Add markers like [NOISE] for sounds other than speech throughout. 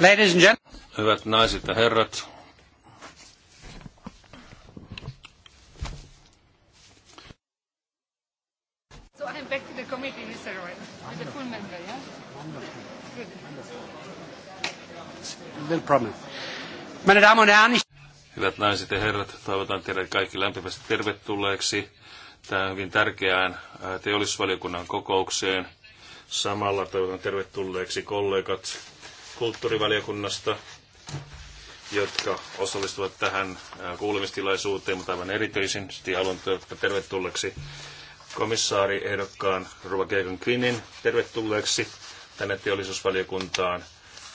Ladies and gentlemen. Hyvät naiset ja herrat. So I'm back to the committee, Mr. Roy, with the full member, yeah? Good. Little problem. Meine Damen und Herren, Hyvät naiset ja herrat, toivotan teidät kaikki lämpimästi tervetulleeksi tähän hyvin tärkeään teollisuusvaliokunnan kokoukseen. Samalla toivotan tervetulleeksi kollegat kulttuurivaliokunnasta, jotka osallistuvat tähän kuulemistilaisuuteen, mutta aivan erityisesti haluan toivottaa tervetulleeksi komissaari ehdokkaan Ruva Keikon Kvinin tervetulleeksi tänne teollisuusvaliokuntaan,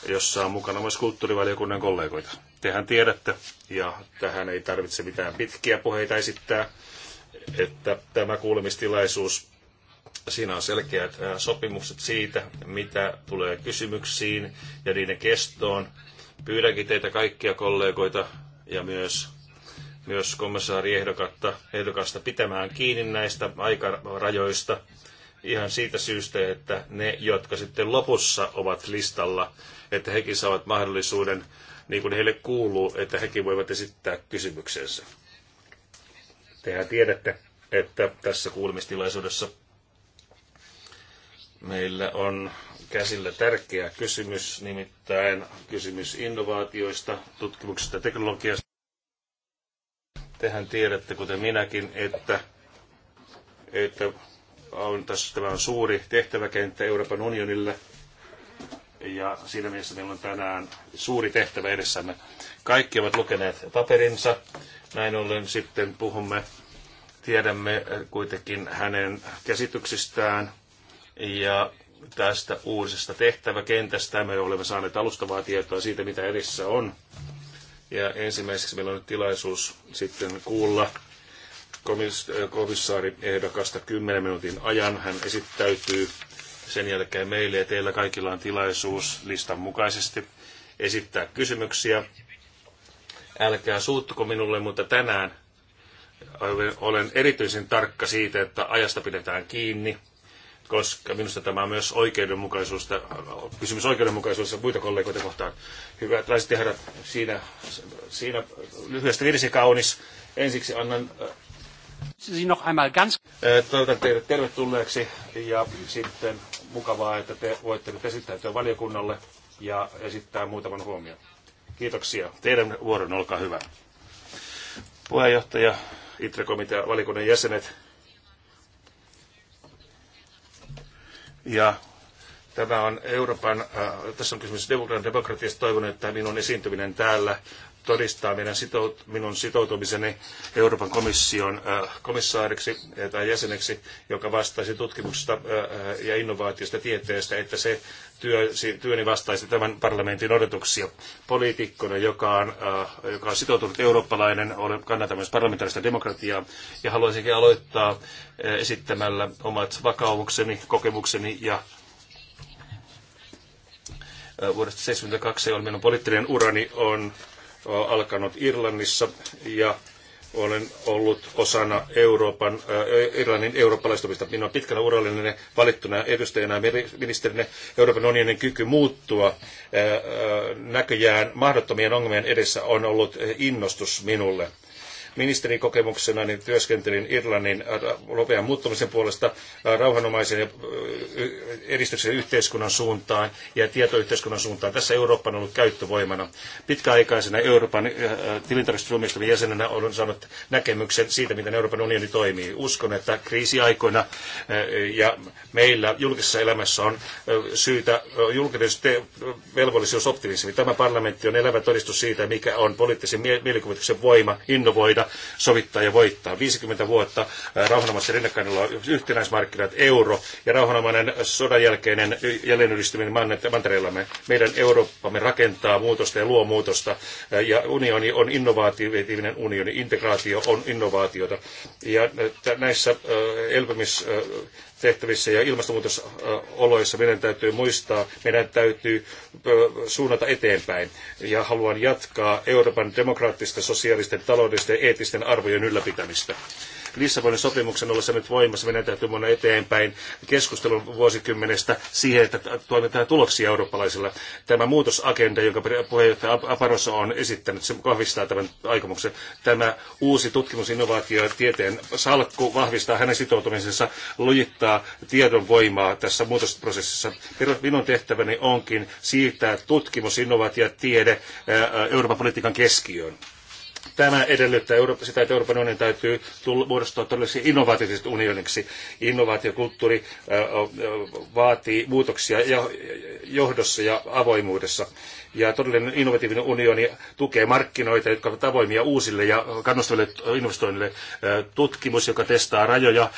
jossa on mukana myös kulttuurivaliokunnan kollegoita. Tehän tiedätte, ja tähän ei tarvitse mitään pitkiä puheita esittää, että tämä kuulemistilaisuus Siinä on selkeät sopimukset siitä, mitä tulee kysymyksiin ja niiden kestoon. Pyydänkin teitä kaikkia kollegoita ja myös myös komissaari ehdokasta pitämään kiinni näistä aikarajoista ihan siitä syystä, että ne, jotka sitten lopussa ovat listalla, että hekin saavat mahdollisuuden, niin kuin heille kuuluu, että hekin voivat esittää kysymyksensä. Tehän tiedätte, että tässä kuulemistilaisuudessa Meillä on käsillä tärkeä kysymys, nimittäin kysymys innovaatioista, tutkimuksesta ja teknologiasta. Tehän tiedätte, kuten minäkin, että, että on, tässä tämä on suuri tehtäväkenttä Euroopan unionille. Ja siinä mielessä meillä on tänään suuri tehtävä edessämme. Kaikki ovat lukeneet paperinsa. Näin ollen sitten puhumme, tiedämme kuitenkin hänen käsityksistään ja tästä uusesta tehtäväkentästä. Me olemme saaneet alustavaa tietoa siitä, mitä edessä on. Ja ensimmäiseksi meillä on nyt tilaisuus sitten kuulla komissaari ehdokasta 10 minuutin ajan. Hän esittäytyy sen jälkeen meille ja teillä kaikilla on tilaisuus listan mukaisesti esittää kysymyksiä. Älkää suuttuko minulle, mutta tänään olen erityisen tarkka siitä, että ajasta pidetään kiinni koska minusta tämä on myös oikeudenmukaisuus, kysymys oikeudenmukaisuudessa muita kollegoita kohtaan. Hyvät laiset ja herrat, siinä, siinä lyhyesti virsi kaunis. Ensiksi annan äh, Toivotan teidät tervetulleeksi ja sitten mukavaa, että te voitte nyt esittäytyä valiokunnalle ja esittää muutaman huomion. Kiitoksia. Teidän vuoron, olkaa hyvä. Puheenjohtaja, ITRE-komitea, jäsenet, Ja tämä on Euroopan, äh, tässä on kysymys demokratiasta, toivon, että minun esiintyminen täällä todistaa meidän sitout, minun sitoutumiseni Euroopan komission äh, komissaariksi äh, tai jäseneksi, joka vastaisi tutkimuksesta äh, äh, ja innovaatiosta tieteestä, että se työ, työni vastaisi tämän parlamentin odotuksia. Poliitikkona, joka on, äh, joka on sitoutunut eurooppalainen, olen kannatan myös parlamentaarista demokratiaa ja haluaisinkin aloittaa äh, esittämällä omat vakaumukseni, kokemukseni ja äh, vuodesta 1972 on minun poliittinen urani on Äh, alkanut Irlannissa ja olen ollut osana Euroopan, äh, Irlannin eurooppalaistumista. Minä olen pitkällä urallinen valittuna edustajana ja ministerinä Euroopan unionin kyky muuttua äh, äh, näköjään mahdottomien ongelmien edessä on ollut äh, innostus minulle ministerikokemuksena niin työskentelin Irlannin nopean äh, muuttumisen puolesta äh, rauhanomaisen ja äh, edistyksen yhteiskunnan suuntaan ja tietoyhteiskunnan suuntaan. Tässä Eurooppa on ollut käyttövoimana. Pitkäaikaisena Euroopan tilintarkastustuomioistuimen jäsenenä olen saanut näkemyksen siitä, miten Euroopan unioni toimii. Uskon, että kriisiaikoina ja meillä julkisessa elämässä on syytä julkinen velvollisuus optimismi. Tämä parlamentti on elävä todistus siitä, mikä on poliittisen mielikuvituksen voima innovoida sovittaa ja voittaa. 50 vuotta rauhanomaisen rinnakkainilla yhtenäismarkkinat, euro ja rauhanomainen sodan jälkeinen jälleenyhdistyminen mantereillamme. Meidän Eurooppamme rakentaa muutosta ja luo muutosta ja unioni on innovatiivinen unioni, integraatio on innovaatiota. Ja näissä elpymis tehtävissä ja ilmastonmuutosoloissa meidän täytyy muistaa, meidän täytyy suunnata eteenpäin. Ja haluan jatkaa Euroopan demokraattisten, sosiaalisten, taloudellisten ja eettisten arvojen ylläpitämistä. Lissabonin sopimuksen ollessa nyt voimassa meidän täytyy mennä eteenpäin keskustelun vuosikymmenestä siihen, että toimitaan tuloksia eurooppalaisilla. Tämä muutosagenda, jonka puheenjohtaja Aparossa on esittänyt, se vahvistaa tämän aikomuksen. Tämä uusi tutkimus, innovaatio ja tieteen salkku vahvistaa hänen sitoutumisensa lujittaa tiedon voimaa tässä muutosprosessissa. Minun tehtäväni onkin siirtää tutkimus, innovaatio ja tiede Euroopan politiikan keskiöön. Tämä edellyttää Eurooppa, sitä, että Euroopan unionin täytyy tulla, muodostua todelliseksi innovatiiviseksi unioniksi. Innovaatiokulttuuri vaatii muutoksia ja johdossa ja avoimuudessa. Ja todellinen innovatiivinen unioni tukee markkinoita, jotka ovat avoimia uusille ja kannustaville investoinnille. Tutkimus, joka testaa rajoja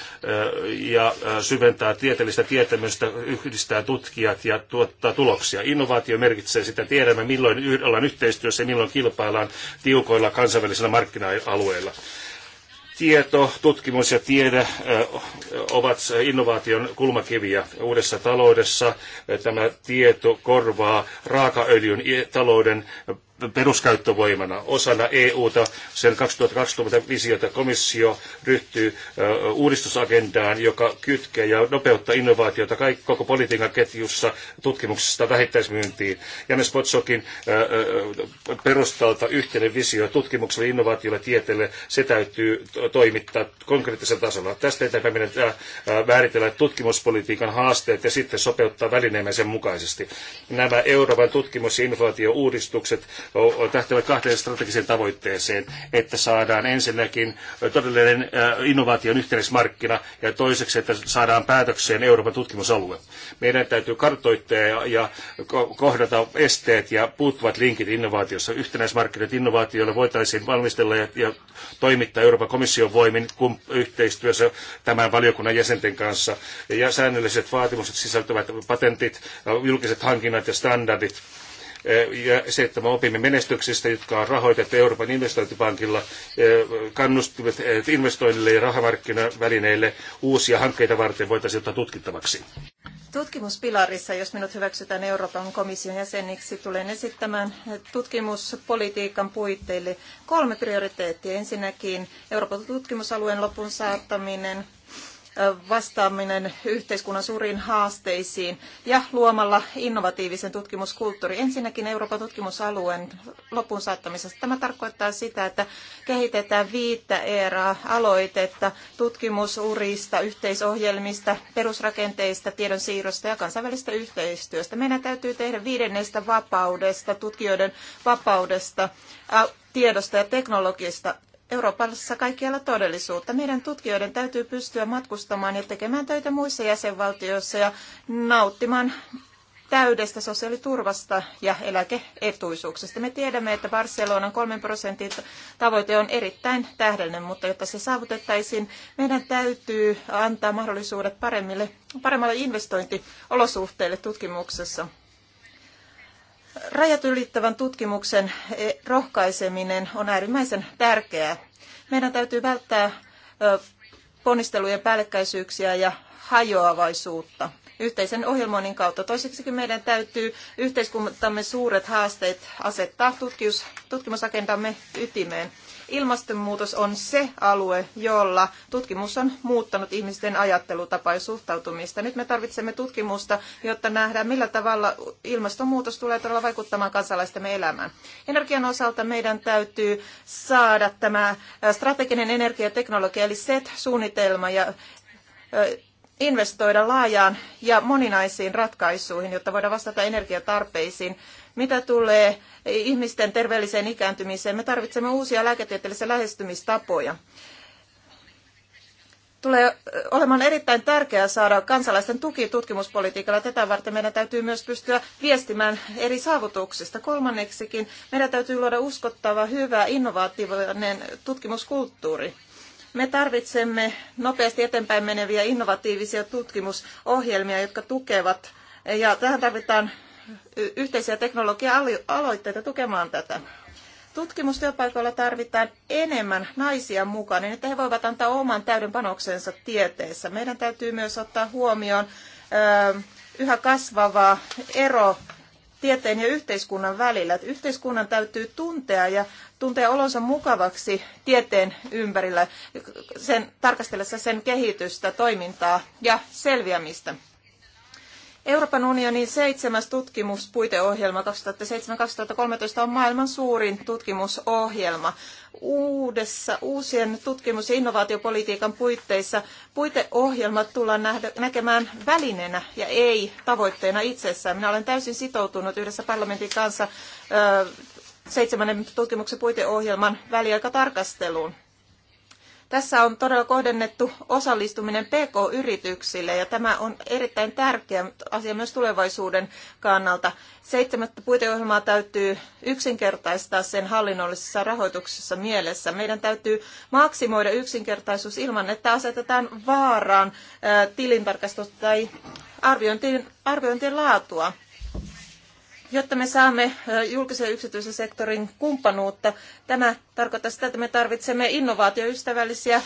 ja syventää tieteellistä tietämystä, yhdistää tutkijat ja tuottaa tuloksia. Innovaatio merkitsee sitä, tiedämme milloin ollaan yhteistyössä ja milloin kilpaillaan tiukoilla kansainvälisillä markkina-alueilla. Tieto, tutkimus ja tiede ovat innovaation kulmakiviä uudessa taloudessa. Tämä tieto korvaa raakaöljyn talouden peruskäyttövoimana osana EUta. Sen 2020 visiota komissio ryhtyy uudistusagendaan, joka kytkee ja nopeuttaa innovaatiota kaikki, koko politiikan ketjussa tutkimuksesta vähittäismyyntiin. myös Potsokin perustalta yhteinen visio tutkimukselle, innovaatiolle, tieteelle, se täytyy toimittaa konkreettisella tasolla. Tästä eteenpäin meidän määritellä tutkimuspolitiikan haasteet ja sitten sopeuttaa välineemme sen mukaisesti. Nämä Euroopan tutkimus- ja innovaatiouudistukset tähtävät kahteen strategiseen tavoitteeseen, että saadaan ensinnäkin todellinen innovaation yhteismarkkina ja toiseksi, että saadaan päätökseen Euroopan tutkimusalue. Meidän täytyy kartoittaa ja kohdata esteet ja puuttuvat linkit innovaatiossa. Yhtenäismarkkinat innovaatioilla voitaisiin valmistella ja, ja toimittaa Euroopan komission voimin yhteistyössä tämän valiokunnan jäsenten kanssa. Ja säännölliset vaatimukset sisältävät patentit, julkiset hankinnat ja standardit Eh, ja se, että me opimme menestyksistä, jotka on rahoitettu Euroopan investointipankilla, eh, kannustimet eh, investoinnille ja rahamarkkinavälineille uusia hankkeita varten voitaisiin ottaa tutkittavaksi. Tutkimuspilarissa, jos minut hyväksytään Euroopan komission jäseniksi, tulen esittämään tutkimuspolitiikan puitteille kolme prioriteettia. Ensinnäkin Euroopan tutkimusalueen lopun saattaminen, vastaaminen yhteiskunnan suuriin haasteisiin ja luomalla innovatiivisen tutkimuskulttuuri. Ensinnäkin Euroopan tutkimusalueen lopun saattamisesta. Tämä tarkoittaa sitä, että kehitetään viittä eraa aloitetta tutkimusurista, yhteisohjelmista, perusrakenteista, tiedon siirrosta ja kansainvälisestä yhteistyöstä. Meidän täytyy tehdä viidennestä vapaudesta, tutkijoiden vapaudesta, tiedosta ja teknologiasta Euroopassa kaikkialla todellisuutta. Meidän tutkijoiden täytyy pystyä matkustamaan ja tekemään töitä muissa jäsenvaltioissa ja nauttimaan täydestä sosiaaliturvasta ja eläkeetuisuuksista. Me tiedämme, että Barcelonan 3 prosentin tavoite on erittäin tähdellinen, mutta jotta se saavutettaisiin, meidän täytyy antaa mahdollisuudet paremmille, paremmalle investointiolosuhteille tutkimuksessa. Rajat ylittävän tutkimuksen e, rohkaiseminen on äärimmäisen tärkeää. Meidän täytyy välttää ponnistelujen päällekkäisyyksiä ja hajoavaisuutta yhteisen ohjelmoinnin kautta. Toiseksi meidän täytyy yhteiskuntamme suuret haasteet asettaa tutkimus, tutkimusagendamme ytimeen. Ilmastonmuutos on se alue, jolla tutkimus on muuttanut ihmisten ajattelutapaa ja suhtautumista. Nyt me tarvitsemme tutkimusta, jotta nähdään, millä tavalla ilmastonmuutos tulee todella vaikuttamaan kansalaistemme elämään. Energian osalta meidän täytyy saada tämä strateginen energiateknologia, eli SET-suunnitelma ja investoida laajaan ja moninaisiin ratkaisuihin, jotta voidaan vastata energiatarpeisiin mitä tulee ihmisten terveelliseen ikääntymiseen, me tarvitsemme uusia lääketieteellisiä lähestymistapoja tulee olemaan erittäin tärkeää saada kansalaisten tuki tutkimuspolitiikalla. Tätä varten meidän täytyy myös pystyä viestimään eri saavutuksista. Kolmanneksikin meidän täytyy luoda uskottava, hyvä, innovaatiivinen tutkimuskulttuuri. Me tarvitsemme nopeasti eteenpäin meneviä innovatiivisia tutkimusohjelmia, jotka tukevat, ja tähän tarvitaan yhteisiä teknologia-aloitteita tukemaan tätä. Tutkimustyöpaikoilla tarvitaan enemmän naisia mukaan, niin että he voivat antaa oman täyden panoksensa tieteessä. Meidän täytyy myös ottaa huomioon yhä kasvava ero tieteen ja yhteiskunnan välillä. Että yhteiskunnan täytyy tuntea ja tuntea olonsa mukavaksi tieteen ympärillä, sen, tarkastellessa sen kehitystä, toimintaa ja selviämistä. Euroopan unionin seitsemäs tutkimuspuiteohjelma 2007-2013 on maailman suurin tutkimusohjelma. Uudessa uusien tutkimus- ja innovaatiopolitiikan puitteissa puiteohjelmat tullaan nähdä, näkemään välineenä ja ei tavoitteena itsessään. Minä olen täysin sitoutunut yhdessä parlamentin kanssa ö, seitsemännen tutkimuksen puiteohjelman väliaikatarkasteluun. Tässä on todella kohdennettu osallistuminen PK-yrityksille ja tämä on erittäin tärkeä asia myös tulevaisuuden kannalta. Seitsemättä puiteohjelmaa täytyy yksinkertaistaa sen hallinnollisessa rahoituksessa mielessä. Meidän täytyy maksimoida yksinkertaisuus ilman, että asetetaan vaaraan tilintarkastusta tai arviointien, arviointien laatua. Jotta me saamme julkisen ja yksityisen sektorin kumppanuutta, tämä tarkoittaa sitä, että me tarvitsemme innovaatioystävällisiä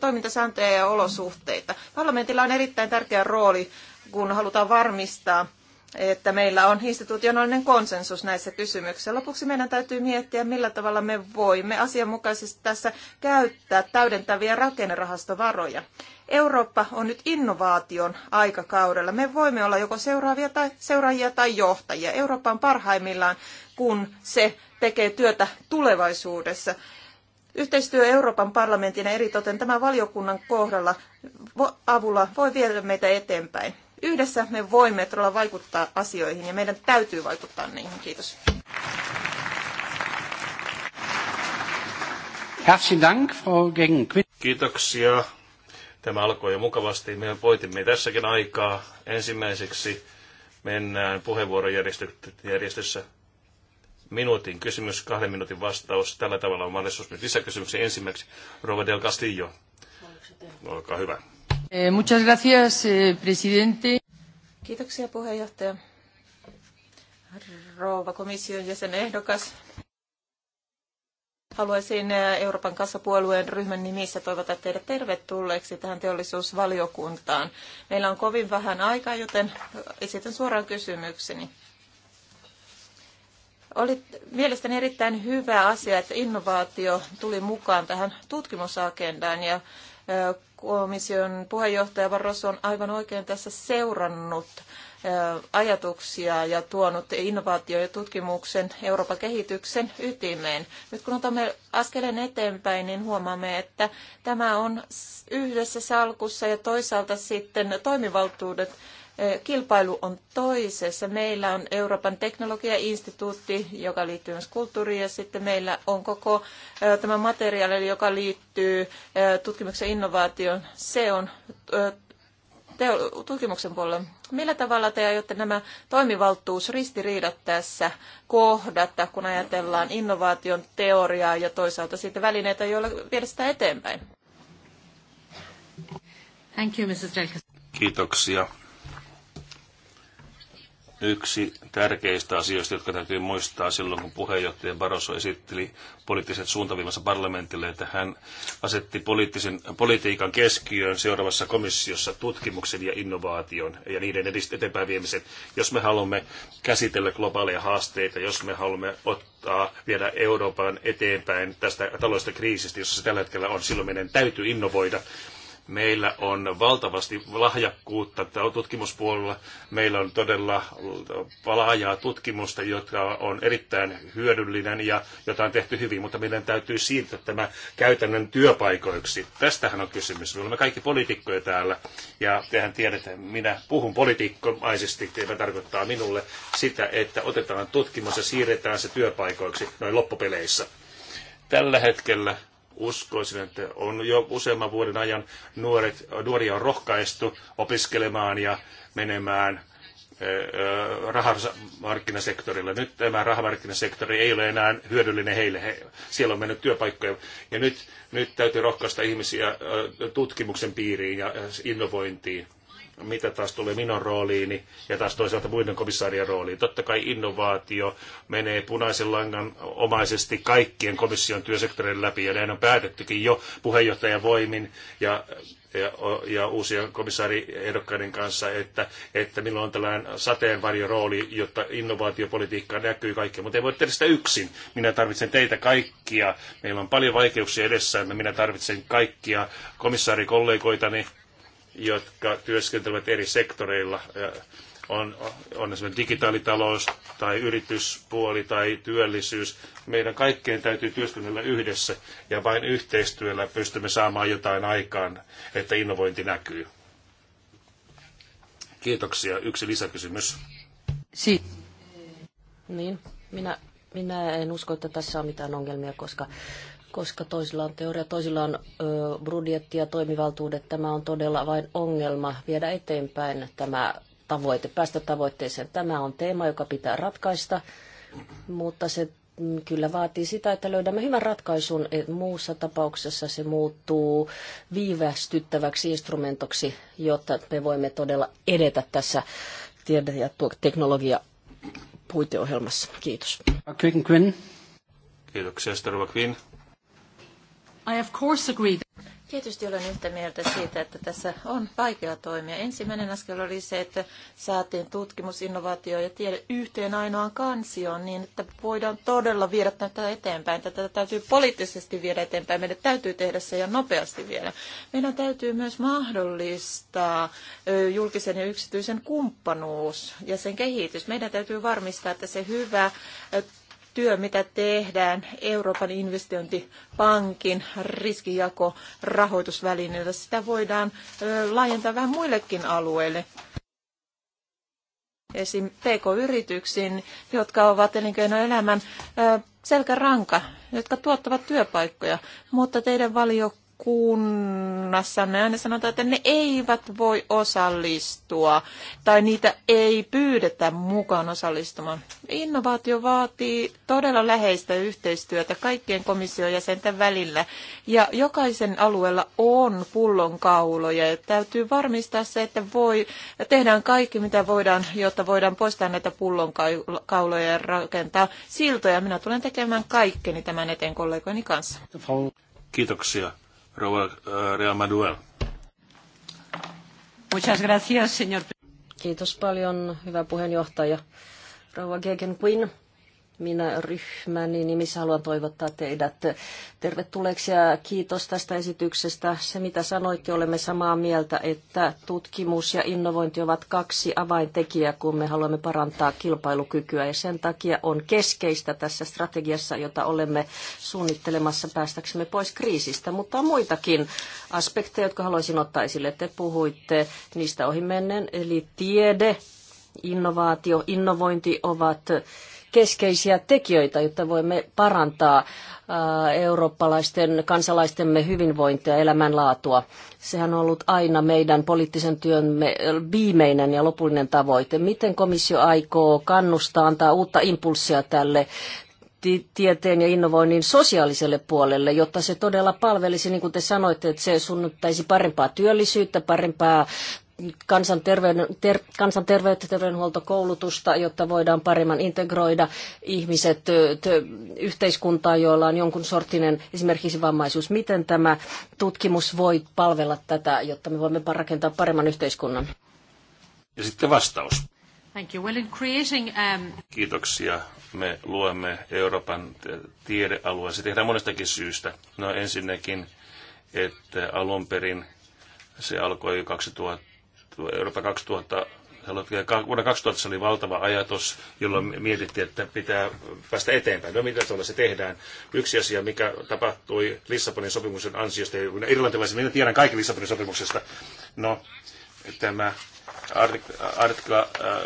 toimintasääntöjä ja olosuhteita. Parlamentilla on erittäin tärkeä rooli, kun halutaan varmistaa että meillä on institutionaalinen konsensus näissä kysymyksissä. Lopuksi meidän täytyy miettiä, millä tavalla me voimme asianmukaisesti tässä käyttää täydentäviä rakennerahastovaroja. Eurooppa on nyt innovaation aikakaudella. Me voimme olla joko seuraavia tai, seuraajia tai johtajia. Eurooppa on parhaimmillaan, kun se tekee työtä tulevaisuudessa. Yhteistyö Euroopan parlamentin ja eritoten tämän valiokunnan kohdalla avulla voi viedä meitä eteenpäin. Yhdessä me voimme todella vaikuttaa asioihin ja meidän täytyy vaikuttaa niihin. Kiitos. Kiitoksia. Tämä alkoi jo mukavasti. Me voitimme tässäkin aikaa. Ensimmäiseksi mennään puheenvuorojärjestössä minuutin kysymys, kahden minuutin vastaus. Tällä tavalla on mahdollisuus nyt lisäkysymyksiä ensimmäiseksi. Rova del Castillo, olkaa hyvä. Eh, muchas gracias, eh, presidente. Kiitoksia puheenjohtaja. Rouva komission ehdokas. Haluaisin eh, Euroopan kassapuolueen ryhmän nimissä toivota teidät tervetulleeksi tähän teollisuusvaliokuntaan. Meillä on kovin vähän aikaa, joten esitän suoraan kysymykseni. Oli mielestäni erittäin hyvä asia, että innovaatio tuli mukaan tähän tutkimusagendaan ja komission puheenjohtaja Barroso on aivan oikein tässä seurannut eh, ajatuksia ja tuonut innovaatio- ja tutkimuksen Euroopan kehityksen ytimeen. Nyt kun otamme askeleen eteenpäin, niin huomaamme, että tämä on yhdessä salkussa ja toisaalta sitten toimivaltuudet kilpailu on toisessa. Meillä on Euroopan teknologiainstituutti, joka liittyy myös kulttuuriin, ja sitten meillä on koko tämä materiaali, joka liittyy tutkimuksen innovaatioon. Se on tutkimuksen puolella. Millä tavalla te aiotte nämä toimivaltuusristiriidat tässä kohdata, kun ajatellaan innovaation teoriaa ja toisaalta sitten välineitä, joilla viedä sitä eteenpäin? Thank you, Mrs. Kiitoksia yksi tärkeistä asioista, jotka täytyy muistaa silloin, kun puheenjohtaja Barroso esitteli poliittiset suuntaviimassa parlamentille, että hän asetti poliittisen, politiikan keskiöön seuraavassa komissiossa tutkimuksen ja innovaation ja niiden eteenpäin viemisen. Jos me haluamme käsitellä globaaleja haasteita, jos me haluamme ottaa, viedä Euroopan eteenpäin tästä taloudellisesta kriisistä, jossa se tällä hetkellä on, silloin meidän täytyy innovoida Meillä on valtavasti lahjakkuutta tutkimuspuolella. Meillä on todella laajaa tutkimusta, jotka on erittäin hyödyllinen ja jota on tehty hyvin, mutta meidän täytyy siirtää tämä käytännön työpaikoiksi. Tästähän on kysymys. Me olemme kaikki poliitikkoja täällä ja tehän tiedätte, minä puhun poliitikkomaisesti, tämä tarkoittaa minulle sitä, että otetaan tutkimus ja siirretään se työpaikoiksi noin loppupeleissä. Tällä hetkellä uskoisin, että on jo useamman vuoden ajan nuoret, nuoria on rohkaistu opiskelemaan ja menemään eh, eh, rahamarkkinasektorilla. Nyt tämä rahamarkkinasektori ei ole enää hyödyllinen heille. He, siellä on mennyt työpaikkoja. Ja nyt, nyt täytyy rohkaista ihmisiä eh, tutkimuksen piiriin ja innovointiin mitä taas tulee minun rooliini ja taas toisaalta muiden komissaarien rooliin. Totta kai innovaatio menee punaisen langan omaisesti kaikkien komission työsektoreiden läpi ja näin on päätettykin jo puheenjohtajan voimin ja ja, ja uusien komissaariehdokkaiden kanssa, että, että milloin on tällainen sateenvarjorooli, jotta innovaatiopolitiikka näkyy kaikkea. Mutta ei voi tehdä sitä yksin. Minä tarvitsen teitä kaikkia. Meillä on paljon vaikeuksia edessämme. Minä tarvitsen kaikkia komissaarikollegoitani jotka työskentelevät eri sektoreilla. On, on esimerkiksi digitaalitalous tai yrityspuoli tai työllisyys. Meidän kaikkeen täytyy työskennellä yhdessä ja vain yhteistyöllä pystymme saamaan jotain aikaan, että innovointi näkyy. Kiitoksia. Yksi lisäkysymys. Si- niin, minä, minä en usko, että tässä on mitään ongelmia, koska koska toisilla on teoria, toisilla on budjetti ja toimivaltuudet. Tämä on todella vain ongelma viedä eteenpäin tämä tavoite, päästä tavoitteeseen. Tämä on teema, joka pitää ratkaista, mutta se kyllä vaatii sitä, että löydämme hyvän ratkaisun. Muussa tapauksessa se muuttuu viivästyttäväksi instrumentoksi, jotta me voimme todella edetä tässä tiede- ja teknologia puiteohjelmassa. Kiitos. Kiitoksia, Starva Queen. I of course agree. Tietysti olen yhtä mieltä siitä, että tässä on vaikea toimia. Ensimmäinen askel oli se, että saatiin tutkimus, innovaatio ja tiede yhteen ainoaan kansioon niin, että voidaan todella viedä tätä eteenpäin. Tätä täytyy poliittisesti viedä eteenpäin. Meidän täytyy tehdä se ja nopeasti vielä. Meidän täytyy myös mahdollistaa julkisen ja yksityisen kumppanuus ja sen kehitys. Meidän täytyy varmistaa, että se hyvä työ, mitä tehdään Euroopan investointipankin riskijako rahoitusvälineellä, sitä voidaan laajentaa vähän muillekin alueille. Esim. PK-yrityksiin, jotka ovat elinkeinoelämän selkäranka, jotka tuottavat työpaikkoja, mutta teidän valiokunnan. Kunnassa ne aina sanotaan, että ne eivät voi osallistua tai niitä ei pyydetä mukaan osallistumaan. Innovaatio vaatii todella läheistä yhteistyötä kaikkien komission jäsenten välillä ja jokaisen alueella on pullonkauloja ja täytyy varmistaa se, että voi, tehdään kaikki mitä voidaan, jotta voidaan poistaa näitä pullonkauloja ja rakentaa siltoja. Minä tulen tekemään kaikkeni tämän eteen kollegoini kanssa. Kiitoksia. Rouva eh, Real Madrid. Muchas gracias, señor. Kiitos paljon, hyvä puheenjohtaja. Rouva Gegen Quinn. Minä ryhmäni nimissä haluan toivottaa teidät tervetulleeksi ja kiitos tästä esityksestä. Se mitä sanoitte, olemme samaa mieltä, että tutkimus ja innovointi ovat kaksi avaintekijää, kun me haluamme parantaa kilpailukykyä ja sen takia on keskeistä tässä strategiassa, jota olemme suunnittelemassa päästäksemme pois kriisistä, mutta on muitakin aspekteja, jotka haluaisin ottaa esille. Te puhuitte niistä ohimennen, eli tiede, innovaatio, innovointi ovat keskeisiä tekijöitä, jotta voimme parantaa äh, eurooppalaisten kansalaistemme hyvinvointia ja elämänlaatua. Sehän on ollut aina meidän poliittisen työmme äh, viimeinen ja lopullinen tavoite. Miten komissio aikoo kannustaa, antaa uutta impulssia tälle tieteen ja innovoinnin sosiaaliselle puolelle, jotta se todella palvelisi, niin kuin te sanoitte, että se sunnuntaisi parempaa työllisyyttä, parempaa kansanterveyden, ter, kansanterveyttä, terveydenhuoltokoulutusta, jotta voidaan paremmin integroida ihmiset t, t, yhteiskuntaan, joilla on jonkun sortinen esimerkiksi vammaisuus. Miten tämä tutkimus voi palvella tätä, jotta me voimme rakentaa paremman yhteiskunnan? Ja sitten vastaus. Thank you. Well, in creating, um... Kiitoksia. Me luemme Euroopan tiedealueen. Se tehdään monestakin syystä. No ensinnäkin, että alun perin se alkoi 2000 Eurooppa 2000 vuonna 2000 se oli valtava ajatus, jolloin mietittiin, että pitää päästä eteenpäin. No mitä tuolla se tehdään? Yksi asia, mikä tapahtui Lissabonin sopimuksen ansiosta, kun irlantilaisia, minä tiedän kaikki Lissabonin sopimuksesta, no tämä artikla äh,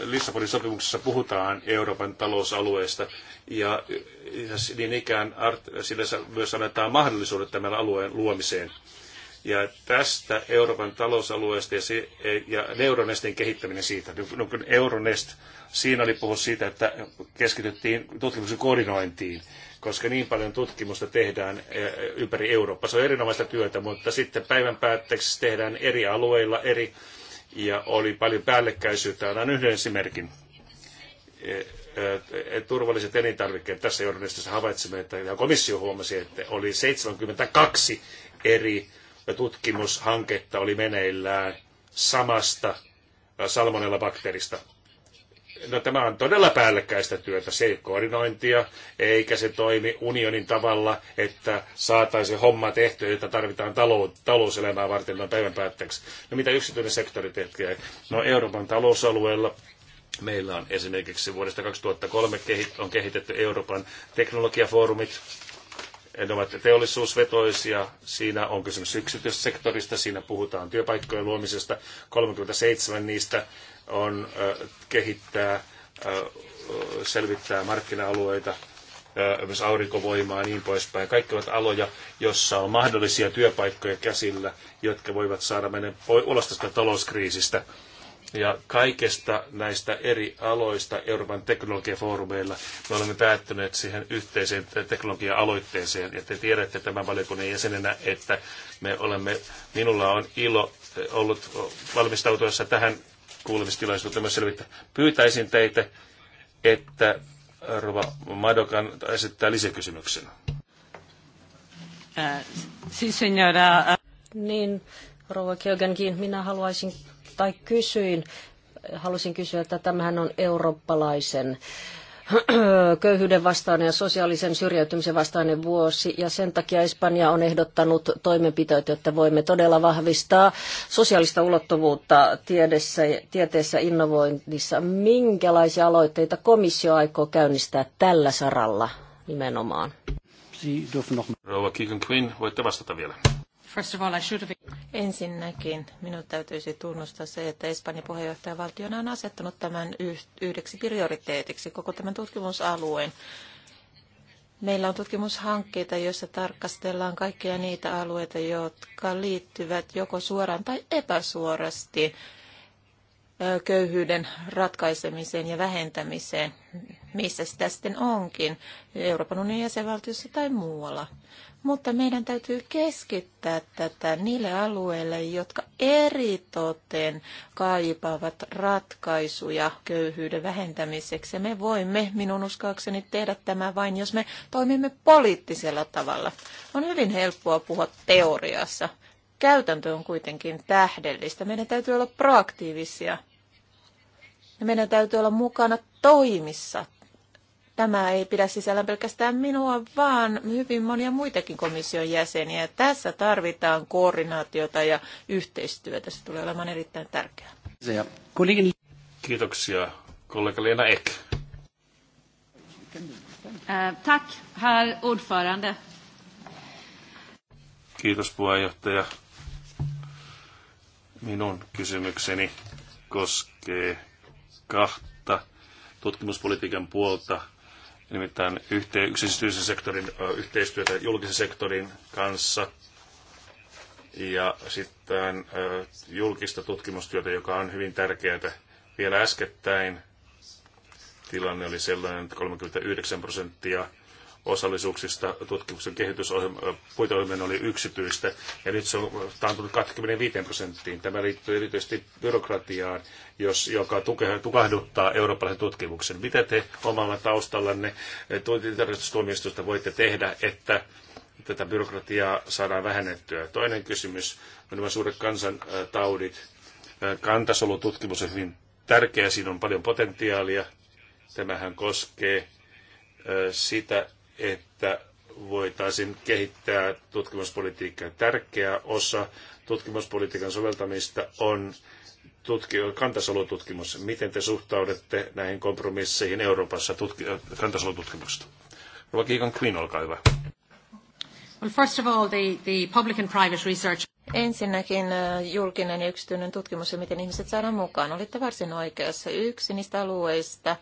Lissabonin sopimuksessa puhutaan Euroopan talousalueesta ja niin ikään art, sillä myös annetaan mahdollisuudet tämän alueen luomiseen ja tästä Euroopan talousalueesta ja, se, ja Euronestin kehittäminen siitä. Euronest, siinä oli puhu siitä, että keskityttiin tutkimuksen koordinointiin, koska niin paljon tutkimusta tehdään e- e- ympäri Eurooppaa. Se on erinomaista työtä, mutta sitten päivän päätteeksi tehdään eri alueilla eri, ja oli paljon päällekkäisyyttä. Annan yhden esimerkin e- turvalliset elintarvikkeet. Tässä Euronestissa havaitsimme, että komissio huomasi, että oli 72 eri tutkimushanketta oli meneillään samasta äh, salmonella-bakteerista. No tämä on todella päällekkäistä työtä, se ei ole koordinointia, eikä se toimi unionin tavalla, että saataisiin homma tehtyä, jota tarvitaan talou- talouselämää varten noin päivän päätteeksi. No mitä yksityinen sektori tekee? No Euroopan talousalueella meillä on esimerkiksi vuodesta 2003 on kehitetty Euroopan teknologiafoorumit, ne ovat teollisuusvetoisia, siinä on kysymys yksityissektorista, siinä puhutaan työpaikkojen luomisesta. 37 niistä on kehittää, selvittää markkina-alueita, myös aurinkovoimaa ja niin poispäin. Kaikki ovat aloja, joissa on mahdollisia työpaikkoja käsillä, jotka voivat saada meidän ulos tästä talouskriisistä ja kaikesta näistä eri aloista Euroopan teknologiafoorumeilla me olemme päättyneet siihen yhteiseen teknologia-aloitteeseen. Ja te tiedätte tämän valiokunnan jäsenenä, että me olemme, minulla on ilo ollut valmistautuessa tähän kuulemistilaisuuteen myös selvittää. Pyytäisin teitä, että Rova Madokan esittää lisäkysymyksen. Äh, siis, niin, Rova Kjögenkin, minä haluaisin tai kysyin, halusin kysyä, että tämähän on eurooppalaisen [CLEARS THROAT] köyhyyden vastainen ja sosiaalisen syrjäytymisen vastainen vuosi, ja sen takia Espanja on ehdottanut toimenpiteitä, että voimme todella vahvistaa sosiaalista ulottuvuutta tiedessä, tieteessä innovoinnissa. Minkälaisia aloitteita komissio aikoo käynnistää tällä saralla nimenomaan? Rouva Kiikan Queen, voitte vastata vielä. First of all, I should have... Ensinnäkin minun täytyisi tunnustaa se, että Espanjan puheenjohtajavaltiona on asettanut tämän yhdeksi prioriteetiksi koko tämän tutkimusalueen. Meillä on tutkimushankkeita, joissa tarkastellaan kaikkia niitä alueita, jotka liittyvät joko suoraan tai epäsuorasti köyhyyden ratkaisemiseen ja vähentämiseen, missä sitä sitten onkin, Euroopan unionin jäsenvaltiossa tai muualla mutta meidän täytyy keskittää tätä niille alueille, jotka eritoten kaipaavat ratkaisuja köyhyyden vähentämiseksi. Me voimme, minun uskoakseni, tehdä tämä vain, jos me toimimme poliittisella tavalla. On hyvin helppoa puhua teoriassa. Käytäntö on kuitenkin tähdellistä. Meidän täytyy olla proaktiivisia. Meidän täytyy olla mukana toimissa, Tämä ei pidä sisällään pelkästään minua, vaan hyvin monia muitakin komission jäseniä. Tässä tarvitaan koordinaatiota ja yhteistyötä. Se tulee olemaan erittäin tärkeää. Kiitoksia, kollega Leena Ek. Eh, tack, herr ordförande. Kiitos puheenjohtaja. Minun kysymykseni koskee kahta tutkimuspolitiikan puolta nimittäin yhteen, yksityisen sektorin yhteistyötä julkisen sektorin kanssa ja sitten julkista tutkimustyötä, joka on hyvin tärkeää. Vielä äskettäin tilanne oli sellainen, että 39 prosenttia osallisuuksista tutkimuksen kehitysohjelman oli yksityistä, ja nyt se on taantunut 25 prosenttiin. Tämä liittyy erityisesti byrokratiaan, jos, joka tukahduttaa eurooppalaisen tutkimuksen. Mitä te omalla taustallanne tarkastustuomioistusta eh, voitte tehdä, että tätä byrokratiaa saadaan vähennettyä? Toinen kysymys on nämä suuret kansantaudit. Eh, kantasolututkimus on hyvin tärkeä, siinä on paljon potentiaalia. Tämähän koskee eh, sitä, että voitaisiin kehittää tutkimuspolitiikkaa. Tärkeä osa tutkimuspolitiikan soveltamista on tutki- kantasolututkimus. Miten te suhtaudette näihin kompromisseihin Euroopassa tutki- Rova Kiikan Queen, olkaa hyvä. Well, first of all, the, the public and private research. Ensinnäkin äh, julkinen ja yksityinen tutkimus ja miten ihmiset saadaan mukaan. Olitte varsin oikeassa. Yksi niistä alueista, äh,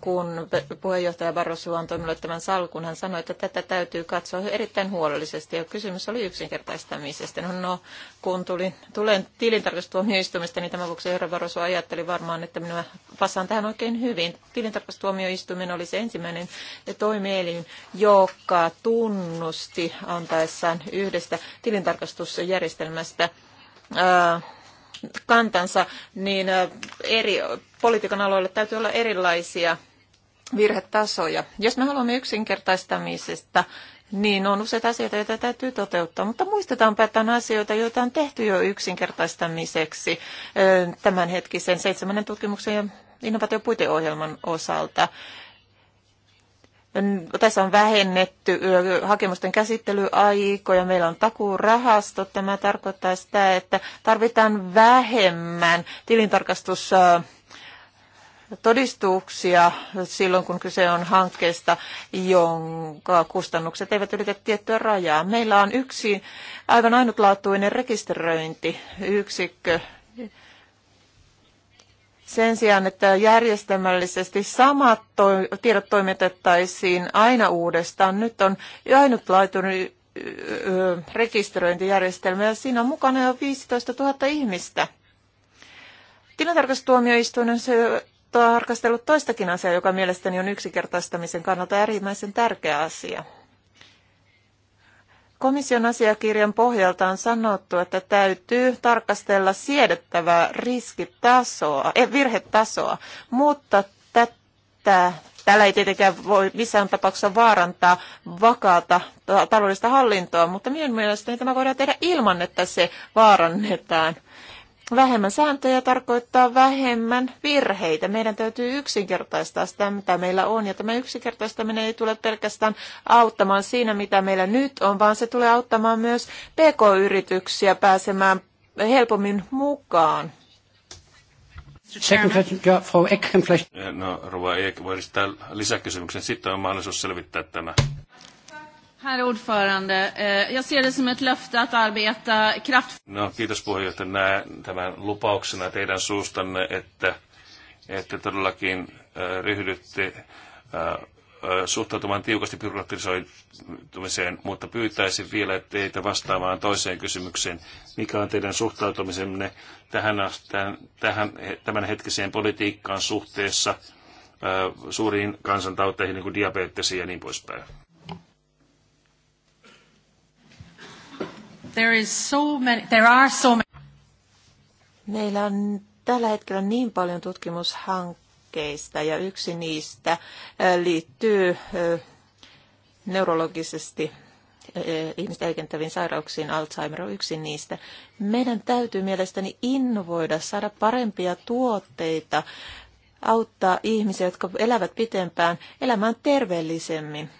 kun puheenjohtaja Barroso antoi minulle tämän salkun, hän sanoi, että tätä täytyy katsoa erittäin huolellisesti. Ja kysymys oli yksinkertaistamisesta. No, no kun tulin, tulen tilintarkastustuomioistuimesta, niin tämän vuoksi herra Barroso ajatteli varmaan, että minä passaan tähän oikein hyvin. Tilintarkastustuomioistuimen oli se ensimmäinen toimielin, joka tunnusti antaessaan yhdestä tilintarkastusjärjestelmästä järjestelmästä kantansa, niin eri politiikan aloille täytyy olla erilaisia virhetasoja. Jos me haluamme yksinkertaistamisesta, niin on useita asioita, joita täytyy toteuttaa, mutta muistetaanpa, että on asioita, joita on tehty jo yksinkertaistamiseksi tämänhetkisen seitsemännen tutkimuksen ja innovaatiopuiteohjelman osalta tässä on vähennetty hakemusten käsittelyaikoja, meillä on takuurahasto. Tämä tarkoittaa sitä, että tarvitaan vähemmän tilintarkastus todistuksia silloin, kun kyse on hankkeesta, jonka kustannukset eivät ylitä tiettyä rajaa. Meillä on yksi aivan ainutlaatuinen rekisteröintiyksikkö, sen sijaan, että järjestelmällisesti samat tiedot toimitettaisiin aina uudestaan, nyt on ainutlaatuinen rekisteröintijärjestelmä ja siinä on mukana jo 15 000 ihmistä. Tilintarkastustuomioistuin on se tarkastellut toistakin asiaa, joka mielestäni on yksinkertaistamisen kannalta äärimmäisen tärkeä asia. Komission asiakirjan pohjalta on sanottu, että täytyy tarkastella siedettävää riskitasoa, eh, virhetasoa, mutta tätä, tällä ei tietenkään voi missään tapauksessa vaarantaa vakaata taloudellista hallintoa, mutta minun mielestäni tämä voidaan tehdä ilman, että se vaarannetaan Vähemmän sääntöjä tarkoittaa vähemmän virheitä. Meidän täytyy yksinkertaistaa sitä, mitä meillä on. Ja tämä yksinkertaistaminen ei tule pelkästään auttamaan siinä, mitä meillä nyt on, vaan se tulee auttamaan myös pk-yrityksiä pääsemään helpommin mukaan. Eh, no, Rova Eek, voi lisäkysymyksen. Sitten on mahdollisuus selvittää tämä. Herr ordförande, eh, jag ser det som ett löfte att arbeta kraft... No, kiitos puheenjohtaja. Näen tämän lupauksena teidän suustanne, että, että todellakin eh, ryhdytte eh, suhtautumaan tiukasti byrokratisoitumiseen, mutta pyytäisin vielä teitä vastaamaan toiseen kysymykseen. Mikä on teidän suhtautumisenne tähän, tähän, tähän tämänhetkiseen politiikkaan suhteessa suuriin kansantauteihin, niin kuin diabetes ja niin poispäin? There, is so many, there are so many. Meillä on tällä hetkellä niin paljon tutkimushankkeista ja yksi niistä liittyy neurologisesti ihmistä heikentäviin sairauksiin, Alzheimer on yksi niistä. Meidän täytyy mielestäni innovoida, saada parempia tuotteita, auttaa ihmisiä, jotka elävät pitempään, elämään terveellisemmin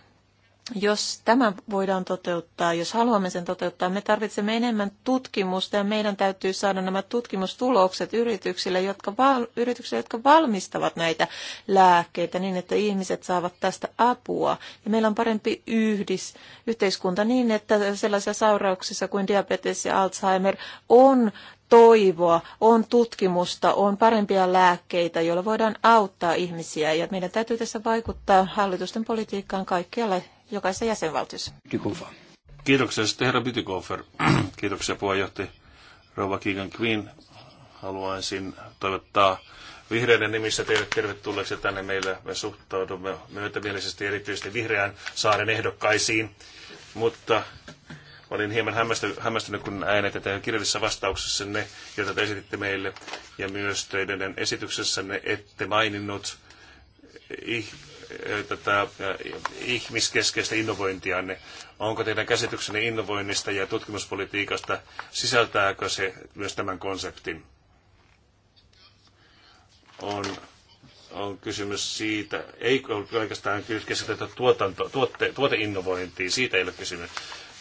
jos tämä voidaan toteuttaa, jos haluamme sen toteuttaa, me tarvitsemme enemmän tutkimusta ja meidän täytyy saada nämä tutkimustulokset yrityksille, jotka, val, yrityksille, jotka valmistavat näitä lääkkeitä niin, että ihmiset saavat tästä apua. Ja meillä on parempi yhdis, yhteiskunta niin, että sellaisissa sairauksissa kuin diabetes ja Alzheimer on toivoa, on tutkimusta, on parempia lääkkeitä, joilla voidaan auttaa ihmisiä. Ja meidän täytyy tässä vaikuttaa hallitusten politiikkaan kaikkialla jokaisessa jäsenvaltiossa. Kiitoksia sitten herra Bytikofer. [CLEARS THROAT] Kiitoksia puheenjohtaja. Rova Keegan Queen, haluaisin toivottaa vihreiden nimissä teille tervetulleeksi tänne meille. Me suhtaudumme myötämielisesti erityisesti vihreän saaren ehdokkaisiin, mutta olin hieman hämmästynyt, kun näin, että teidän kirjallisessa vastauksessanne, jota te esititte meille, ja myös teidän esityksessänne ette maininnut tätä ihmiskeskeistä niin Onko teidän käsityksenne innovoinnista ja tutkimuspolitiikasta, sisältääkö se myös tämän konseptin? On, on kysymys siitä, ei ole pelkästään keskitytä tuotanto, tuotte, tuoteinnovointiin, siitä ei ole kysymys.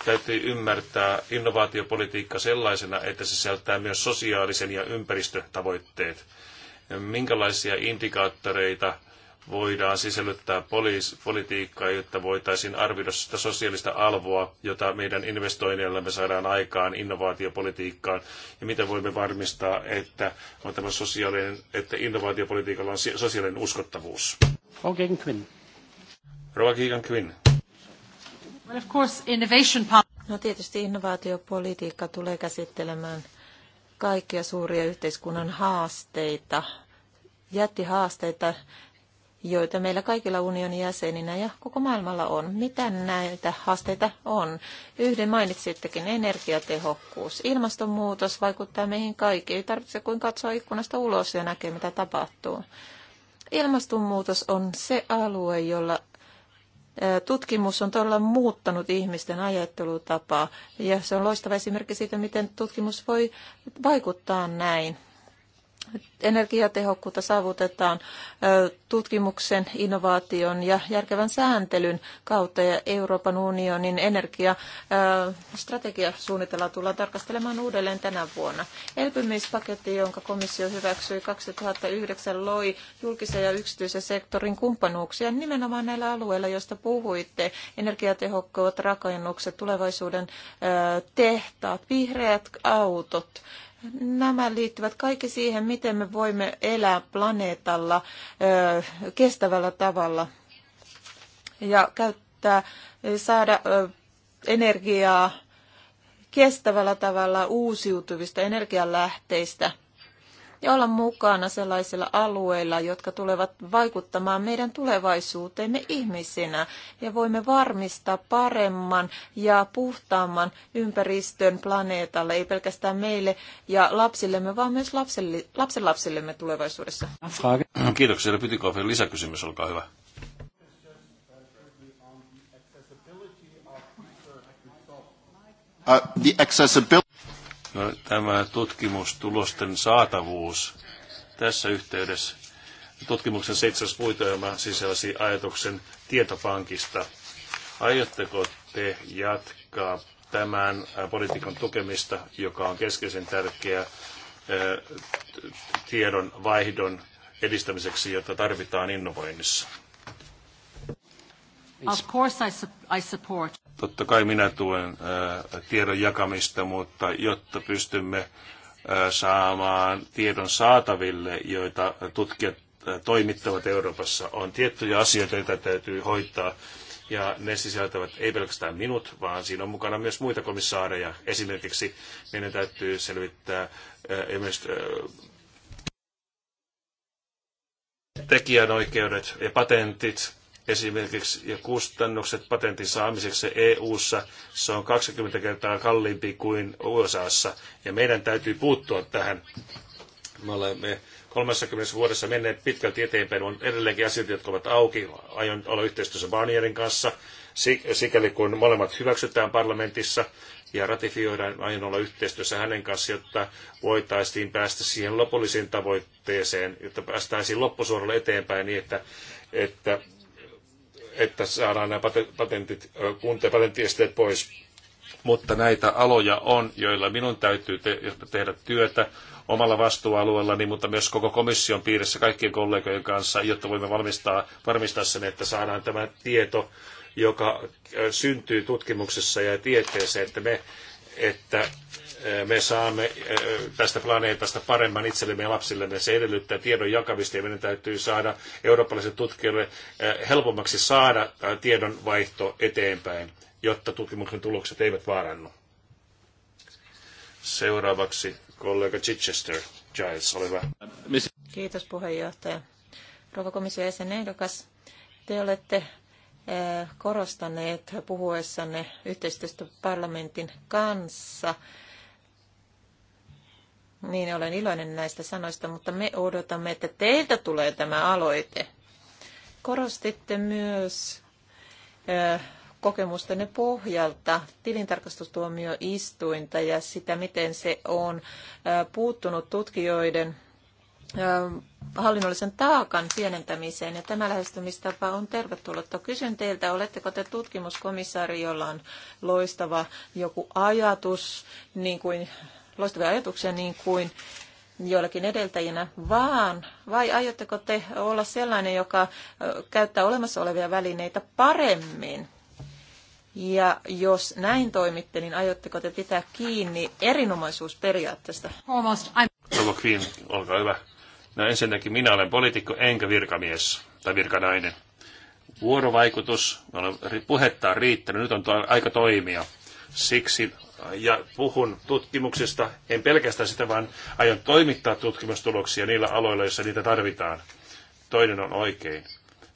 Täytyy ymmärtää innovaatiopolitiikka sellaisena, että se sisältää myös sosiaalisen ja ympäristötavoitteet. Minkälaisia indikaattoreita voidaan sisällyttää poliis, politiikkaa, jotta voitaisiin arvioida sitä sosiaalista alvoa, jota meidän investoinneillemme saadaan aikaan innovaatiopolitiikkaan, ja miten voimme varmistaa, että, on tämä sosiaalinen, että innovaatiopolitiikalla on sosiaalinen uskottavuus. Rova Quinn. Well, of course, innovation... No tietysti innovaatiopolitiikka tulee käsittelemään kaikkia suuria yhteiskunnan haasteita, jättihaasteita, joita meillä kaikilla unionin jäseninä ja koko maailmalla on. Mitä näitä haasteita on? Yhden mainitsittekin, energiatehokkuus. Ilmastonmuutos vaikuttaa meihin kaikkiin. Ei tarvitse kuin katsoa ikkunasta ulos ja näkee, mitä tapahtuu. Ilmastonmuutos on se alue, jolla Tutkimus on todella muuttanut ihmisten ajattelutapaa ja se on loistava esimerkki siitä, miten tutkimus voi vaikuttaa näin energiatehokkuutta saavutetaan tutkimuksen, innovaation ja järkevän sääntelyn kautta ja Euroopan unionin suunnitella tullaan tarkastelemaan uudelleen tänä vuonna. Elpymispaketti, jonka komissio hyväksyi 2009, loi julkisen ja yksityisen sektorin kumppanuuksia nimenomaan näillä alueilla, joista puhuitte. Energiatehokkuut, rakennukset, tulevaisuuden tehtaat, vihreät autot, Nämä liittyvät kaikki siihen, miten me voimme elää planeetalla kestävällä tavalla ja käyttää, saada energiaa kestävällä tavalla uusiutuvista energialähteistä – ja olla mukana sellaisilla alueilla, jotka tulevat vaikuttamaan meidän tulevaisuuteemme ihmisinä ja voimme varmistaa paremman ja puhtaamman ympäristön planeetalle, ei pelkästään meille ja lapsillemme, vaan myös lapselle, lapsenlapsillemme tulevaisuudessa. Kiitoksia. vielä lisäkysymys, olkaa hyvä. Uh, the accessibility No, tämä tutkimustulosten saatavuus tässä yhteydessä. Tutkimuksen seitsemäs puitoilma sisälsi ajatuksen tietopankista. Aiotteko te jatkaa tämän äh, politiikan tukemista, joka on keskeisen tärkeä äh, tiedon vaihdon edistämiseksi, jota tarvitaan innovoinnissa? Of course I, su- I support. Totta kai minä tuen äh, tiedon jakamista, mutta jotta pystymme äh, saamaan tiedon saataville, joita tutkijat äh, toimittavat Euroopassa, on tiettyjä asioita, joita täytyy hoitaa. Ja ne sisältävät ei pelkästään minut, vaan siinä on mukana myös muita komissaareja. Esimerkiksi meidän täytyy selvittää äh, myös äh, tekijänoikeudet ja patentit, esimerkiksi ja kustannukset patentin saamiseksi EU-ssa, se on 20 kertaa kalliimpi kuin USAssa. Ja meidän täytyy puuttua tähän. Me olemme 30 vuodessa menneet pitkälti eteenpäin. On edelleenkin asioita, jotka ovat auki. Aion olla yhteistyössä Barnierin kanssa, sikäli kun molemmat hyväksytään parlamentissa ja ratifioidaan, aion olla yhteistyössä hänen kanssaan, jotta voitaisiin päästä siihen lopulliseen tavoitteeseen, jotta päästäisiin loppusuoralle eteenpäin niin, että, että että saadaan nämä patentit, kunta- patenttiesteet pois. Mutta näitä aloja on, joilla minun täytyy te- tehdä työtä omalla vastuualueellani, mutta myös koko komission piirissä kaikkien kollegojen kanssa, jotta voimme valmistaa, varmistaa sen, että saadaan tämä tieto, joka syntyy tutkimuksessa ja tieteessä, että me että me saamme tästä planeetasta paremman itsellemme ja lapsillemme. Se edellyttää tiedon jakamista ja meidän täytyy saada eurooppalaisille tutkijoille helpommaksi saada tiedonvaihto eteenpäin, jotta tutkimuksen tulokset eivät vaarannu. Seuraavaksi kollega Chichester. Giles, ole hyvä. Kiitos puheenjohtaja. Rouva komission ehdokas, te olette korostaneet puhuessanne yhteistyöstä parlamentin kanssa niin, olen iloinen näistä sanoista, mutta me odotamme, että teiltä tulee tämä aloite. Korostitte myös kokemustenne pohjalta tilintarkastustuomioistuinta ja sitä, miten se on puuttunut tutkijoiden hallinnollisen taakan pienentämiseen, ja tämä lähestymistapa on tervetullutta. Kysyn teiltä, oletteko te tutkimuskomissaari, jolla on loistava joku ajatus, niin kuin loistavia ajatuksia niin kuin joillakin edeltäjinä, vaan vai aiotteko te olla sellainen, joka käyttää olemassa olevia välineitä paremmin? Ja jos näin toimitte, niin aiotteko te pitää kiinni erinomaisuusperiaatteesta? Rouva Queen, olkaa hyvä. No ensinnäkin minä olen poliitikko enkä virkamies tai virkanainen. Vuorovaikutus, puhetta on riittänyt, nyt on aika toimia. Siksi ja puhun tutkimuksesta, en pelkästään sitä, vaan aion toimittaa tutkimustuloksia niillä aloilla, joissa niitä tarvitaan. Toinen on oikein.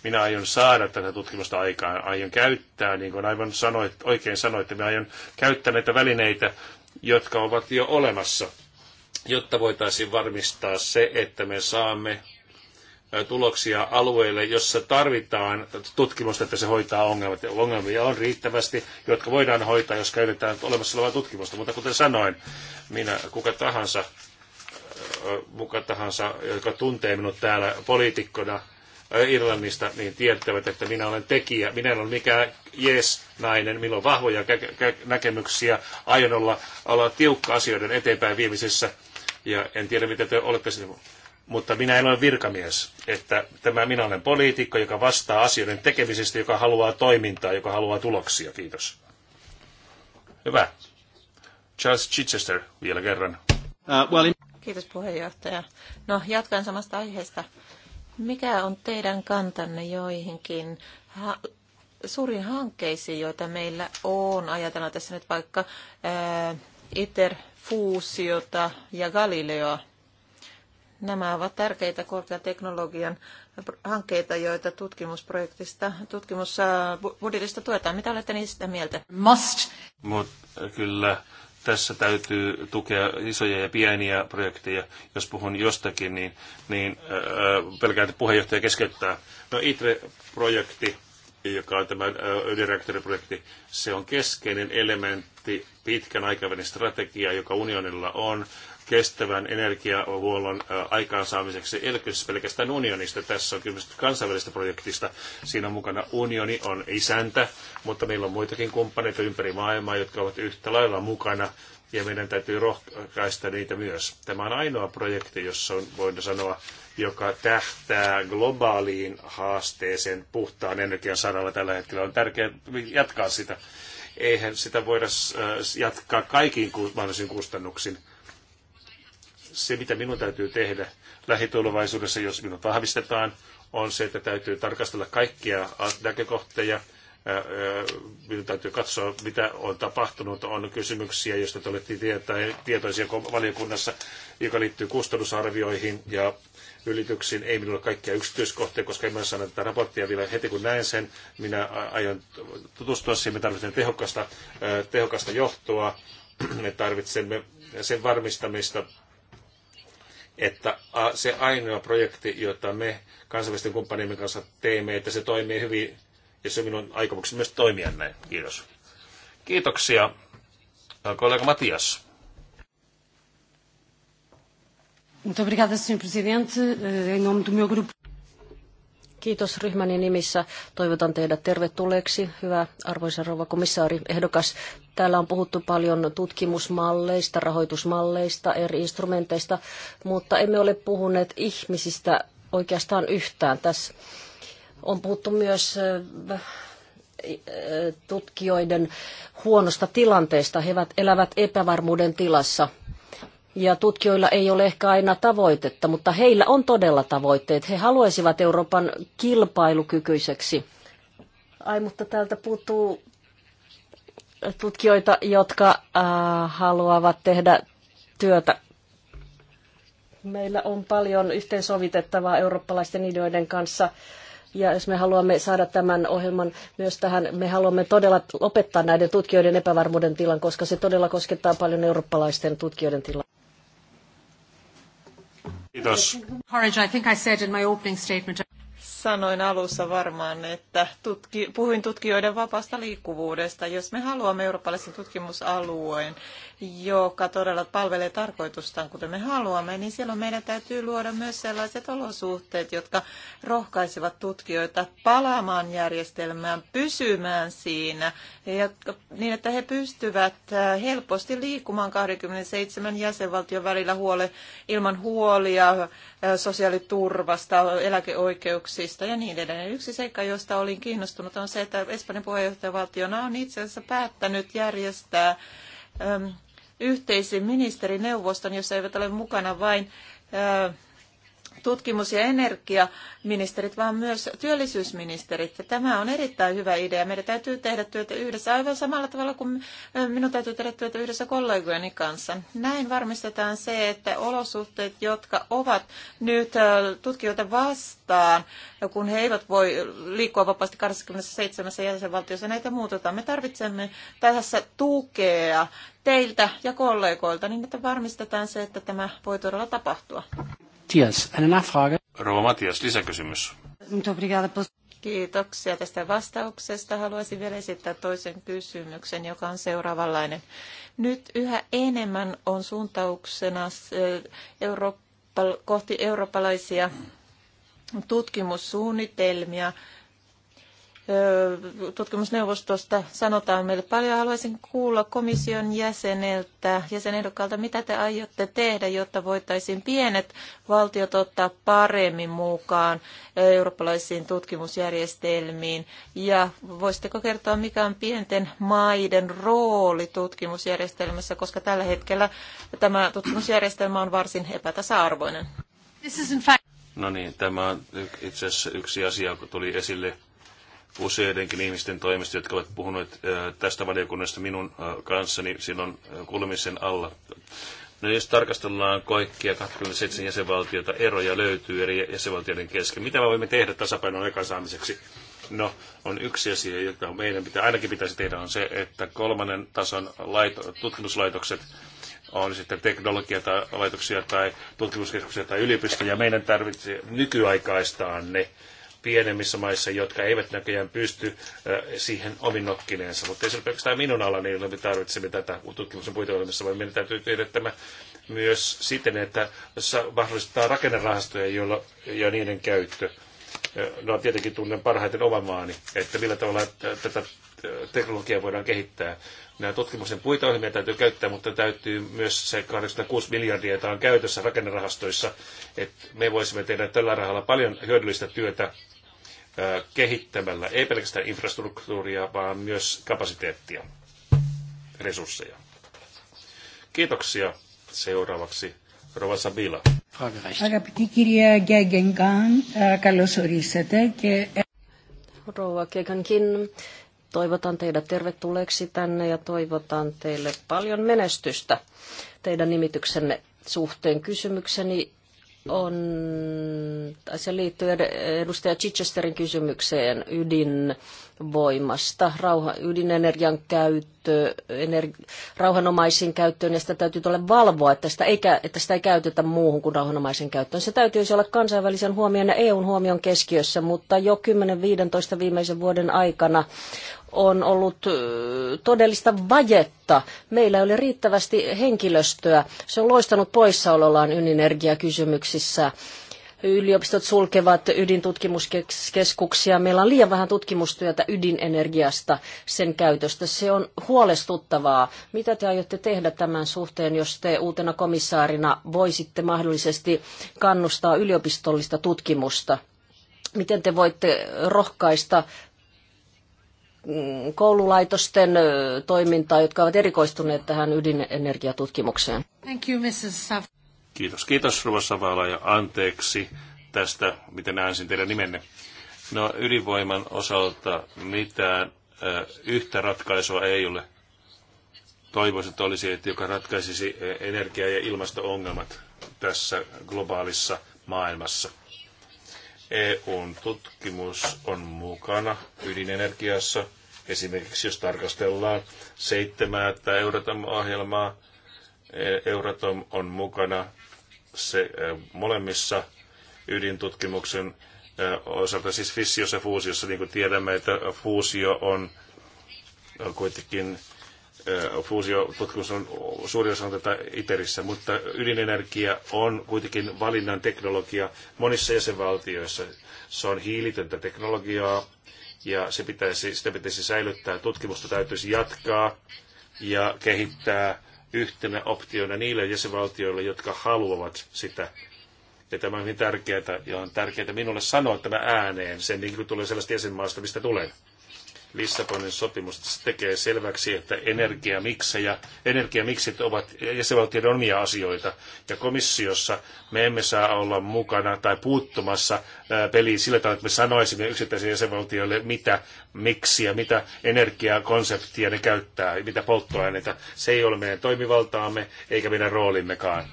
Minä aion saada tätä tutkimusta aikaan, aion käyttää, niin kuin aivan sanoit, oikein sanoitte, minä aion käyttää näitä välineitä, jotka ovat jo olemassa, jotta voitaisiin varmistaa se, että me saamme tuloksia alueille, jossa tarvitaan tutkimusta, että se hoitaa ongelmat. Ja ongelmia on riittävästi, jotka voidaan hoitaa, jos käytetään olemassa olevaa tutkimusta. Mutta kuten sanoin, minä kuka tahansa, kuka tahansa, joka tuntee minut täällä poliitikkona Irlannista, niin tietävät, että minä olen tekijä. Minä en ole mikään jees-nainen, minulla on vahvoja näkemyksiä, aion olla, olla tiukka asioiden eteenpäin viemisessä. Ja en tiedä, mitä te olette sinne mutta minä en ole virkamies, että tämä minä olen poliitikko, joka vastaa asioiden tekemisestä, joka haluaa toimintaa, joka haluaa tuloksia. Kiitos. Hyvä. Charles Chichester vielä kerran. Uh, well in... Kiitos puheenjohtaja. No, jatkan samasta aiheesta. Mikä on teidän kantanne joihinkin ha- suuriin hankkeisiin, joita meillä on? Ajatellaan tässä nyt vaikka ää, uh, ITER-fuusiota ja Galileoa Nämä ovat tärkeitä korkean teknologian hankkeita, joita tutkimusprojektista, tutkimusbudjetista tuetaan. Mitä olette niistä mieltä? Must. Mut, äh, kyllä tässä täytyy tukea isoja ja pieniä projekteja. Jos puhun jostakin, niin, niin ää, äh, äh, pelkään, että puheenjohtaja keskeyttää. No ITRE-projekti, joka on tämä ydinreaktoriprojekti, se on keskeinen elementti pitkän aikavälin strategiaa, joka unionilla on kestävän energiahuollon aikaansaamiseksi. Ei ole kysymys pelkästään unionista, tässä on kysymys kansainvälisestä projektista. Siinä on mukana unioni on isäntä, mutta meillä on muitakin kumppaneita ympäri maailmaa, jotka ovat yhtä lailla mukana ja meidän täytyy rohkaista niitä myös. Tämä on ainoa projekti, jossa on, voidaan sanoa, joka tähtää globaaliin haasteeseen puhtaan energian saralla tällä hetkellä. On tärkeää jatkaa sitä. Eihän sitä voida jatkaa kaikkiin mahdollisiin kustannuksiin se, mitä minun täytyy tehdä lähitulevaisuudessa, jos minut vahvistetaan, on se, että täytyy tarkastella kaikkia näkökohtia. Minun täytyy katsoa, mitä on tapahtunut. On kysymyksiä, joista te olette tietoisia valiokunnassa, joka liittyy kustannusarvioihin ja ylityksiin. Ei minulla kaikkia yksityiskohtia, koska en mä tätä raporttia vielä heti kun näen sen. Minä aion tutustua siihen. Me tarvitsemme tehokasta, tehokasta johtoa. [CLEARS THROAT] Me tarvitsemme sen varmistamista, että se ainoa projekti, jota me kansainvälisten kumppaniemme kanssa teemme, että se toimii hyvin, ja se minun aikomukseni myös toimia näin. Kiitos. Kiitoksia, kollega Matias. Muito obrigada, Sr. Presidente. Eh, em nome do meu grupo. Kiitos ryhmäni nimissä. Toivotan teidät tervetulleeksi, hyvä arvoisa rouva komissaari ehdokas. Täällä on puhuttu paljon tutkimusmalleista, rahoitusmalleista, eri instrumenteista, mutta emme ole puhuneet ihmisistä oikeastaan yhtään. Tässä on puhuttu myös tutkijoiden huonosta tilanteesta. He elävät epävarmuuden tilassa ja tutkijoilla ei ole ehkä aina tavoitetta, mutta heillä on todella tavoitteet. He haluaisivat Euroopan kilpailukykyiseksi. Ai, mutta täältä puuttuu tutkijoita, jotka äh, haluavat tehdä työtä. Meillä on paljon yhteensovitettavaa eurooppalaisten ideoiden kanssa. Ja jos me haluamme saada tämän ohjelman myös tähän, me haluamme todella lopettaa näiden tutkijoiden epävarmuuden tilan, koska se todella koskettaa paljon eurooppalaisten tutkijoiden tilaa. Kiitos. Courage, I think I said in my opening statement sanoin alussa varmaan, että tutki, puhuin tutkijoiden vapaasta liikkuvuudesta. Jos me haluamme eurooppalaisen tutkimusalueen, joka todella palvelee tarkoitustaan, kuten me haluamme, niin silloin meidän täytyy luoda myös sellaiset olosuhteet, jotka rohkaisevat tutkijoita palaamaan järjestelmään, pysymään siinä, ja, niin että he pystyvät äh, helposti liikkumaan 27 jäsenvaltion välillä huole, ilman huolia äh, sosiaaliturvasta, eläkeoikeuksista, Turkista ja niin edelleen. Yksi seikka, josta olin kiinnostunut, on se, että Espanjan puheenjohtajavaltiona on itse asiassa päättänyt järjestää äm, yhteisen ministerineuvoston, jossa eivät ole mukana vain äh, tutkimus- ja energiaministerit, vaan myös työllisyysministerit. Ja tämä on erittäin hyvä idea. Meidän täytyy tehdä työtä yhdessä aivan samalla tavalla kuin minun täytyy tehdä työtä yhdessä kollegojeni kanssa. Näin varmistetaan se, että olosuhteet, jotka ovat nyt tutkijoita vastaan, kun he eivät voi liikkua vapaasti 27 jäsenvaltiossa, näitä muutetaan. Me tarvitsemme tässä tukea teiltä ja kollegoilta niin, että varmistetaan se, että tämä voi todella tapahtua. Matias, eine Nachfrage. Rova Matias, lisäkysymys. Kiitoksia tästä vastauksesta. Haluaisin vielä esittää toisen kysymyksen, joka on seuraavanlainen. Nyt yhä enemmän on suuntauksena eh, Eurooppa, kohti eurooppalaisia tutkimussuunnitelmia, tutkimusneuvostosta sanotaan meille paljon. Haluaisin kuulla komission jäseneltä, jäsenehdokkaalta, mitä te aiotte tehdä, jotta voitaisiin pienet valtiot ottaa paremmin mukaan eurooppalaisiin tutkimusjärjestelmiin. Ja voisitteko kertoa, mikä on pienten maiden rooli tutkimusjärjestelmässä, koska tällä hetkellä tämä tutkimusjärjestelmä on varsin epätasa-arvoinen. No niin, tämä on itse asiassa yksi asia, joka tuli esille useidenkin ihmisten toimesta, jotka ovat puhuneet äh, tästä valiokunnasta minun äh, kanssani silloin äh, kuulemisen alla. No jos tarkastellaan kaikkia 27 jäsenvaltiota, eroja löytyy eri jäsenvaltioiden kesken. Mitä me voimme tehdä tasapainon aikaansaamiseksi? No, on yksi asia, jota meidän pitää, ainakin pitäisi tehdä, on se, että kolmannen tason laito, tutkimuslaitokset, on sitten teknologia tai laitoksia tai tutkimuskeskuksia tai yliopistoja, meidän tarvitsee nykyaikaistaa ne pienemmissä maissa, jotka eivät näköjään pysty siihen omin nokkineensa. Mutta ei se ole pelkästään minun alani, jolla niin me tarvitsemme tätä tutkimuksen puiteohjelmassa, vaan meidän täytyy tehdä tämä myös siten, että mahdollistetaan rakennerahastoja joilla, ja niiden käyttö. No tietenkin tunnen parhaiten oman maani, että millä tavalla tätä teknologiaa voidaan kehittää. Nämä tutkimuksen puitaohjelmia täytyy käyttää, mutta täytyy myös se 86 miljardia, jota on käytössä rakennerahastoissa, että me voisimme tehdä tällä rahalla paljon hyödyllistä työtä kehittämällä ei pelkästään infrastruktuuria, vaan myös kapasiteettia, resursseja. Kiitoksia. Seuraavaksi Rova Sabila. Rova κυρία Rouva Kekankin, Toivotan teidät tervetulleeksi tänne ja toivotan teille paljon menestystä teidän nimityksenne suhteen. Kysymykseni on, tai se liittyy edustaja Chichesterin kysymykseen ydinvoimasta, rauha, ydinenergian käyttö, energi, rauhanomaisiin käyttöön, ja sitä täytyy tulla valvoa, että sitä, ei, että sitä ei käytetä muuhun kuin rauhanomaisen käyttöön. Se täytyisi olla kansainvälisen huomion ja EUn huomion keskiössä, mutta jo 10-15 viimeisen vuoden aikana on ollut todellista vajetta. Meillä ei ole riittävästi henkilöstöä. Se on loistanut poissaolollaan ydinenergiakysymyksissä. Yliopistot sulkevat ydintutkimuskeskuksia. Meillä on liian vähän tutkimustyötä ydinenergiasta, sen käytöstä. Se on huolestuttavaa. Mitä te aiotte tehdä tämän suhteen, jos te uutena komissaarina voisitte mahdollisesti kannustaa yliopistollista tutkimusta? miten te voitte rohkaista koululaitosten toimintaa, jotka ovat erikoistuneet tähän ydinenergiatutkimukseen. Thank you, Mrs. kiitos, kiitos Ruva Savala ja anteeksi tästä, miten äänsin teidän nimenne. No ydinvoiman osalta mitään ö, yhtä ratkaisua ei ole. Toivoisin, että olisi, että joka ratkaisisi energia- ja ilmasto-ongelmat tässä globaalissa maailmassa. EUn tutkimus on mukana ydinenergiassa. Esimerkiksi jos tarkastellaan seitsemättä Euratom-ohjelmaa, Euratom on mukana se, e, molemmissa ydintutkimuksen e, osalta, siis fissiossa ja fuusiossa, niin kuin tiedämme, että fuusio on kuitenkin Fuusio tutkimus on suurin osa tätä ITERissä, mutta ydinenergia on kuitenkin valinnan teknologia monissa jäsenvaltioissa. Se on hiilitöntä teknologiaa ja se pitäisi, sitä pitäisi säilyttää. Tutkimusta täytyisi jatkaa ja kehittää yhtenä optiona niille jäsenvaltioille, jotka haluavat sitä. Ja tämä on hyvin tärkeää ja on tärkeää minulle sanoa tämä ääneen, sen niin kuin tulee sellaista jäsenmaasta, mistä tulee. Lissabonin sopimus tekee selväksi, että energiamiksejä, energiamiksit ovat jäsenvaltioiden omia asioita, ja komissiossa me emme saa olla mukana tai puuttumassa äh, peliin sillä tavalla, että me sanoisimme yksittäisille jäsenvaltioille, mitä miksiä, mitä energiakonseptia ne käyttää, mitä polttoaineita. Se ei ole meidän toimivaltaamme eikä meidän roolimmekaan.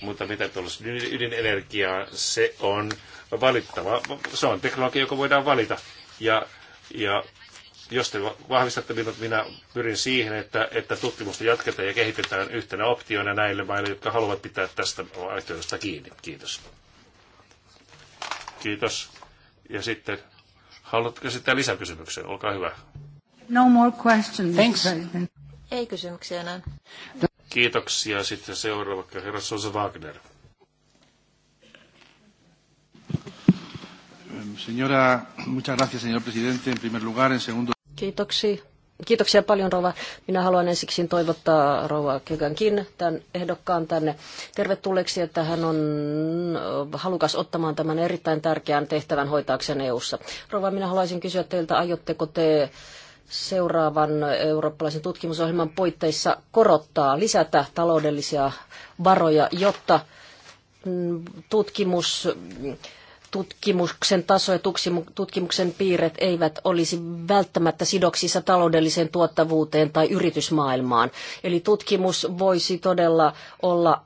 Mutta mitä tuollaista ydinenergiaa, se on valittava. Se on teknologia, joka voidaan valita. Ja ja jos te vahvistatte minut, minä pyrin siihen, että, että tutkimusta jatketaan ja kehitetään yhtenä optiona näille maille, jotka haluavat pitää tästä vaihtoehdosta kiinni. Kiitos. Kiitos. Ja sitten, haluatko sitten lisäkysymyksen? Olkaa hyvä. No more questions. Thanks. Ei kysymyksiä enää. Kiitoksia. Sitten seuraava herra Sosa Wagner. Señora, muchas gracias, señor presidente. En primer lugar, en segundo Kiitoksia. Kiitoksia paljon Rova. Minä haluan ensiksi toivottaa Rova Kökänkin tämän ehdokkaan tänne tervetulleeksi, että hän on halukas ottamaan tämän erittäin tärkeän tehtävän hoitaakseen EU-ssa. Rova, minä haluaisin kysyä teiltä, aiotteko te seuraavan eurooppalaisen tutkimusohjelman puitteissa korottaa, lisätä taloudellisia varoja, jotta mm, tutkimus tutkimuksen taso ja tutkimuksen piirret eivät olisi välttämättä sidoksissa taloudelliseen tuottavuuteen tai yritysmaailmaan. Eli tutkimus voisi todella olla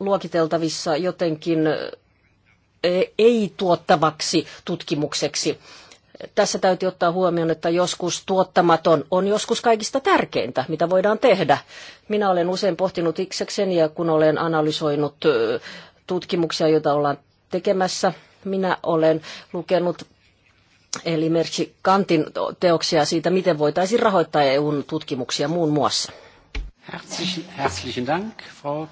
luokiteltavissa jotenkin e, ei-tuottavaksi tutkimukseksi. Tässä täytyy ottaa huomioon, että joskus tuottamaton on joskus kaikista tärkeintä, mitä voidaan tehdä. Minä olen usein pohtinut itsekseni ja kun olen analysoinut tutkimuksia, joita ollaan tekemässä minä olen lukenut eli Merci Kantin teoksia siitä, miten voitaisiin rahoittaa EUn tutkimuksia muun muassa. Herzlichen Dank, Frau.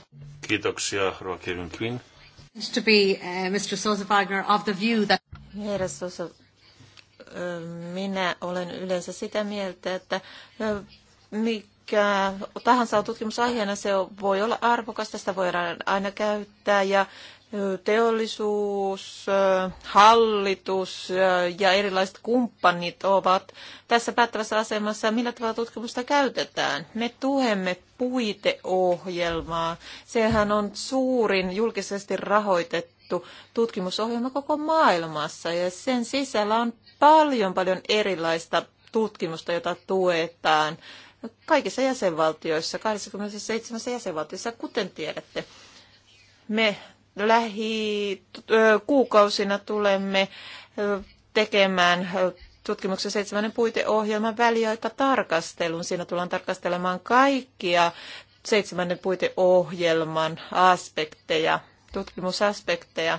Kiitoksia, Rua Kirjun To be, uh, Mr. Sosa Wagner of the view that... Herra Sosa, minä olen yleensä sitä mieltä, että mikä tahansa on tutkimusaiheena, se voi olla arvokasta, sitä voidaan aina käyttää ja teollisuus, hallitus ja erilaiset kumppanit ovat tässä päättävässä asemassa, millä tavalla tutkimusta käytetään. Me tuemme puiteohjelmaa. Sehän on suurin julkisesti rahoitettu tutkimusohjelma koko maailmassa ja sen sisällä on paljon paljon erilaista tutkimusta, jota tuetaan kaikissa jäsenvaltioissa, 27 jäsenvaltioissa kuten tiedätte. Me lähikuukausina tulemme tekemään tutkimuksen seitsemännen puiteohjelman väliaikatarkastelun. Siinä tullaan tarkastelemaan kaikkia seitsemännen puiteohjelman aspekteja, tutkimusaspekteja.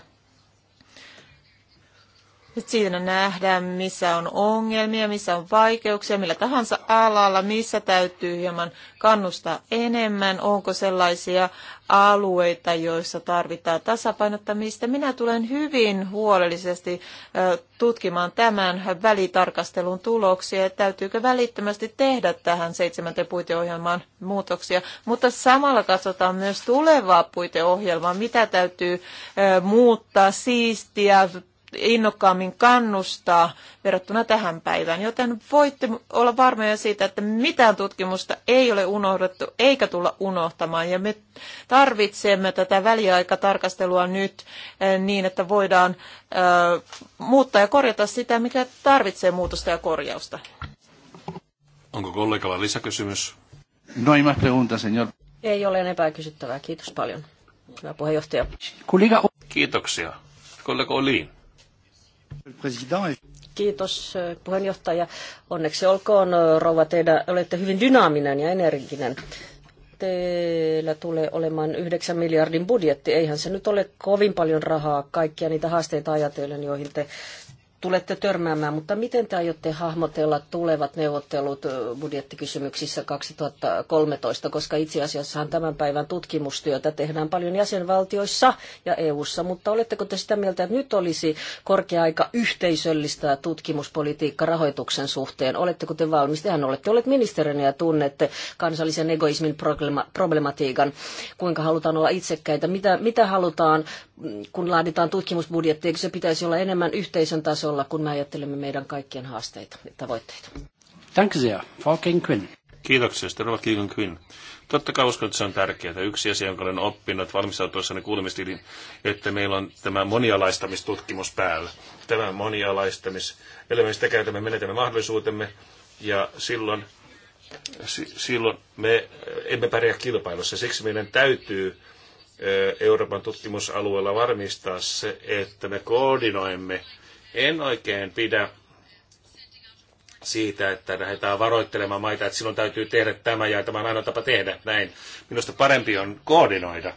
Siinä nähdään, missä on ongelmia, missä on vaikeuksia, millä tahansa alalla, missä täytyy hieman kannustaa enemmän. Onko sellaisia alueita, joissa tarvitaan tasapainottamista? Minä tulen hyvin huolellisesti tutkimaan tämän välitarkastelun tuloksia, että täytyykö välittömästi tehdä tähän seitsemänteen puiteohjelmaan muutoksia. Mutta samalla katsotaan myös tulevaa puiteohjelmaa, mitä täytyy muuttaa, siistiä, innokkaammin kannustaa verrattuna tähän päivään. Joten voitte olla varmoja siitä, että mitään tutkimusta ei ole unohdettu eikä tulla unohtamaan. Ja me tarvitsemme tätä väliaikatarkastelua nyt eh, niin, että voidaan eh, muuttaa ja korjata sitä, mikä tarvitsee muutosta ja korjausta. Onko kollegalla lisäkysymys? No ei pregunta, señor. Ei ole enempää kysyttävää. Kiitos paljon. Hyvä puheenjohtaja. Kiitoksia. Kollega Oliin. Kiitos eh, puheenjohtaja. Onneksi olkoon eh, rouva, teidän olette hyvin dynaaminen ja energinen. Teillä tulee olemaan 9 miljardin budjetti. Eihän se nyt ole kovin paljon rahaa kaikkia niitä haasteita ajatellen, joihin te tulette törmäämään, mutta miten te aiotte hahmotella tulevat neuvottelut budjettikysymyksissä 2013, koska itse asiassahan tämän päivän tutkimustyötä tehdään paljon jäsenvaltioissa ja EU:ssa, mutta oletteko te sitä mieltä, että nyt olisi korkea aika yhteisöllistää tutkimuspolitiikka rahoituksen suhteen? Oletteko te valmis? Tehän olette olleet ministerinä ja tunnette kansallisen egoismin problematiikan, kuinka halutaan olla itsekkäitä, mitä, mitä halutaan kun laaditaan tutkimusbudjetti, eikö se pitäisi olla enemmän yhteisön tasolla, kun me ajattelemme meidän kaikkien haasteita ja tavoitteita? Thanks, Frau Quinn. Kiitoksia, Sterva Kiikon Quinn. Totta kai uskon, että se on tärkeää. Yksi asia, jonka olen oppinut valmistautuessani kuulemistilin, että meillä on tämä monialaistamistutkimus päällä. Tämä monialaistamis, elementistä käytämme, menetämme mahdollisuutemme, ja silloin, silloin me emme pärjää kilpailussa. Siksi meidän täytyy Euroopan tutkimusalueella varmistaa se, että me koordinoimme. En oikein pidä siitä, että lähdetään varoittelemaan maita, että silloin täytyy tehdä tämä ja tämä on ainoa tapa tehdä näin. Minusta parempi on koordinoida.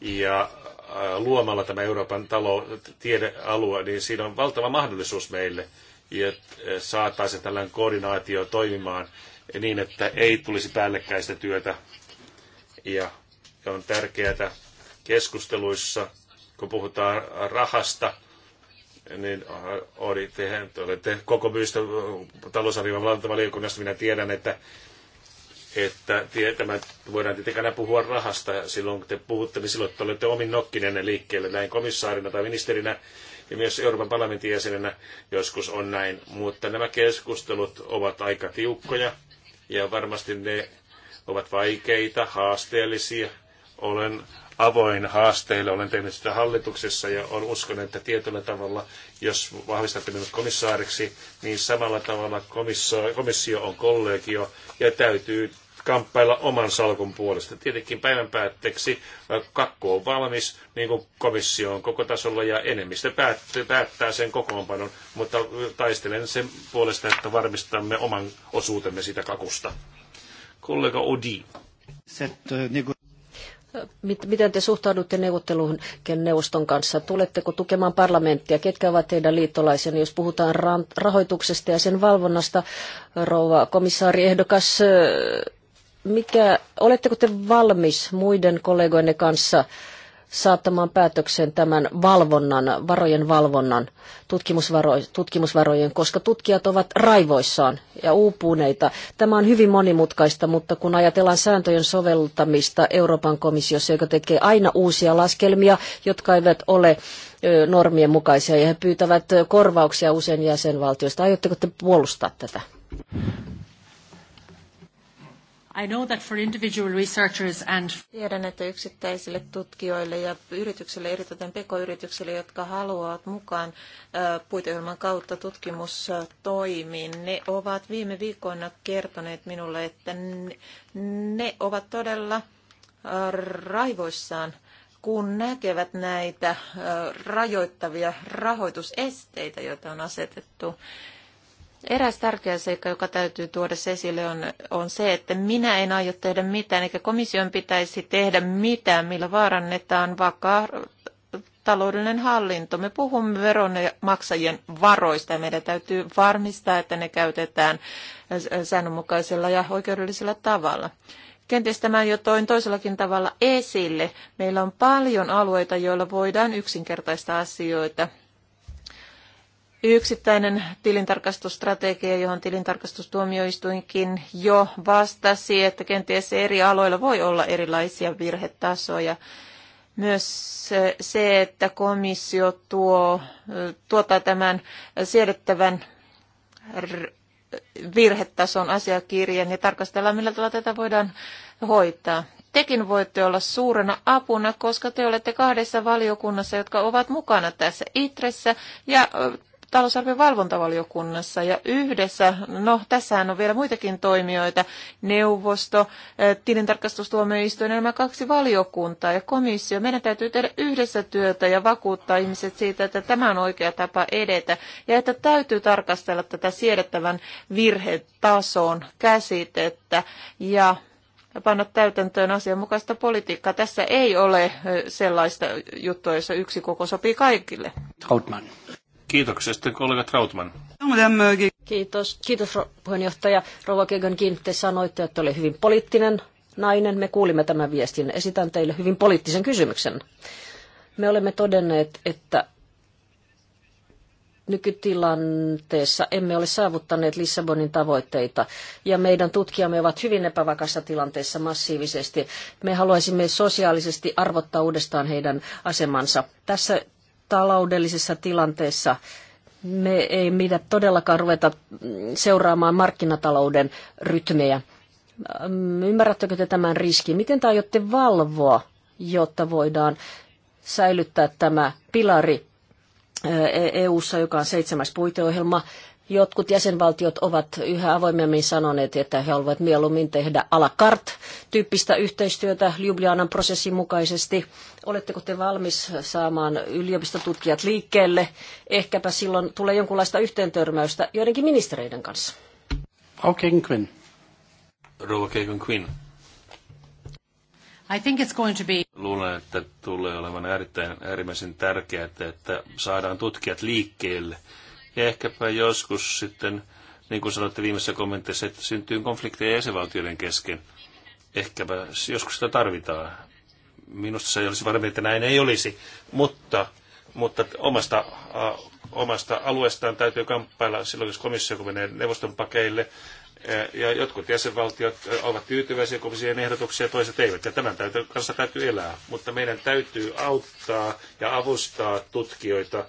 Ja äh, luomalla tämä Euroopan talo, tiedealue, niin siinä on valtava mahdollisuus meille, että äh, saataisiin tällainen koordinaatio toimimaan niin, että ei tulisi päällekkäistä työtä ja ja on tärkeää keskusteluissa, kun puhutaan rahasta, niin olitte, olette koko myystä äh, talousarvion valtavaliokunnasta. Minä tiedän, että, että tämä, voidaan tietenkään puhua rahasta. Silloin kun te puhutte, niin silloin te olette omin nokkinen liikkeelle näin komissaarina tai ministerinä ja myös Euroopan parlamentin jäsenenä joskus on näin. Mutta nämä keskustelut ovat aika tiukkoja ja varmasti ne ovat vaikeita, haasteellisia – olen avoin haasteille. Olen tehnyt sitä hallituksessa ja on uskon, että tietyllä tavalla, jos vahvistatte minut komissaariksi, niin samalla tavalla komissio, komissio on kollegio ja täytyy kamppailla oman salkun puolesta. Tietenkin päivän päätteeksi äh, kakku on valmis, niin kuin komissio on koko tasolla, ja enemmistö päättää, päättää sen kokoonpanon, mutta äh, taistelen sen puolesta, että varmistamme oman osuutemme sitä kakusta. Kollega Odi. Äh, niin Miten te suhtaudutte neuvotteluun neuvoston kanssa? Tuletteko tukemaan parlamenttia? Ketkä ovat teidän liittolaisenne, jos puhutaan rahoituksesta ja sen valvonnasta? Rouva komissaari ehdokas, mikä, oletteko te valmis muiden kollegoinne kanssa saattamaan päätöksen tämän valvonnan, varojen valvonnan, tutkimusvaro, tutkimusvarojen, koska tutkijat ovat raivoissaan ja uupuneita. Tämä on hyvin monimutkaista, mutta kun ajatellaan sääntöjen soveltamista Euroopan komissiossa, joka tekee aina uusia laskelmia, jotka eivät ole normien mukaisia ja he pyytävät korvauksia usein jäsenvaltioista. Aiotteko te puolustaa tätä? I know that for individual researchers and... Tiedän, että yksittäisille tutkijoille ja yrityksille, erityisesti pk-yrityksille, jotka haluavat mukaan puiteohjelman kautta tutkimustoimiin, ne ovat viime viikoina kertoneet minulle, että ne ovat todella raivoissaan kun näkevät näitä rajoittavia rahoitusesteitä, joita on asetettu Eräs tärkeä seikka, joka täytyy tuoda esille, on, on se, että minä en aio tehdä mitään, eikä komission pitäisi tehdä mitään, millä vaarannetaan vakaa taloudellinen hallinto. Me puhumme veronmaksajien varoista ja meidän täytyy varmistaa, että ne käytetään säännönmukaisella ja oikeudellisella tavalla. Kenties tämä jo toin toisellakin tavalla esille. Meillä on paljon alueita, joilla voidaan yksinkertaista asioita yksittäinen tilintarkastusstrategia, johon tilintarkastustuomioistuinkin jo vastasi, että kenties eri aloilla voi olla erilaisia virhetasoja. Myös se, että komissio tuo, tuottaa tämän siedettävän virhetason asiakirjan ja tarkastellaan, millä tavalla tätä voidaan hoitaa. Tekin voitte olla suurena apuna, koska te olette kahdessa valiokunnassa, jotka ovat mukana tässä ITRessä ja talousarvion valvontavaliokunnassa ja yhdessä, no tässähän on vielä muitakin toimijoita, neuvosto, eh, tilintarkastustuomioistuin, nämä kaksi valiokuntaa ja komissio. Meidän täytyy tehdä yhdessä työtä ja vakuuttaa ihmiset siitä, että tämä on oikea tapa edetä ja että täytyy tarkastella tätä siedettävän virhetason käsitettä ja panna täytäntöön asianmukaista politiikkaa. Tässä ei ole eh, sellaista juttua, jossa yksi koko sopii kaikille. Trautmann. Kiitoksia sitten kollega Trautman. Kiitos, kiitos puheenjohtaja. Rova Kegankin, te sanoitte, että oli hyvin poliittinen nainen. Me kuulimme tämän viestin. Esitän teille hyvin poliittisen kysymyksen. Me olemme todenneet, että nykytilanteessa emme ole saavuttaneet Lissabonin tavoitteita ja meidän tutkijamme ovat hyvin epävakassa tilanteessa massiivisesti. Me haluaisimme sosiaalisesti arvottaa uudestaan heidän asemansa. Tässä taloudellisessa tilanteessa me ei mitä todellakaan ruveta seuraamaan markkinatalouden rytmejä. Mm, ymmärrättekö te tämän riskin? Miten te aiotte valvoa, jotta voidaan säilyttää tämä pilari EU-ssa, e-, joka on seitsemäs puiteohjelma, Jotkut jäsenvaltiot ovat yhä avoimemmin sanoneet, että he haluavat mieluummin tehdä a la carte tyyppistä yhteistyötä Ljubljanan prosessin mukaisesti. Oletteko te valmis saamaan yliopistotutkijat liikkeelle? Ehkäpä silloin tulee jonkunlaista yhteentörmäystä joidenkin ministereiden kanssa. Frau Kegenquin. Rouva Kegenquin. I think it's going to be... Luulen, että tulee olevan erittäin äärimmäisen tärkeää, että saadaan tutkijat liikkeelle – ja ehkäpä joskus sitten, niin kuin sanoitte viimeisessä kommentissa, että syntyy konflikteja jäsenvaltioiden kesken. Ehkäpä joskus sitä tarvitaan. Minusta se ei olisi varmaa, että näin ei olisi, mutta, mutta omasta, äh, omasta alueestaan täytyy kamppailla silloin, jos komissio kun menee neuvoston pakeille. Ja jotkut jäsenvaltiot ovat tyytyväisiä komission ehdotuksia, toiset eivät. Ja tämän täytyy, kanssa täytyy elää. Mutta meidän täytyy auttaa ja avustaa tutkijoita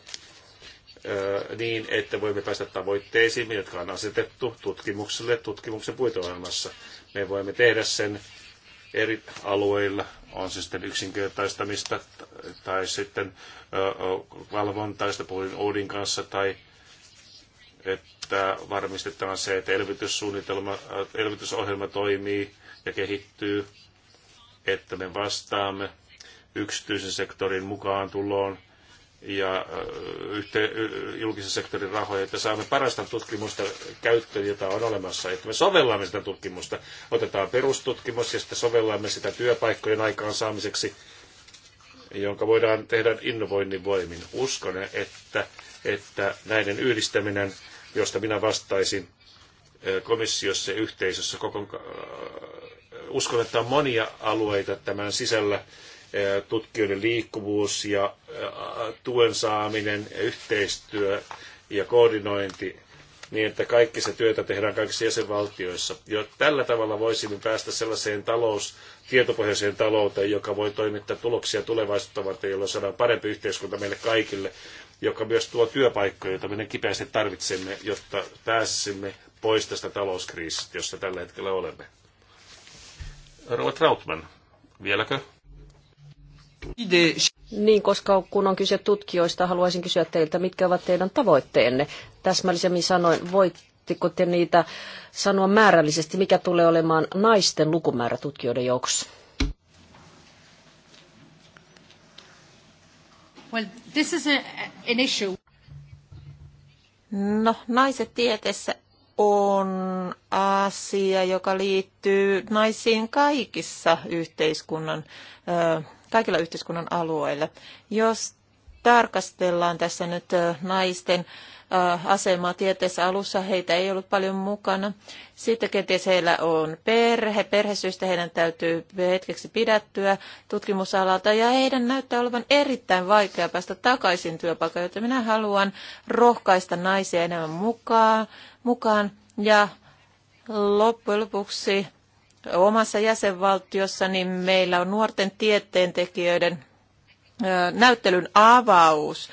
niin, että voimme päästä tavoitteisiin, jotka on asetettu tutkimukselle tutkimuksen puitoilmassa. Me voimme tehdä sen eri alueilla, on se sitten yksinkertaistamista tai sitten valvontaista, puhuin Oudin kanssa, tai että varmistetaan se, että elvytyssuunnitelma, elvytysohjelma toimii ja kehittyy, että me vastaamme yksityisen sektorin mukaan tuloon ja äh, yhteen, julkisen sektorin rahoja, että saamme parasta tutkimusta käyttöön, jota on olemassa, että me sovellamme sitä tutkimusta. Otetaan perustutkimus ja sitten sovellamme sitä työpaikkojen aikaansaamiseksi, jonka voidaan tehdä innovoinnin voimin. Uskon, että, että näiden yhdistäminen, josta minä vastaisin komissiossa ja yhteisössä, koko, uskon, että on monia alueita tämän sisällä, tutkijoiden liikkuvuus ja tuen saaminen, yhteistyö ja koordinointi niin, että kaikki se työtä tehdään kaikissa jäsenvaltioissa. Jo tällä tavalla voisimme päästä sellaiseen talous, tietopohjaiseen talouteen, joka voi toimittaa tuloksia tulevaisuutta varten, jolloin saadaan parempi yhteiskunta meille kaikille, joka myös tuo työpaikkoja, joita me kipeästi tarvitsemme, jotta pääsisimme pois tästä talouskriisistä, jossa tällä hetkellä olemme. Robert Trautman, vieläkö? Niin, koska kun on kyse tutkijoista, haluaisin kysyä teiltä, mitkä ovat teidän tavoitteenne. Täsmällisemmin sanoin, voitteko te niitä sanoa määrällisesti, mikä tulee olemaan naisten lukumäärä tutkijoiden joukossa? Well, this is a, an issue. No, naiset tieteessä on asia, joka liittyy naisiin kaikissa yhteiskunnan kaikilla yhteiskunnan alueilla. Jos tarkastellaan tässä nyt naisten asemaa tieteessä alussa, heitä ei ollut paljon mukana. Sitten kenties heillä on perhe, perhesyistä heidän täytyy hetkeksi pidättyä tutkimusalalta ja heidän näyttää olevan erittäin vaikea päästä takaisin työpaikalle, joten minä haluan rohkaista naisia enemmän mukaan, mukaan ja loppujen lopuksi omassa jäsenvaltiossa, niin meillä on nuorten tieteentekijöiden näyttelyn avaus.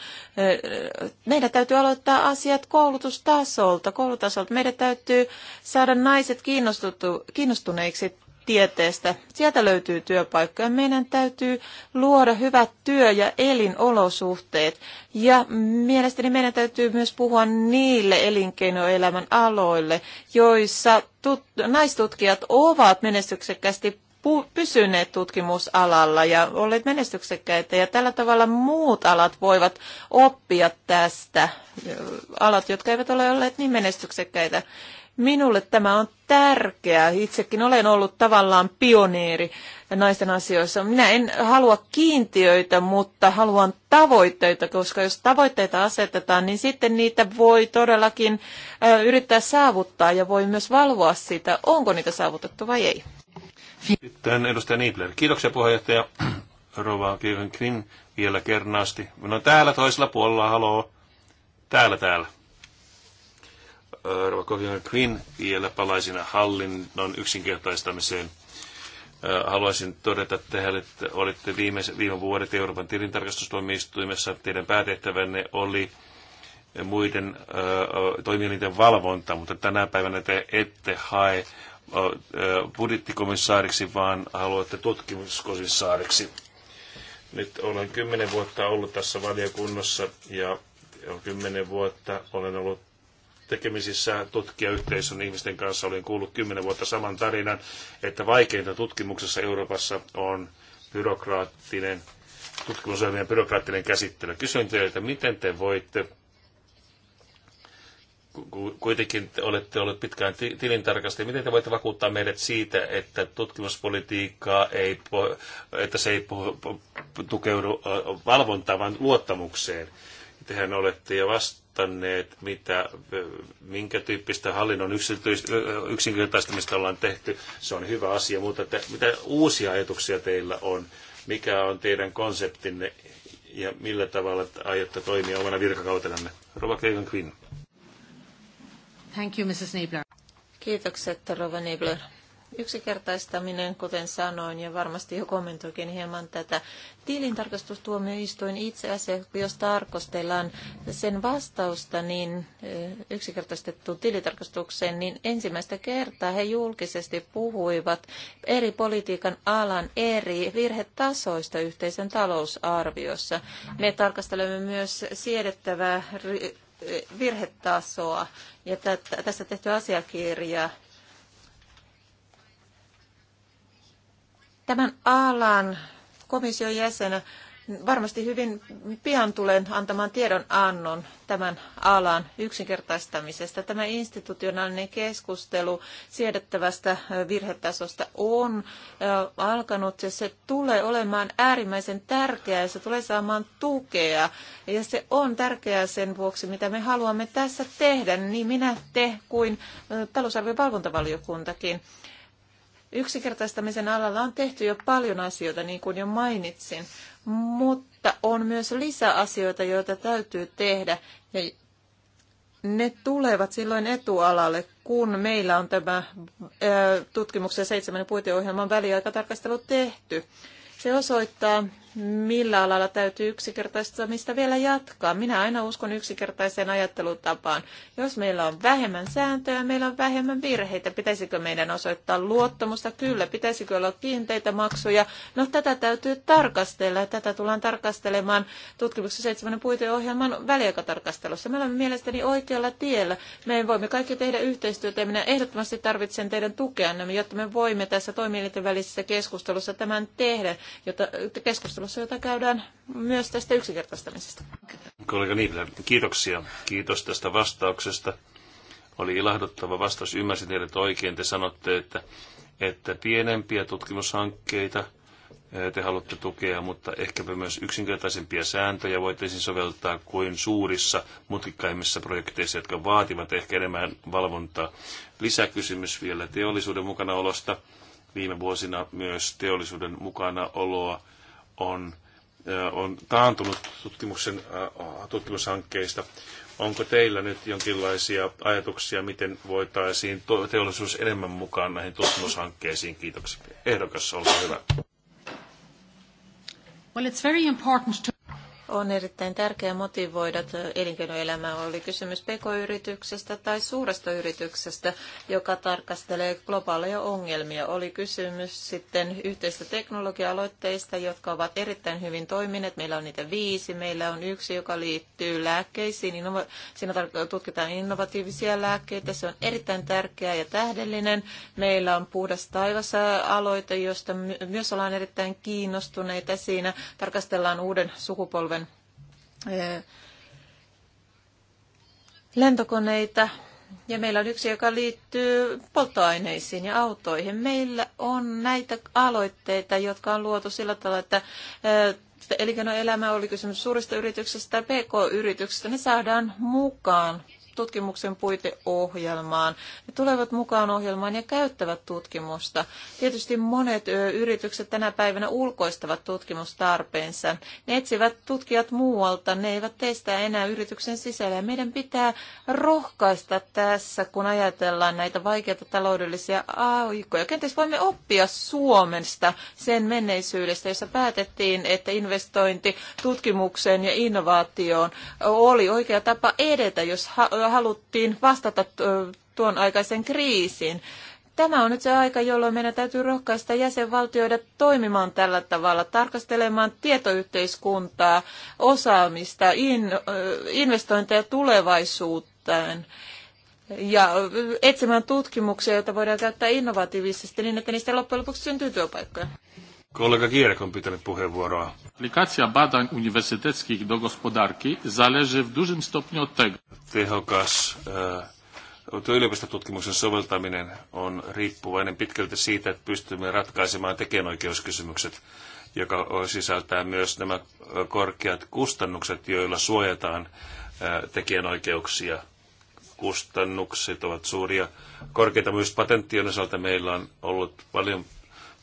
Meidän täytyy aloittaa asiat koulutustasolta, koulutasolta. Meidän täytyy saada naiset kiinnostuneiksi tieteestä. Sieltä löytyy työpaikkoja. Meidän täytyy luoda hyvät työ- ja elinolosuhteet. Ja mielestäni meidän täytyy myös puhua niille elinkeinoelämän aloille, joissa tut- naistutkijat ovat menestyksekkästi pysyneet tutkimusalalla ja olleet menestyksekkäitä. Ja tällä tavalla muut alat voivat oppia tästä. Alat, jotka eivät ole olleet niin menestyksekkäitä. Minulle tämä on tärkeää. Itsekin olen ollut tavallaan pioneeri naisten asioissa. Minä en halua kiintiöitä, mutta haluan tavoitteita, koska jos tavoitteita asetetaan, niin sitten niitä voi todellakin yrittää saavuttaa ja voi myös valvoa sitä, onko niitä saavutettu vai ei. Sitten edustaja Niebler. Kiitoksia puheenjohtaja [CLEARS THROAT] Rova Kiikan vielä kernaasti. No täällä toisella puolella, haloo. Täällä, täällä. Rova Queen Quinn vielä palaisin hallinnon yksinkertaistamiseen. Haluaisin todeta teille, että olitte viime, viime vuodet Euroopan tilintarkastustoimistuimessa. Teidän päätehtävänne oli muiden toimijoiden valvonta, mutta tänä päivänä te ette hae budjettikomissaariksi, vaan haluatte tutkimuskomissaariksi. Nyt olen kymmenen vuotta ollut tässä valiokunnassa ja kymmenen vuotta olen ollut tekemisissä tutkijayhteisön ihmisten kanssa. Olin kuullut kymmenen vuotta saman tarinan, että vaikeinta tutkimuksessa Euroopassa on byrokraattinen, tutkimusohjelmien byrokraattinen käsittely. Kysyn teiltä, miten te voitte kuitenkin olette olleet pitkään tilintarkastajia. Miten te voitte vakuuttaa meidät siitä, että tutkimuspolitiikkaa ei, että se ei tukeudu valvontaan, vaan luottamukseen? tehän olette jo vastanneet, mitä, minkä tyyppistä hallinnon yksinkertaistamista ollaan tehty. Se on hyvä asia, mutta te, mitä uusia ajatuksia teillä on? Mikä on teidän konseptinne ja millä tavalla aiotte toimia omana virkakautenanne? Rova Keikan Quinn. Thank you, Mrs. Niebler. Kiitokset, Rova Niebler yksinkertaistaminen, kuten sanoin, ja varmasti jo kommentoikin hieman tätä. Tilintarkastustuomioistuin itse asiassa, jos tarkastellaan sen vastausta niin e, yksinkertaistettuun tilintarkastukseen, niin ensimmäistä kertaa he julkisesti puhuivat eri politiikan alan eri virhetasoista yhteisen talousarviossa. Me tarkastelemme myös siedettävää e, virhetasoa ja tästä tehty asiakirja Tämän alan komission jäsenä varmasti hyvin pian tulen antamaan tiedonannon tämän alan yksinkertaistamisesta. Tämä institutionaalinen keskustelu siedettävästä virhetasosta on alkanut ja se tulee olemaan äärimmäisen tärkeää ja se tulee saamaan tukea. Ja se on tärkeää sen vuoksi, mitä me haluamme tässä tehdä, niin minä, te kuin talousarvion valvontavaliokuntakin. Yksinkertaistamisen alalla on tehty jo paljon asioita, niin kuin jo mainitsin, mutta on myös lisäasioita, joita täytyy tehdä. Ja ne tulevat silloin etualalle, kun meillä on tämä tutkimuksen seitsemän puiteohjelman väliaikatarkastelu tehty. Se osoittaa, millä alalla täytyy yksinkertaistamista vielä jatkaa. Minä aina uskon yksinkertaiseen ajattelutapaan. Jos meillä on vähemmän sääntöjä, meillä on vähemmän virheitä. Pitäisikö meidän osoittaa luottamusta? Kyllä. Pitäisikö olla kiinteitä maksuja? No tätä täytyy tarkastella. Tätä tullaan tarkastelemaan tutkimuksen seitsemän ohjelman väliaikatarkastelussa. Me olemme mielestäni oikealla tiellä. Me voimme kaikki tehdä yhteistyötä ja minä ehdottomasti tarvitsen teidän tukeanne, jotta me voimme tässä toimielinten välisessä keskustelussa tämän tehdä, jotta keskustelu keskustelussa, jota käydään myös tästä yksinkertaistamisesta. Kollega Niivilä, kiitoksia. Kiitos tästä vastauksesta. Oli ilahduttava vastaus. Ymmärsin teidät oikein. Te sanotte, että, että pienempiä tutkimushankkeita eh, te haluatte tukea, mutta ehkäpä myös yksinkertaisempia sääntöjä voitaisiin soveltaa kuin suurissa mutkikkaimmissa projekteissa, jotka vaativat ehkä enemmän valvontaa. Lisäkysymys vielä teollisuuden mukanaolosta viime vuosina myös teollisuuden mukanaoloa on, on taantunut tutkimuksen, tutkimushankkeista. Onko teillä nyt jonkinlaisia ajatuksia, miten voitaisiin teollisuus enemmän mukaan näihin tutkimushankkeisiin? Kiitoksia. Ehdokas, olkaa hyvä. Well, it's very important to on erittäin tärkeää motivoida elinkeinoelämää. Oli kysymys pk-yrityksestä tai suuresta yrityksestä, joka tarkastelee globaaleja ongelmia. Oli kysymys sitten yhteistä teknologia-aloitteista, jotka ovat erittäin hyvin toimineet. Meillä on niitä viisi. Meillä on yksi, joka liittyy lääkkeisiin. Siinä tutkitaan innovatiivisia lääkkeitä. Se on erittäin tärkeä ja tähdellinen. Meillä on puhdas taivas aloite, josta myös ollaan erittäin kiinnostuneita. Siinä tarkastellaan uuden sukupolven lentokoneita. Ja meillä on yksi, joka liittyy polttoaineisiin ja autoihin. Meillä on näitä aloitteita, jotka on luotu sillä tavalla, että elinkeinoelämä oli kysymys suurista yrityksistä tai pk-yrityksistä, ne saadaan mukaan tutkimuksen puiteohjelmaan. Ne tulevat mukaan ohjelmaan ja käyttävät tutkimusta. Tietysti monet yritykset tänä päivänä ulkoistavat tutkimustarpeensa. Ne etsivät tutkijat muualta, ne eivät teistä enää yrityksen sisällä. Ja meidän pitää rohkaista tässä, kun ajatellaan näitä vaikeita taloudellisia aikoja. Kenties voimme oppia Suomesta sen menneisyydestä, jossa päätettiin, että investointi tutkimukseen ja innovaatioon oli oikea tapa edetä, jos haluttiin vastata tuon aikaisen kriisiin. Tämä on nyt se aika, jolloin meidän täytyy rohkaista jäsenvaltioita toimimaan tällä tavalla, tarkastelemaan tietoyhteiskuntaa, osaamista, investointeja tulevaisuuteen ja etsimään tutkimuksia, joita voidaan käyttää innovatiivisesti niin, että niistä loppujen lopuksi syntyy työpaikkoja. Kolega Gierek on pitänyt puheenvuoroa. Aplikacja badań uniwersyteckich do gospodarki zależy w dużym stopniu od tego. Tehokas äh, yliopistotutkimuksen soveltaminen on riippuvainen pitkälti siitä, että pystymme ratkaisemaan tekijänoikeuskysymykset, joka sisältää myös nämä korkeat kustannukset, joilla suojataan äh, tekijänoikeuksia. Kustannukset ovat suuria. Korkeita myös patenttien osalta meillä on ollut paljon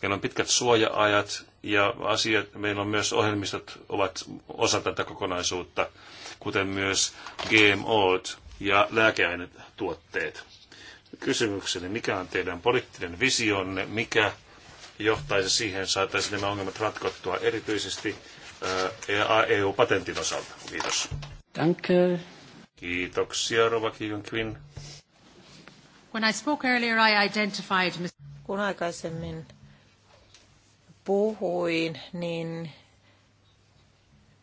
Meillä on pitkät suoja-ajat ja asiat, meillä on myös ohjelmistot ovat osa tätä kokonaisuutta, kuten myös GMO ja lääkeainetuotteet. Kysymykseni, mikä on teidän poliittinen visionne, mikä johtaisi siihen, saataisiin nämä ongelmat ratkottua erityisesti EU-patentin e osalta. Kiitos. Danke. Kiitoksia, Rova kiyun When I spoke earlier, I identified... Kun aikaisemmin puhuin, niin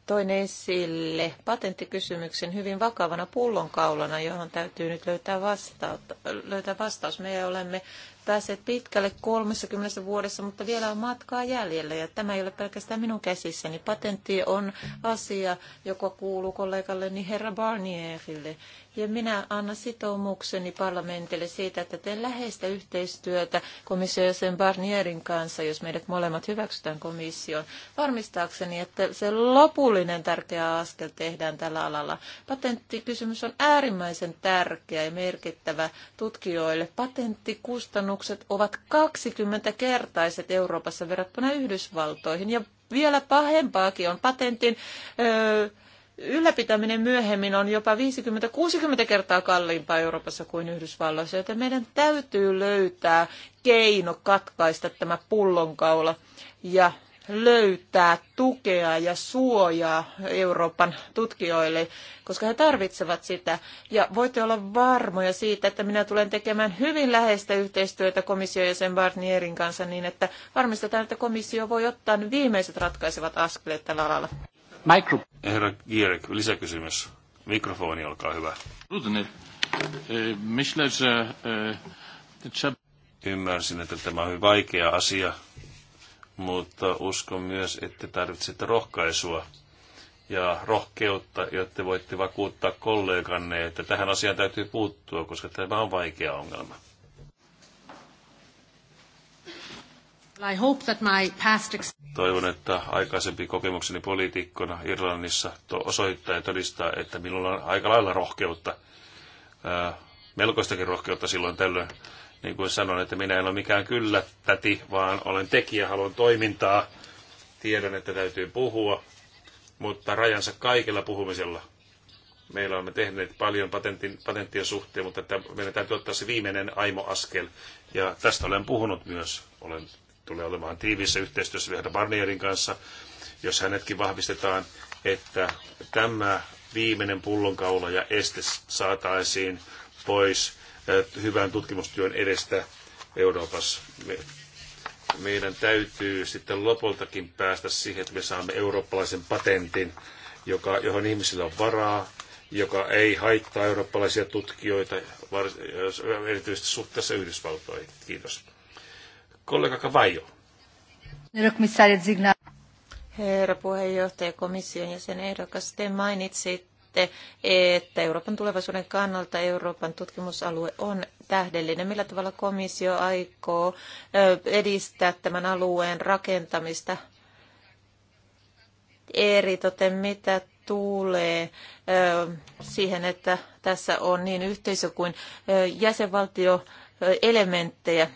toin esille patenttikysymyksen hyvin vakavana pullonkaulana, johon täytyy nyt löytää, vastaus. löytää vastaus. Me olemme päässeet pitkälle 30 vuodessa, mutta vielä on matkaa jäljellä ja tämä ei ole pelkästään minun käsissäni. Patentti on asia, joka kuuluu kollegalleni niin herra Barnierille ja minä annan sitoumukseni parlamentille siitä, että teen läheistä yhteistyötä komission sen Barnierin kanssa, jos meidät molemmat hyväksytään komission, varmistaakseni, että se lopullinen tärkeä askel tehdään tällä alalla. Patenttikysymys on äärimmäisen tärkeä ja merkittävä tutkijoille. Patenttikustannukset ovat 20-kertaiset Euroopassa verrattuna Yhdysvaltoihin ja vielä pahempaakin on patentin öö, ylläpitäminen myöhemmin on jopa 50-60 kertaa kalliimpaa Euroopassa kuin Yhdysvalloissa, joten meidän täytyy löytää keino katkaista tämä pullonkaula ja löytää tukea ja suojaa Euroopan tutkijoille, koska he tarvitsevat sitä. Ja voitte olla varmoja siitä, että minä tulen tekemään hyvin läheistä yhteistyötä komission ja sen Barnierin kanssa niin, että varmistetaan, että komissio voi ottaa viimeiset ratkaisevat askeleet tällä alalla. Micro. Herra Gierek, lisäkysymys. Mikrofoni, olkaa hyvä. E, e, Ymmärsin, että tämä on hyvin vaikea asia, mutta uskon myös, että tarvitsette rohkaisua ja rohkeutta, jotta voitte vakuuttaa kolleganne, että tähän asiaan täytyy puuttua, koska tämä on vaikea ongelma. Toivon, että aikaisempi kokemukseni poliitikkona Irlannissa osoittaa ja todistaa, että minulla on aika lailla rohkeutta, melkoistakin rohkeutta silloin tällöin. Niin kuin sanon, että minä en ole mikään kyllä täti, vaan olen tekijä, haluan toimintaa. Tiedän, että täytyy puhua, mutta rajansa kaikella puhumisella. Meillä olemme tehneet paljon patentin, patenttien suhteen, mutta meidän täytyy ottaa se viimeinen aimo askel. Ja tästä olen puhunut myös. Olen tulee olemaan tiiviissä yhteistyössä vielä Barnierin kanssa, jos hänetkin vahvistetaan, että tämä viimeinen pullonkaula ja este saataisiin pois hyvän tutkimustyön edestä Euroopassa. meidän täytyy sitten lopultakin päästä siihen, että me saamme eurooppalaisen patentin, joka, johon ihmisillä on varaa, joka ei haittaa eurooppalaisia tutkijoita, erityisesti suhteessa Yhdysvaltoihin. Kiitos. Kollega Kavajo. Herra puheenjohtaja, komission jäsen ehdokas, te mainitsitte, että Euroopan tulevaisuuden kannalta Euroopan tutkimusalue on tähdellinen. Millä tavalla komissio aikoo edistää tämän alueen rakentamista eritoten mitä tulee siihen, että tässä on niin yhteisö kuin jäsenvaltioelementtejä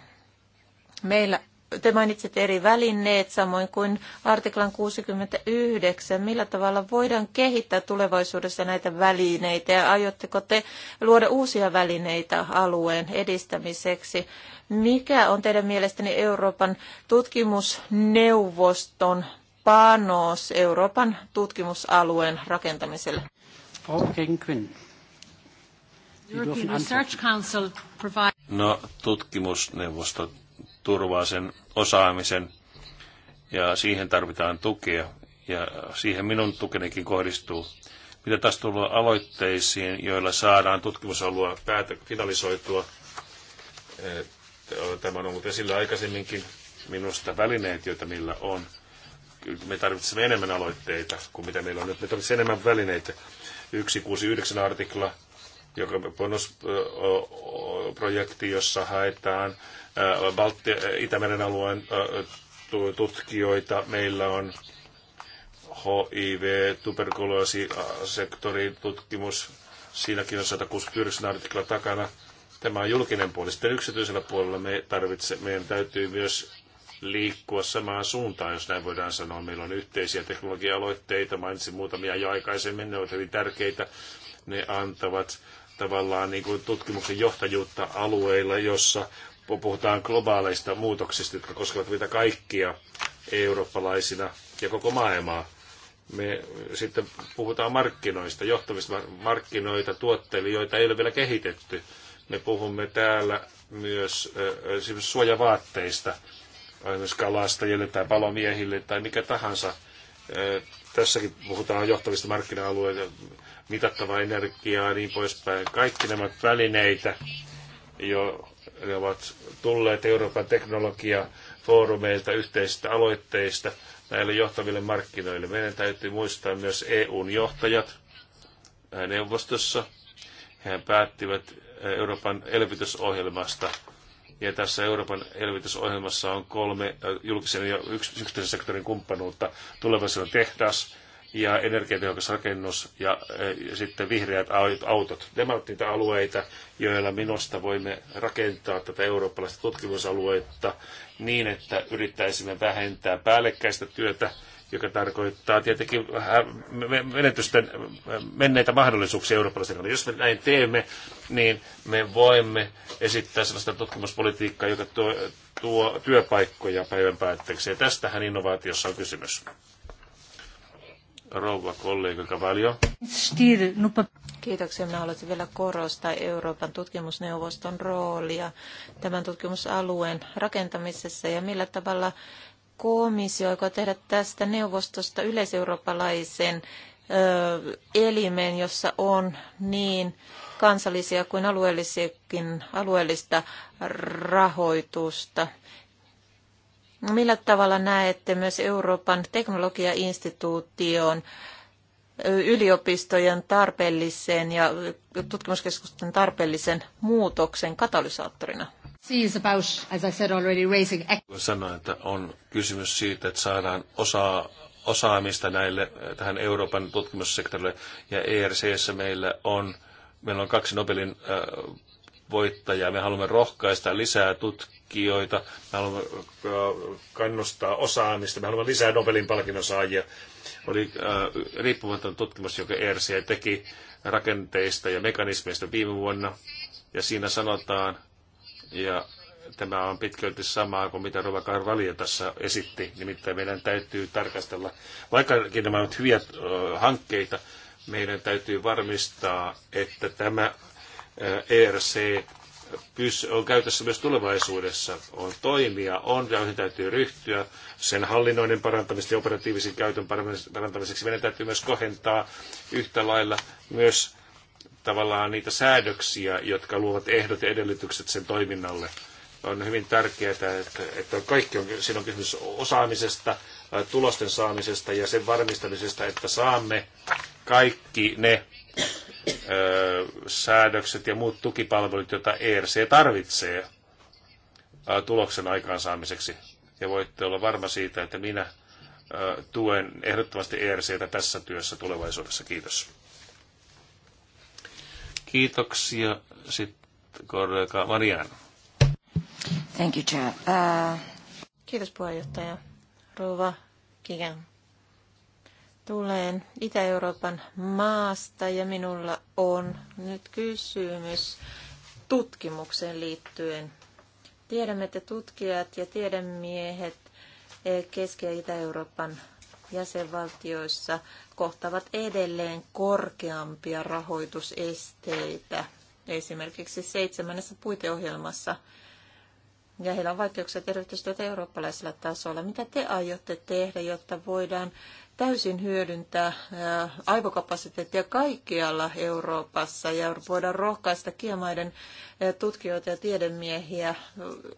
Meillä te mainitsitte eri välineet, samoin kuin artiklan 69. Millä tavalla voidaan kehittää tulevaisuudessa näitä välineitä ja aiotteko te luoda uusia välineitä alueen edistämiseksi? Mikä on teidän mielestäni Euroopan tutkimusneuvoston panos Euroopan tutkimusalueen rakentamiselle? No, tutkimusneuvosto turvaa sen osaamisen ja siihen tarvitaan tukea ja siihen minun tukenikin kohdistuu. Mitä taas tulee aloitteisiin, joilla saadaan tutkimusalua päätä, finalisoitua, eh, tämä on ollut esillä aikaisemminkin, minusta välineet, joita millä on. Me tarvitsemme enemmän aloitteita kuin mitä meillä on nyt. Me tarvitsemme enemmän välineitä. 169 artikla, joka bonusprojekti, jossa haetaan Balti- Itämeren alueen tutkijoita. Meillä on HIV, tuberkuloosisektorin tutkimus. Siinäkin on 169 artikla takana. Tämä on julkinen puoli. Sitten yksityisellä puolella me tarvitse, meidän täytyy myös liikkua samaan suuntaan, jos näin voidaan sanoa. Meillä on yhteisiä teknologia-aloitteita, mainitsin muutamia jo aikaisemmin, ne ovat hyvin tärkeitä. Ne antavat tavallaan niin kuin tutkimuksen johtajuutta alueilla, jossa puhutaan globaaleista muutoksista, jotka koskevat meitä kaikkia eurooppalaisina ja koko maailmaa. Me sitten puhutaan markkinoista, johtavista markkinoita, tuotteita, joita ei ole vielä kehitetty. Me puhumme täällä myös esimerkiksi suojavaatteista, esimerkiksi kalastajille tai palomiehille tai mikä tahansa. Tässäkin puhutaan johtavista markkina-alueista, mitattavaa energiaa ja niin poispäin. Kaikki nämä välineitä, jo, ne ovat tulleet Euroopan teknologiafoorumeilta yhteisistä aloitteista näille johtaville markkinoille. Meidän täytyy muistaa myös EUn johtajat äh, neuvostossa. He päättivät äh, Euroopan elvytysohjelmasta. Ja tässä Euroopan elvytysohjelmassa on kolme äh, julkisen ja yksityisen sektorin kumppanuutta. Tulevaisuuden tehdas, ja energiatehokas rakennus ja, ja sitten vihreät autot. Nämä ovat niitä alueita, joilla minusta voimme rakentaa tätä eurooppalaista tutkimusalueetta niin, että yrittäisimme vähentää päällekkäistä työtä, joka tarkoittaa tietenkin menetysten menneitä mahdollisuuksia eurooppalaisen Jos me näin teemme, niin me voimme esittää sellaista tutkimuspolitiikkaa, joka tuo, tuo työpaikkoja päivän päätteeksi. Ja tästähän innovaatiossa on kysymys rouva kollega Kavalio. Kiitoksia. Minä haluaisin vielä korostaa Euroopan tutkimusneuvoston roolia tämän tutkimusalueen rakentamisessa ja millä tavalla komissio aikoo tehdä tästä neuvostosta yleiseurooppalaisen elimen, jossa on niin kansallisia kuin alueellisiakin alueellista rahoitusta. Millä tavalla näette myös Euroopan teknologiainstituution yliopistojen tarpeellisen ja tutkimuskeskusten tarpeellisen muutoksen katalysaattorina? Sanoin, että on kysymys siitä, että saadaan osaa, osaamista näille, tähän Euroopan tutkimussektorille ja ERCssä meillä on, meillä on kaksi Nobelin äh, voittajaa. Me haluamme rohkaista lisää tutkimusta tutkijoita, me haluamme äh, kannustaa osaamista, me haluamme lisää Nobelin palkinnon saajia. Oli äh, riippumaton tutkimus, joka ERC teki rakenteista ja mekanismeista viime vuonna, ja siinä sanotaan, ja tämä on pitkälti samaa kuin mitä Rova Carvalho tässä esitti, nimittäin meidän täytyy tarkastella, vaikkakin nämä ovat hyviä äh, hankkeita, meidän täytyy varmistaa, että tämä ERC on käytössä myös tulevaisuudessa. On toimia, on ja joihin täytyy ryhtyä. Sen hallinnoinnin parantamista ja operatiivisen käytön parantamiseksi meidän täytyy myös kohentaa yhtä lailla myös tavallaan niitä säädöksiä, jotka luovat ehdot ja edellytykset sen toiminnalle. On hyvin tärkeää, että, että kaikki on, siinä on kysymys osaamisesta, äh, tulosten saamisesta ja sen varmistamisesta, että saamme kaikki ne säädökset ja muut tukipalvelut, joita ERC tarvitsee tuloksen aikaansaamiseksi. Ja voitte olla varma siitä, että minä tuen ehdottomasti ERCtä tässä työssä tulevaisuudessa. Kiitos. Kiitoksia. Sitten kollega Marian. Thank you, Chair. Uh... Kiitos puheenjohtaja. Rouva Kigan. Tulen Itä-Euroopan maasta ja minulla on nyt kysymys tutkimukseen liittyen. Tiedämme, että tutkijat ja tiedemiehet Keski- ja Itä-Euroopan jäsenvaltioissa kohtavat edelleen korkeampia rahoitusesteitä. Esimerkiksi seitsemännessä puiteohjelmassa ja heillä on vaikeuksia tehdä yhteistyötä eurooppalaisella tasolla. Mitä te aiotte tehdä, jotta voidaan täysin hyödyntää aivokapasiteettia kaikkialla Euroopassa ja voidaan rohkaista kiemaiden tutkijoita ja tiedemiehiä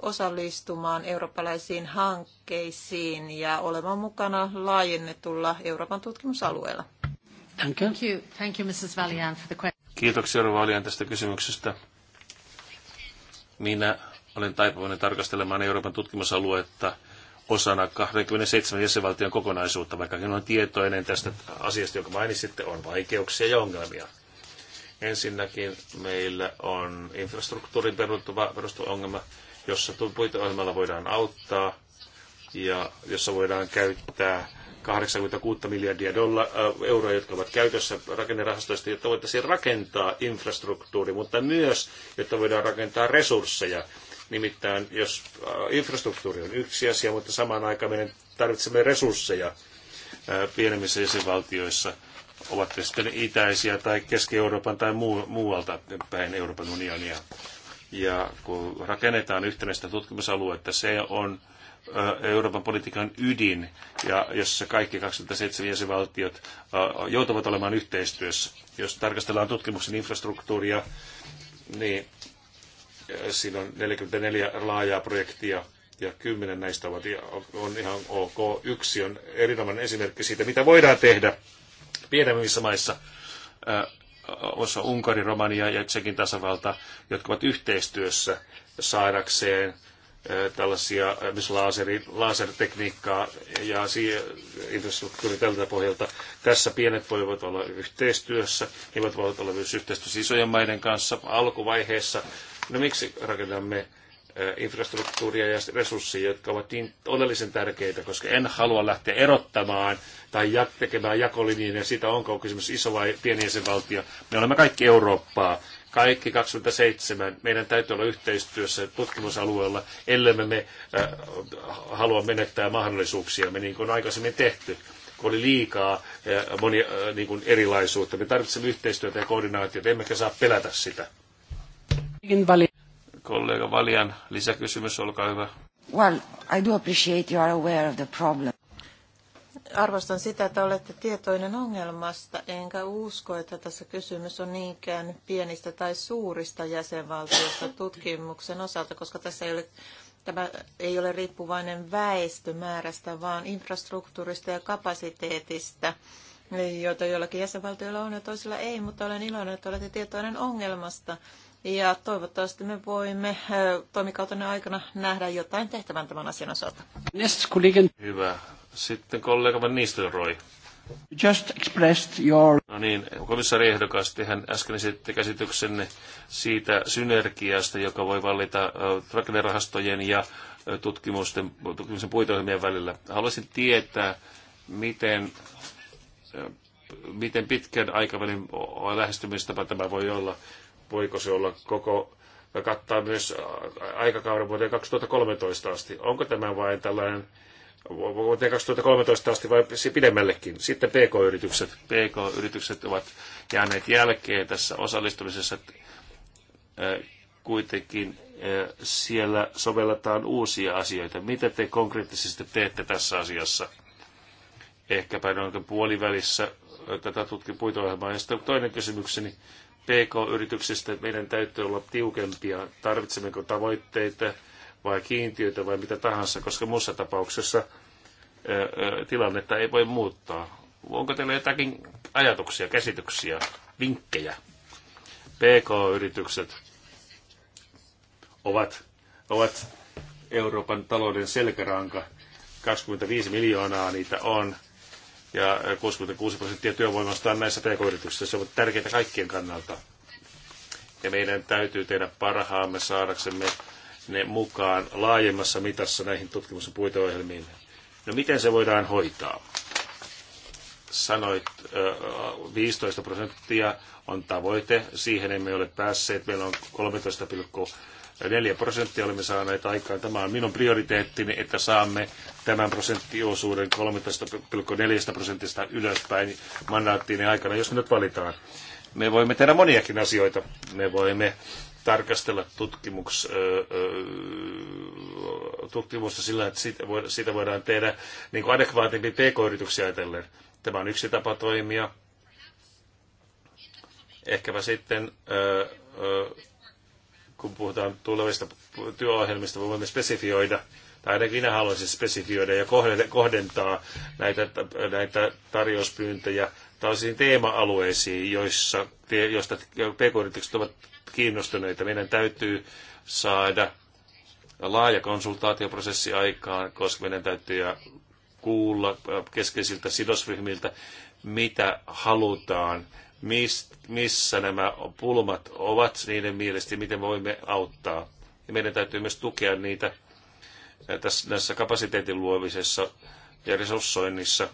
osallistumaan eurooppalaisiin hankkeisiin ja olemaan mukana laajennetulla Euroopan tutkimusalueella. Thank you. Thank you, Mrs. Valian, for the question. Kiitoksia Valian tästä kysymyksestä. Minä olen taipuvainen tarkastelemaan Euroopan tutkimusaluetta – osana 27 jäsenvaltion kokonaisuutta, vaikka hän on tietoinen tästä asiasta, jonka mainitsitte, on vaikeuksia ja ongelmia. Ensinnäkin meillä on infrastruktuurin perustuva, perustuva ongelma, jossa puiteohjelmalla voidaan auttaa ja jossa voidaan käyttää 86 miljardia dolla, euroa, jotka ovat käytössä rakennerahastoista, jotta voitaisiin rakentaa infrastruktuuri, mutta myös, jotta voidaan rakentaa resursseja Nimittäin jos äh, infrastruktuuri on yksi asia, mutta samaan aikaan meidän tarvitsemme resursseja äh, pienemmissä jäsenvaltioissa, ovat ne sitten itäisiä tai Keski-Euroopan tai muualta päin Euroopan unionia. Ja kun rakennetaan yhtenäistä tutkimusaluetta, se on äh, Euroopan politiikan ydin, ja jossa kaikki 27 jäsenvaltiot joutuvat olemaan yhteistyössä. Jos tarkastellaan tutkimuksen infrastruktuuria, niin Siinä on 44 laajaa projektia ja kymmenen näistä ovat, on ihan ok. Yksi on erinomainen esimerkki siitä, mitä voidaan tehdä pienemmissä maissa, äh, osa Unkari, Romania ja Tsekin tasavalta, jotka ovat yhteistyössä saadakseen äh, tällaisia äh, laaseri, lasertekniikkaa ja infrastruktuuri tältä pohjalta. Tässä pienet voivat olla yhteistyössä, ne voivat olla myös yhteistyössä isojen maiden kanssa alkuvaiheessa No miksi rakennamme eh, infrastruktuuria ja resursseja, jotka ovat niin oleellisen tärkeitä, koska en halua lähteä erottamaan tai tekemään jakolinjoja siitä, onko kysymys iso vai pieni jäsenvaltio. Me olemme kaikki Eurooppaa, kaikki 27. Meidän täytyy olla yhteistyössä tutkimusalueella, ellei me äh, halua menettää mahdollisuuksia, me niin kuin aikaisemmin tehty kun oli liikaa eh, moni, niin kuin erilaisuutta. Me tarvitsemme yhteistyötä ja koordinaatiota, emmekä saa pelätä sitä. Kollega Valian lisäkysymys, olkaa hyvä. Well, I do appreciate you are aware of the problem. Arvostan sitä, että olette tietoinen ongelmasta, enkä usko, että tässä kysymys on niinkään pienistä tai suurista jäsenvaltioista tutkimuksen osalta, koska tässä ei ole, tämä ei ole riippuvainen väestömäärästä, vaan infrastruktuurista ja kapasiteetista, joita joillakin jäsenvaltioilla on ja toisilla ei, mutta olen iloinen, että olette tietoinen ongelmasta ja toivottavasti me voimme toimikautena aikana nähdä jotain tehtävän tämän asian osalta. Hyvä. Sitten kollega Van Nistelrooy. Just expressed your... No niin, komissari ehdokas, tehän äsken esitti käsityksenne siitä synergiasta, joka voi vallita rakennerahastojen ja tutkimusten, tutkimuksen puiteohjelmien välillä. Haluaisin tietää, miten miten pitkän aikavälin lähestymistapa tämä voi olla voiko se olla koko kattaa myös aikakauden vuoteen 2013 asti. Onko tämä vain tällainen vuoteen 2013 asti vai pidemmällekin? Sitten PK-yritykset. PK-yritykset ovat jääneet jälkeen tässä osallistumisessa. Kuitenkin siellä sovelletaan uusia asioita. Mitä te konkreettisesti teette tässä asiassa? Ehkäpä noin puolivälissä tätä puito ohjelmaa Ja sitten toinen kysymykseni PK-yrityksistä meidän täytyy olla tiukempia, tarvitsemmeko tavoitteita vai kiintiöitä vai mitä tahansa, koska muussa tapauksessa tilannetta ei voi muuttaa. Onko teillä jotakin ajatuksia, käsityksiä, vinkkejä? PK-yritykset ovat, ovat Euroopan talouden selkäranka. 25 miljoonaa niitä on ja 66 prosenttia työvoimasta on näissä pk-yrityksissä. Se on tärkeää kaikkien kannalta. Ja meidän täytyy tehdä parhaamme saadaksemme ne mukaan laajemmassa mitassa näihin tutkimus- ja puiteohjelmiin. No miten se voidaan hoitaa? Sanoit, 15 prosenttia on tavoite. Siihen emme ole päässeet. Meillä on 13,6 4 prosenttia olemme saaneet aikaan. Tämä on minun prioriteettini, että saamme tämän prosenttiosuuden 13,4 prosentista ylöspäin mandaattiin aikana, jos me nyt valitaan. Me voimme tehdä moniakin asioita. Me voimme tarkastella tutkimuks, tutkimusta sillä, että siitä voidaan tehdä niin kuin adekvaatimpi pk-yrityksiä ajatellen. Tämä on yksi tapa toimia. Ehkäpä sitten kun puhutaan tulevista työohjelmista, voimme spesifioida, tai ainakin minä haluaisin spesifioida ja kohdentaa näitä, näitä tarjouspyyntöjä tällaisiin teema-alueisiin, joissa, joista pk-yritykset ovat kiinnostuneita. Meidän täytyy saada laaja konsultaatioprosessi aikaan, koska meidän täytyy kuulla keskeisiltä sidosryhmiltä, mitä halutaan missä nämä pulmat ovat niiden mielestä, miten voimme auttaa. Ja meidän täytyy myös tukea niitä tässä, näissä kapasiteetin luomisessa ja resurssoinnissa,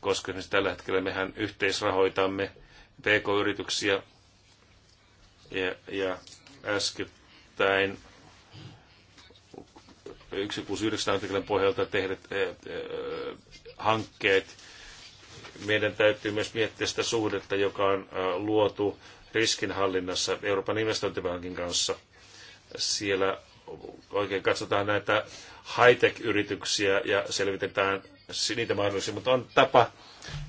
koska esimerkiksi tällä hetkellä mehän yhteisrahoitamme PK-yrityksiä ja, ja äskettäin 169 artiklan pohjalta tehdyt hankkeet, meidän täytyy myös miettiä sitä suhdetta, joka on luotu riskinhallinnassa Euroopan investointipankin kanssa. Siellä oikein katsotaan näitä high-tech-yrityksiä ja selvitetään niitä mahdollisia, mutta on tapa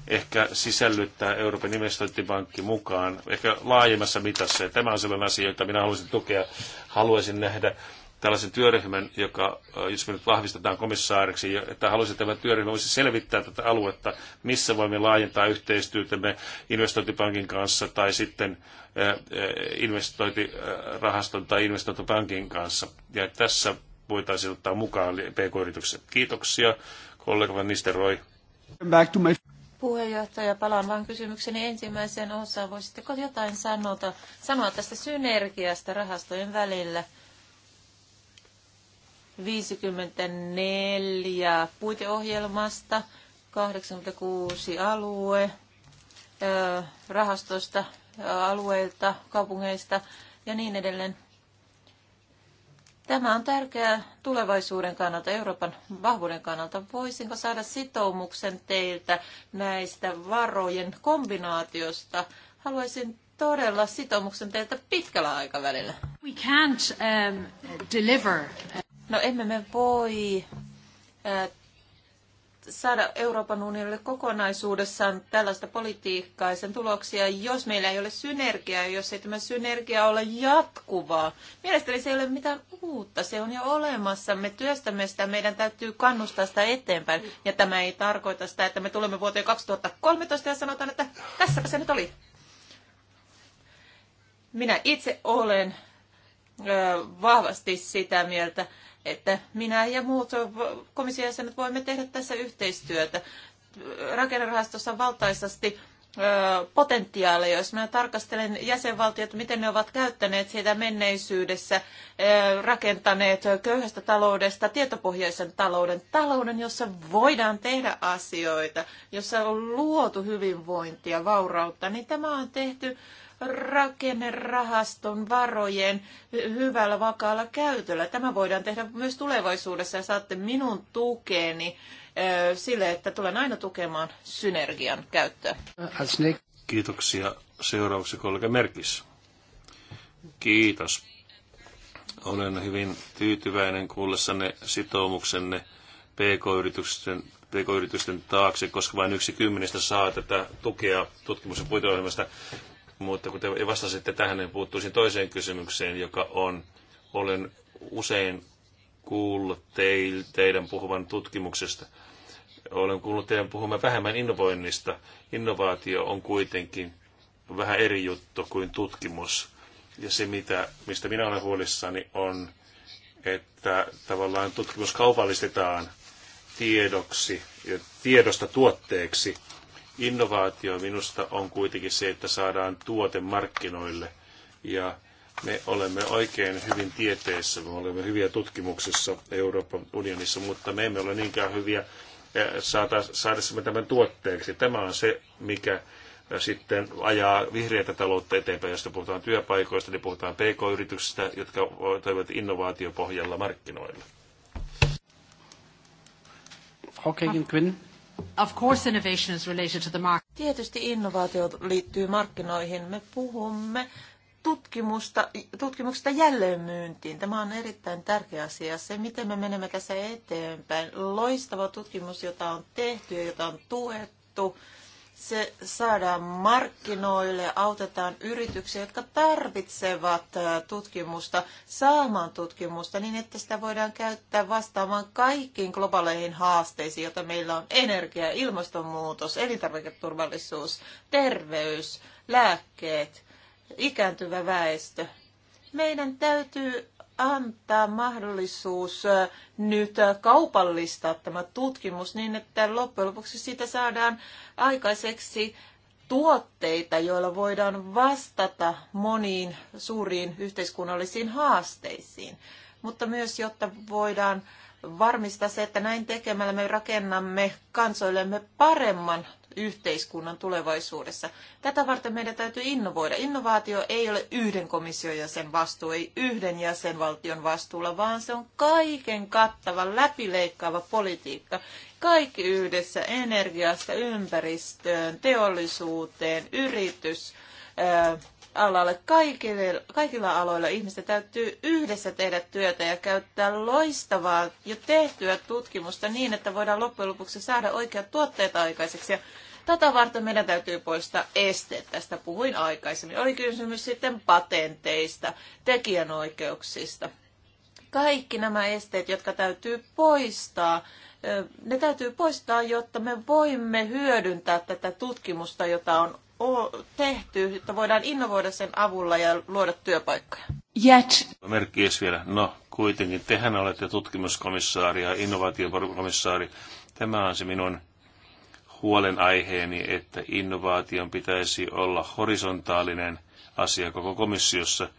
ehkä sisällyttää Euroopan investointipankki mukaan, ehkä laajemmassa mitassa. Ja tämä on sellainen asia, jota minä haluaisin tukea. Haluaisin nähdä tällaisen työryhmän, joka, äh, jos me nyt vahvistetaan komissaariksi, että haluaisi, että tämä työryhmä voisi selvittää tätä aluetta, missä voimme laajentaa yhteistyötämme investointipankin kanssa tai sitten äh, äh, investointirahaston tai investointipankin kanssa. Ja tässä voitaisiin ottaa mukaan PK-yritykset. Kiitoksia, kollega Van Nisteroi. Puheenjohtaja, palaan vain kysymykseni ensimmäiseen osaan. Voisitteko jotain sanota, sanoa tästä synergiasta rahastojen välillä? 54 puiteohjelmasta, 86 alue, rahastosta, alueilta, kaupungeista ja niin edelleen. Tämä on tärkeää tulevaisuuden kannalta, Euroopan vahvuuden kannalta. Voisinko saada sitoumuksen teiltä näistä varojen kombinaatiosta? Haluaisin todella sitoumuksen teiltä pitkällä aikavälillä. We can't um, deliver. No emme me voi saada Euroopan unionille kokonaisuudessaan tällaista politiikkaa ja sen tuloksia, jos meillä ei ole synergiaa, jos ei tämä synergia ole jatkuvaa. Mielestäni se ei ole mitään uutta, se on jo olemassa. Me työstämme sitä, meidän täytyy kannustaa sitä eteenpäin. Ja tämä ei tarkoita sitä, että me tulemme vuoteen 2013 ja sanotaan, että tässäpä se nyt oli. Minä itse olen vahvasti sitä mieltä, että minä ja muut komission jäsenet voimme tehdä tässä yhteistyötä. Rakennerahastossa on valtaisasti potentiaalia, jos minä tarkastelen jäsenvaltiot, miten ne ovat käyttäneet sitä menneisyydessä, rakentaneet köyhästä taloudesta tietopohjaisen talouden, talouden, jossa voidaan tehdä asioita, jossa on luotu hyvinvointia, vaurautta, niin tämä on tehty rakennerahaston varojen hyvällä vakaalla käytöllä. Tämä voidaan tehdä myös tulevaisuudessa ja saatte minun tukeni sille, että tulen aina tukemaan synergian käyttöä. Kiitoksia. Seuraavaksi kollega Merkis. Kiitos. Olen hyvin tyytyväinen kuullessanne sitoumuksenne PK-yritysten pk-yritysten taakse, koska vain yksi kymmenestä saa tätä tukea ja puiteohjelmasta. Mutta kun te vastasitte tähän, niin puuttuisin toiseen kysymykseen, joka on, olen usein kuullut teil, teidän puhuvan tutkimuksesta. Olen kuullut teidän puhumaan vähemmän innovoinnista. Innovaatio on kuitenkin vähän eri juttu kuin tutkimus. Ja se, mitä, mistä minä olen huolissani, on, että tavallaan tutkimus kaupallistetaan tiedoksi, tiedosta tuotteeksi – Innovaatio minusta on kuitenkin se, että saadaan tuote markkinoille ja me olemme oikein hyvin tieteessä, me olemme hyviä tutkimuksissa Euroopan unionissa, mutta me emme ole niinkään hyviä eh, saadessamme tämän tuotteeksi. Tämä on se, mikä eh, sitten ajaa vihreätä taloutta eteenpäin, josta puhutaan työpaikoista, niin puhutaan pk-yrityksistä, jotka toimivat innovaatiopohjalla markkinoilla. Okay, Of course innovation is related to the market. Tietysti innovaatio liittyy markkinoihin. Me puhumme tutkimusta, tutkimuksesta jälleenmyyntiin. Tämä on erittäin tärkeä asia. Se, miten me menemme tässä eteenpäin. Loistava tutkimus, jota on tehty ja jota on tuettu se saadaan markkinoille, autetaan yrityksiä, jotka tarvitsevat tutkimusta, saamaan tutkimusta niin, että sitä voidaan käyttää vastaamaan kaikkiin globaaleihin haasteisiin, joita meillä on energia, ilmastonmuutos, elintarviketurvallisuus, terveys, lääkkeet, ikääntyvä väestö. Meidän täytyy antaa mahdollisuus nyt kaupallistaa tämä tutkimus niin, että loppujen lopuksi siitä saadaan aikaiseksi tuotteita, joilla voidaan vastata moniin suuriin yhteiskunnallisiin haasteisiin, mutta myös jotta voidaan varmistaa se, että näin tekemällä me rakennamme kansoillemme paremman yhteiskunnan tulevaisuudessa. Tätä varten meidän täytyy innovoida. Innovaatio ei ole yhden komission jäsen vastuu, ei yhden jäsenvaltion vastuulla, vaan se on kaiken kattava, läpileikkaava politiikka. Kaikki yhdessä energiasta, ympäristöön, teollisuuteen, yritys, ää, alalle. Kaikille, kaikilla aloilla ihmisten täytyy yhdessä tehdä työtä ja käyttää loistavaa jo tehtyä tutkimusta niin, että voidaan loppujen lopuksi saada oikeat tuotteet aikaiseksi ja Tätä varten meidän täytyy poistaa esteet. Tästä puhuin aikaisemmin. Oli kysymys sitten patenteista, tekijänoikeuksista. Kaikki nämä esteet, jotka täytyy poistaa, ne täytyy poistaa, jotta me voimme hyödyntää tätä tutkimusta, jota on tehty, jotta voidaan innovoida sen avulla ja luoda työpaikkoja. Yet. Merkkies vielä. No, kuitenkin tehän olette tutkimuskomissaari ja innovaatiokomissaari. Tämä on se minun huolenaiheeni, että innovaation pitäisi olla horisontaalinen asia koko komissiossa.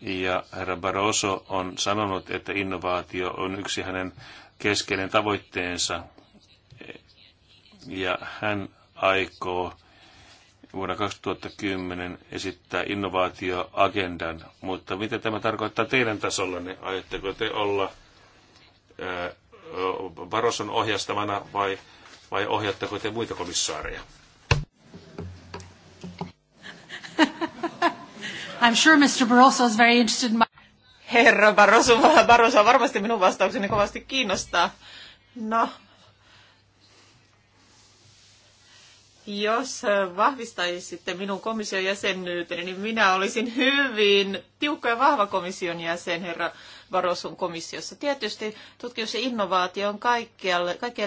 Ja herra Barroso on sanonut, että innovaatio on yksi hänen keskeinen tavoitteensa. Ja hän aikoo vuonna 2010 esittää innovaatioagendan. Mutta mitä tämä tarkoittaa teidän tasollanne? Aiotteko te olla Baroson ohjastamana vai vai ohjatteko te muita komissaareja? [LAUGHS] I'm sure Mr. Barroso is very interested in my... Herra Barroso, [LAUGHS] Barroso varmasti minun vastaukseni kovasti kiinnostaa. No, Jos äh, vahvistaisitte minun komission jäsenyyteni, niin minä olisin hyvin tiukka ja vahva komission jäsen, herra Barosun komissiossa. Tietysti tutkimus ja innovaatio on kaikkeen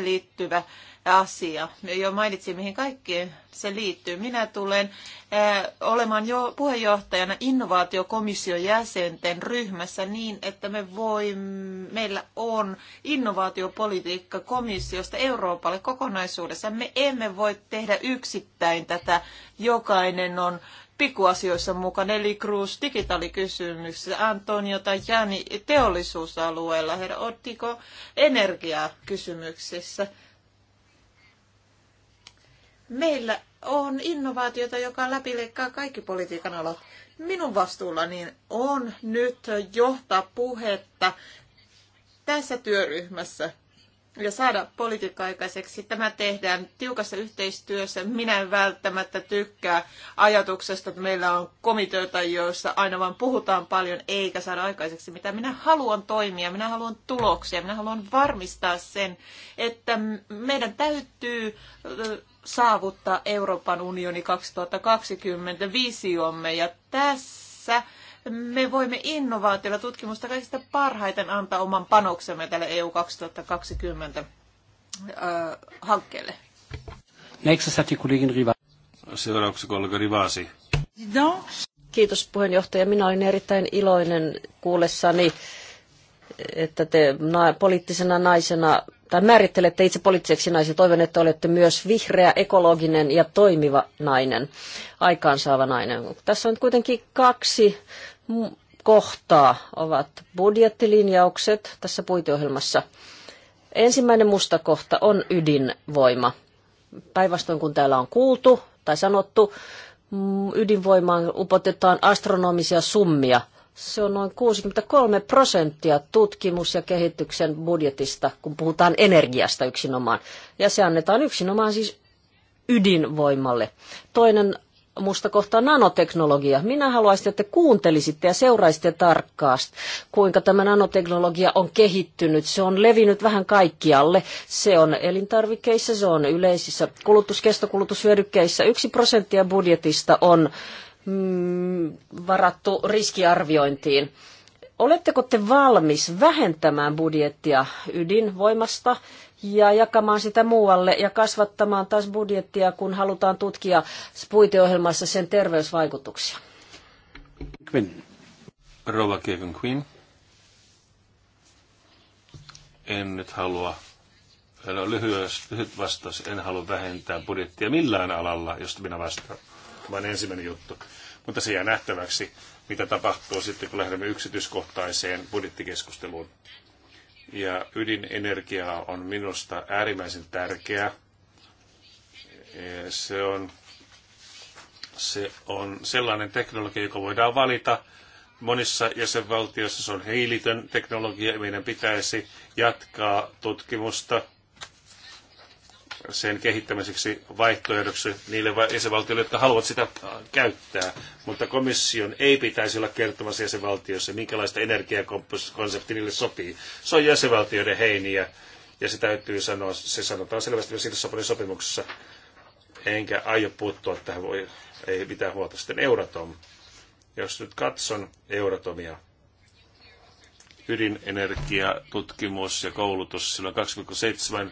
liittyvä asia. Jo mainitsin, mihin kaikkiin se liittyy. Minä tulen eh, olemaan jo puheenjohtajana innovaatiokomission jäsenten ryhmässä niin, että me voimme, meillä on innovaatiopolitiikka komissiosta Euroopalle kokonaisuudessa. Me emme voi tehdä yksittäin tätä. Jokainen on pikuasioissa mukana, eli Cruz digitaalikysymyksissä, Antonio tai Jani teollisuusalueella, herra Ottiko energiakysymyksissä. Meillä on innovaatiota, joka läpileikkaa kaikki politiikan alat. Minun vastuullani on nyt johtaa puhetta tässä työryhmässä ja saada politiikka aikaiseksi. Tämä tehdään tiukassa yhteistyössä. Minä en välttämättä tykkää ajatuksesta, että meillä on komiteoita, joissa aina vaan puhutaan paljon eikä saada aikaiseksi mitä. Minä haluan toimia, minä haluan tuloksia, minä haluan varmistaa sen, että meidän täytyy saavuttaa Euroopan unioni 2020 visiomme. Ja tässä me voimme innovaatiolla tutkimusta kaikista parhaiten antaa oman panoksemme tälle EU 2020 hankkeelle. Kollegin Seuraavaksi kollega Rivasi. Kiitos puheenjohtaja. Minä olin erittäin iloinen kuullessani, että te poliittisena naisena tai määrittelette itse poliittiseksi naisen. Toivon, että olette myös vihreä, ekologinen ja toimiva nainen, aikaansaava nainen. Tässä on kuitenkin kaksi kohtaa, ovat budjettilinjaukset tässä puiteohjelmassa. Ensimmäinen musta kohta on ydinvoima. Päinvastoin kun täällä on kuultu tai sanottu, ydinvoimaan upotetaan astronomisia summia – se on noin 63 prosenttia tutkimus- ja kehityksen budjetista, kun puhutaan energiasta yksinomaan. Ja se annetaan yksinomaan siis ydinvoimalle. Toinen musta kohta nanoteknologia. Minä haluaisin, että kuuntelisitte ja seuraisitte tarkkaasti, kuinka tämä nanoteknologia on kehittynyt. Se on levinnyt vähän kaikkialle. Se on elintarvikkeissa, se on yleisissä kulutuskestokulutushyödykkeissä. Yksi prosenttia budjetista on Mm, varattu riskiarviointiin. Oletteko te valmis vähentämään budjettia ydinvoimasta ja jakamaan sitä muualle ja kasvattamaan taas budjettia, kun halutaan tutkia puiteohjelmassa sen terveysvaikutuksia? Queen. Rova Kevin Queen. En nyt halua, lyhyt vastaus, en halua vähentää budjettia millään alalla, josta minä vastaan vain ensimmäinen juttu. Mutta se jää nähtäväksi, mitä tapahtuu sitten, kun lähdemme yksityiskohtaiseen budjettikeskusteluun. Ja ydinenergia on minusta äärimmäisen tärkeä. Se on, se on sellainen teknologia, joka voidaan valita monissa jäsenvaltioissa se on heilitön teknologia, meidän pitäisi jatkaa tutkimusta sen kehittämiseksi vaihtoehdoksi niille jäsenvaltioille, jotka haluavat sitä äh, käyttää. Mutta komission ei pitäisi olla kertomassa jäsenvaltioissa, minkälaista energiakonsepti niille sopii. Se on jäsenvaltioiden heiniä, ja se täytyy sanoa, se sanotaan selvästi myös Lissabonin sopimuksessa. Enkä aio puuttua tähän, voi, ei mitään huolta. Sitten Euratom. Jos nyt katson Euratomia, ydinenergiatutkimus ja koulutus, sillä on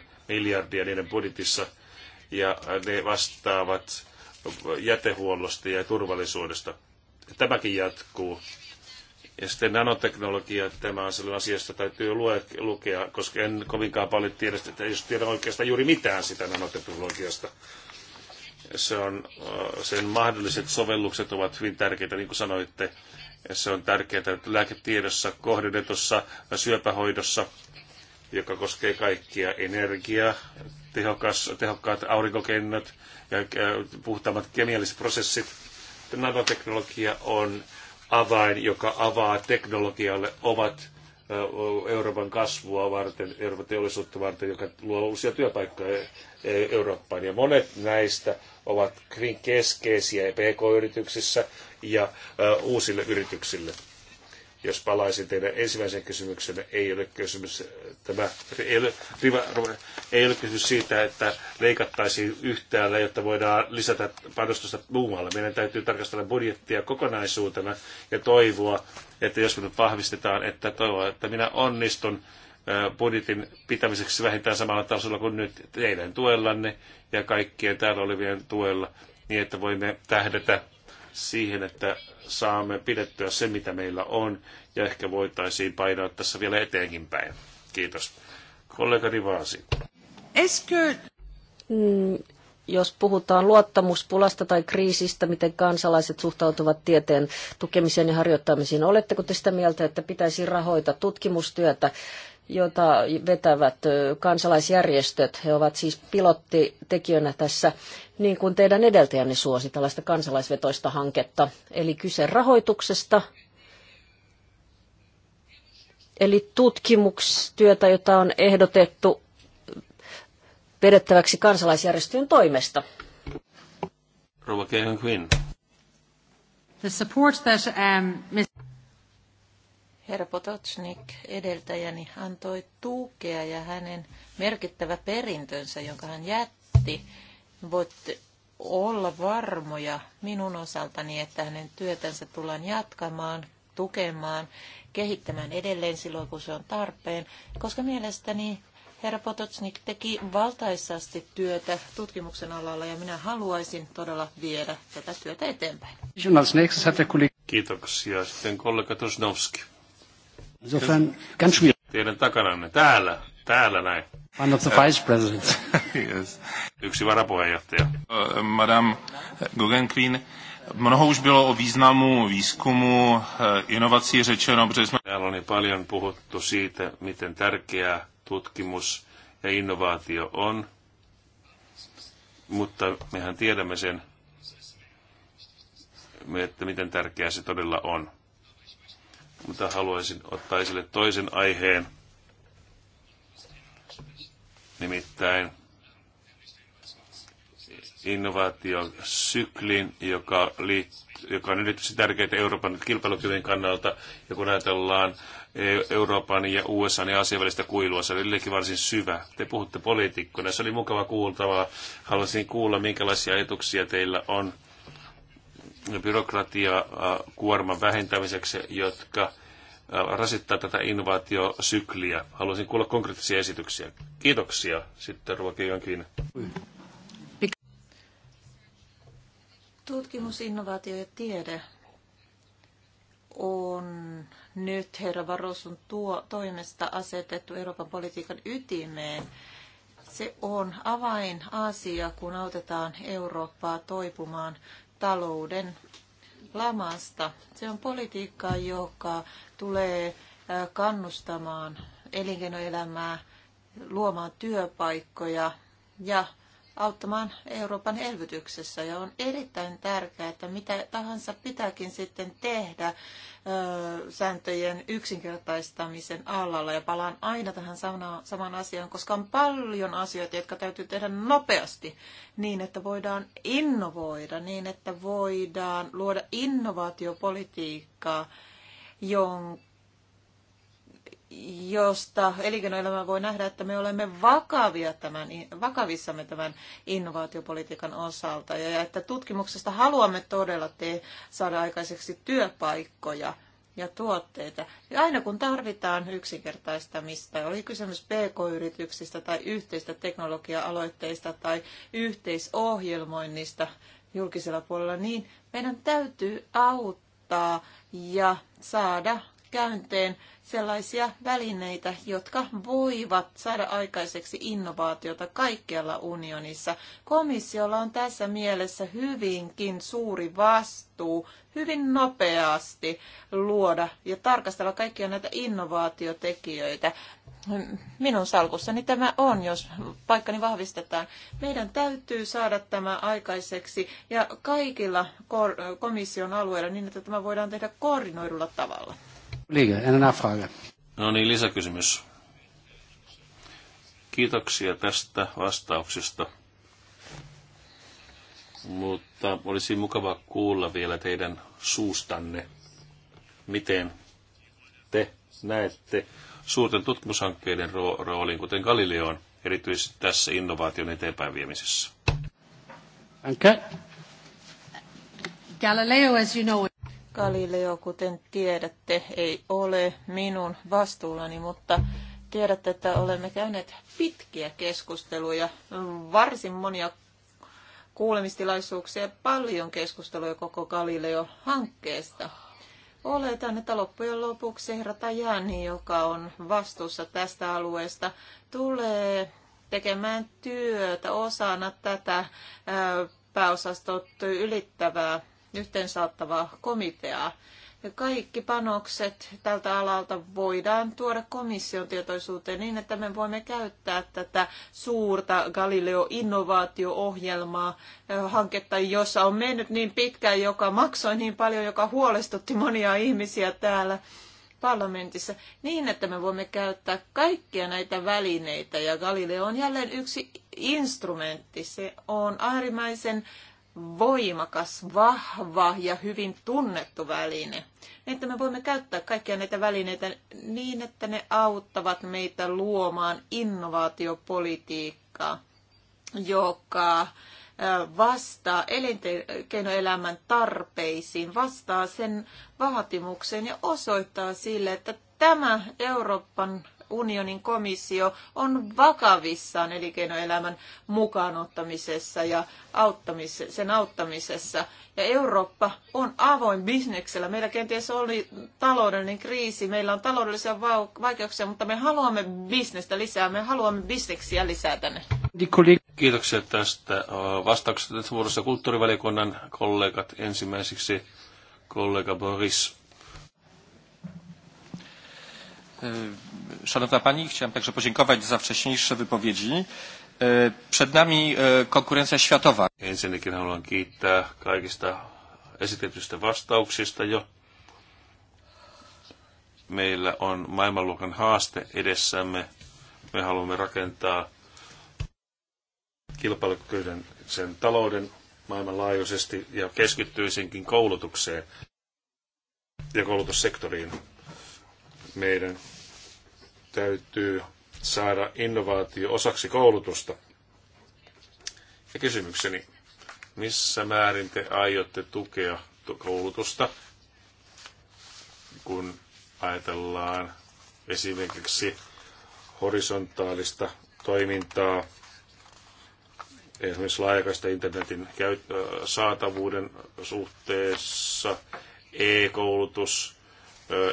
2,7 miljardia niiden budjetissa, ja ne vastaavat jätehuollosta ja turvallisuudesta. Tämäkin jatkuu. Ja sitten nanoteknologia, tämä on sellainen asia, josta täytyy lukea, koska en kovinkaan paljon tiedä, että ei tiedä oikeastaan juuri mitään sitä nanoteknologiasta. Se on, sen mahdolliset sovellukset ovat hyvin tärkeitä, niin kuin sanoitte. Se on tärkeää lääketiedossa, kohdennetussa syöpähoidossa, joka koskee kaikkia energiaa, tehokas, tehokkaat aurinkokennot ja puhtaammat kemialliset prosessit. Nanoteknologia on avain, joka avaa teknologialle ovat Euroopan kasvua varten, Euroopan teollisuutta varten, joka luo uusia työpaikkoja e, e, Eurooppaan. Ja monet näistä ovat hyvin keskeisiä PK-yrityksissä ja uusille yrityksille. Jos palaisin teidän ensimmäiseen kysymykseen, ei ole kysymys, äh, tämä, ei, ole, riva, ei ole kysymys siitä, että leikattaisiin yhtäällä, jotta voidaan lisätä panostusta muualla. Meidän täytyy tarkastella budjettia kokonaisuutena ja toivoa, että jos me nyt vahvistetaan, että toivoa, että minä onnistun äh, budjetin pitämiseksi vähintään samalla tasolla kuin nyt teidän tuellanne ja kaikkien täällä olevien tuella, niin että voimme tähdätä siihen, että saamme pidettyä se, mitä meillä on, ja ehkä voitaisiin painaa tässä vielä eteenkin päin. Kiitos. Kollega Rivaasi. Eskö... Mm, jos puhutaan luottamuspulasta tai kriisistä, miten kansalaiset suhtautuvat tieteen tukemiseen ja harjoittamiseen, oletteko te sitä mieltä, että pitäisi rahoita tutkimustyötä jota vetävät kansalaisjärjestöt. He ovat siis pilottitekijöinä tässä, niin kuin teidän edeltäjänne suosi, tällaista kansalaisvetoista hanketta. Eli kyse rahoituksesta, eli tutkimustyötä, jota on ehdotettu vedettäväksi kansalaisjärjestöjen toimesta. Rouva The support that, um, Herra Potocnik edeltäjäni antoi tukea ja hänen merkittävä perintönsä, jonka hän jätti, voitte olla varmoja minun osaltani, että hänen työtänsä tullaan jatkamaan, tukemaan, kehittämään edelleen silloin, kun se on tarpeen, koska mielestäni herra Potocnik teki valtaisasti työtä tutkimuksen alalla ja minä haluaisin todella viedä tätä työtä eteenpäin. Kiitoksia. Sitten kollega Tosnowski. Insofern ganz schwierig. Teidän takananne täällä, täällä näin. One of the vice presidents. [LAUGHS] yes. Yksi varapuheenjohtaja. Uh, Madame Guggenquin, Mnoho už bylo o významu výzkumu, eh, inovací řečeno, protože jsme... Täällä on niin paljon puhuttu siitä, miten tärkeää tutkimus ja innovaatio on, mutta mehän tiedämme sen, että miten tärkeää se todella on mutta haluaisin ottaa esille toisen aiheen, nimittäin innovaatiosyklin, joka, liitt- joka on erityisen tärkeää Euroopan kilpailukyvyn kannalta, ja kun ajatellaan e- Euroopan ja USA ja niin Aasian välistä kuilua, se oli varsin syvä. Te puhutte poliitikkoina, se oli mukava kuultavaa. Haluaisin kuulla, minkälaisia ajatuksia teillä on byrokratiakuorman vähentämiseksi, jotka rasittaa tätä innovaatiosykliä. Haluaisin kuulla konkreettisia esityksiä. Kiitoksia. Sitten ruokijan kiinni. Tutkimus, innovaatio ja tiede on nyt herra Varosun tuo, toimesta asetettu Euroopan politiikan ytimeen. Se on avain asia, kun autetaan Eurooppaa toipumaan talouden lamasta. Se on politiikkaa, joka tulee kannustamaan elinkeinoelämää luomaan työpaikkoja ja auttamaan Euroopan elvytyksessä. Ja on erittäin tärkeää, että mitä tahansa pitääkin sitten tehdä sääntöjen yksinkertaistamisen alalla. Ja palaan aina tähän samaan asiaan, koska on paljon asioita, jotka täytyy tehdä nopeasti niin, että voidaan innovoida, niin, että voidaan luoda innovaatiopolitiikkaa, jonka josta elinkeinoelämä voi nähdä, että me olemme vakavia tämän, vakavissamme tämän innovaatiopolitiikan osalta ja että tutkimuksesta haluamme todella te, saada aikaiseksi työpaikkoja ja tuotteita. Ja aina kun tarvitaan yksinkertaistamista, oli kysymys pk-yrityksistä tai yhteistä teknologia-aloitteista tai yhteisohjelmoinnista julkisella puolella, niin meidän täytyy auttaa ja saada käyntiin sellaisia välineitä, jotka voivat saada aikaiseksi innovaatiota kaikkialla unionissa. Komissiolla on tässä mielessä hyvinkin suuri vastuu hyvin nopeasti luoda ja tarkastella kaikkia näitä innovaatiotekijöitä. Minun salkussani tämä on, jos paikkani vahvistetaan. Meidän täytyy saada tämä aikaiseksi ja kaikilla komission alueilla niin, että tämä voidaan tehdä koordinoidulla tavalla. Liike, en enää frage. No niin, lisäkysymys. Kiitoksia tästä vastauksesta. Mutta olisi mukava kuulla vielä teidän suustanne, miten te näette suurten tutkimushankkeiden roolin, kuten Galileon, erityisesti tässä innovaation eteenpäinviemisessä. Okay. Galileo, as you know, Galileo, kuten tiedätte, ei ole minun vastuullani, mutta tiedätte, että olemme käyneet pitkiä keskusteluja, varsin monia kuulemistilaisuuksia ja paljon keskusteluja koko Galileo-hankkeesta. Oletan, että loppujen lopuksi herra Tajani, joka on vastuussa tästä alueesta, tulee tekemään työtä osana tätä pääosastot ylittävää yhteensaattavaa komiteaa. ja Kaikki panokset tältä alalta voidaan tuoda komission tietoisuuteen niin, että me voimme käyttää tätä suurta Galileo-innovaatio-ohjelmaa, eh, hanketta, jossa on mennyt niin pitkään, joka maksoi niin paljon, joka huolestutti monia ihmisiä täällä parlamentissa niin, että me voimme käyttää kaikkia näitä välineitä. Ja Galileo on jälleen yksi instrumentti. Se on äärimmäisen voimakas, vahva ja hyvin tunnettu väline. Että me voimme käyttää kaikkia näitä välineitä niin, että ne auttavat meitä luomaan innovaatiopolitiikkaa, joka vastaa elinkeinoelämän tarpeisiin, vastaa sen vaatimukseen ja osoittaa sille, että tämä Euroopan unionin komissio on vakavissaan elinkeinoelämän mukaanottamisessa ja auttamisessa, sen auttamisessa. Ja Eurooppa on avoin bisneksellä. Meillä kenties oli taloudellinen kriisi, meillä on taloudellisia vaikeuksia, mutta me haluamme bisnestä lisää, me haluamme bisneksiä lisää tänne. Kiitoksia tästä vastauksesta. Nyt vuorossa kulttuurivaliokunnan kollegat ensimmäiseksi kollega Boris E, szanowna Pani, chciałem także podziękować za wcześniejsze wypowiedzi. E, przed nami e, konkurencja światowa. Ensinnäkin haluan kiittää kaikista esitetyistä vastauksista jo. Meillä on maailmanluokan haaste edessämme. Me haluamme rakentaa kilpailukykyisen sen talouden maailmanlaajuisesti ja keskittyisinkin koulutukseen ja koulutussektoriin. Meidän täytyy saada innovaatio osaksi koulutusta. Ja kysymykseni, missä määrin te aiotte tukea koulutusta, kun ajatellaan esimerkiksi horisontaalista toimintaa, esimerkiksi laajakaista internetin saatavuuden suhteessa, e-koulutus,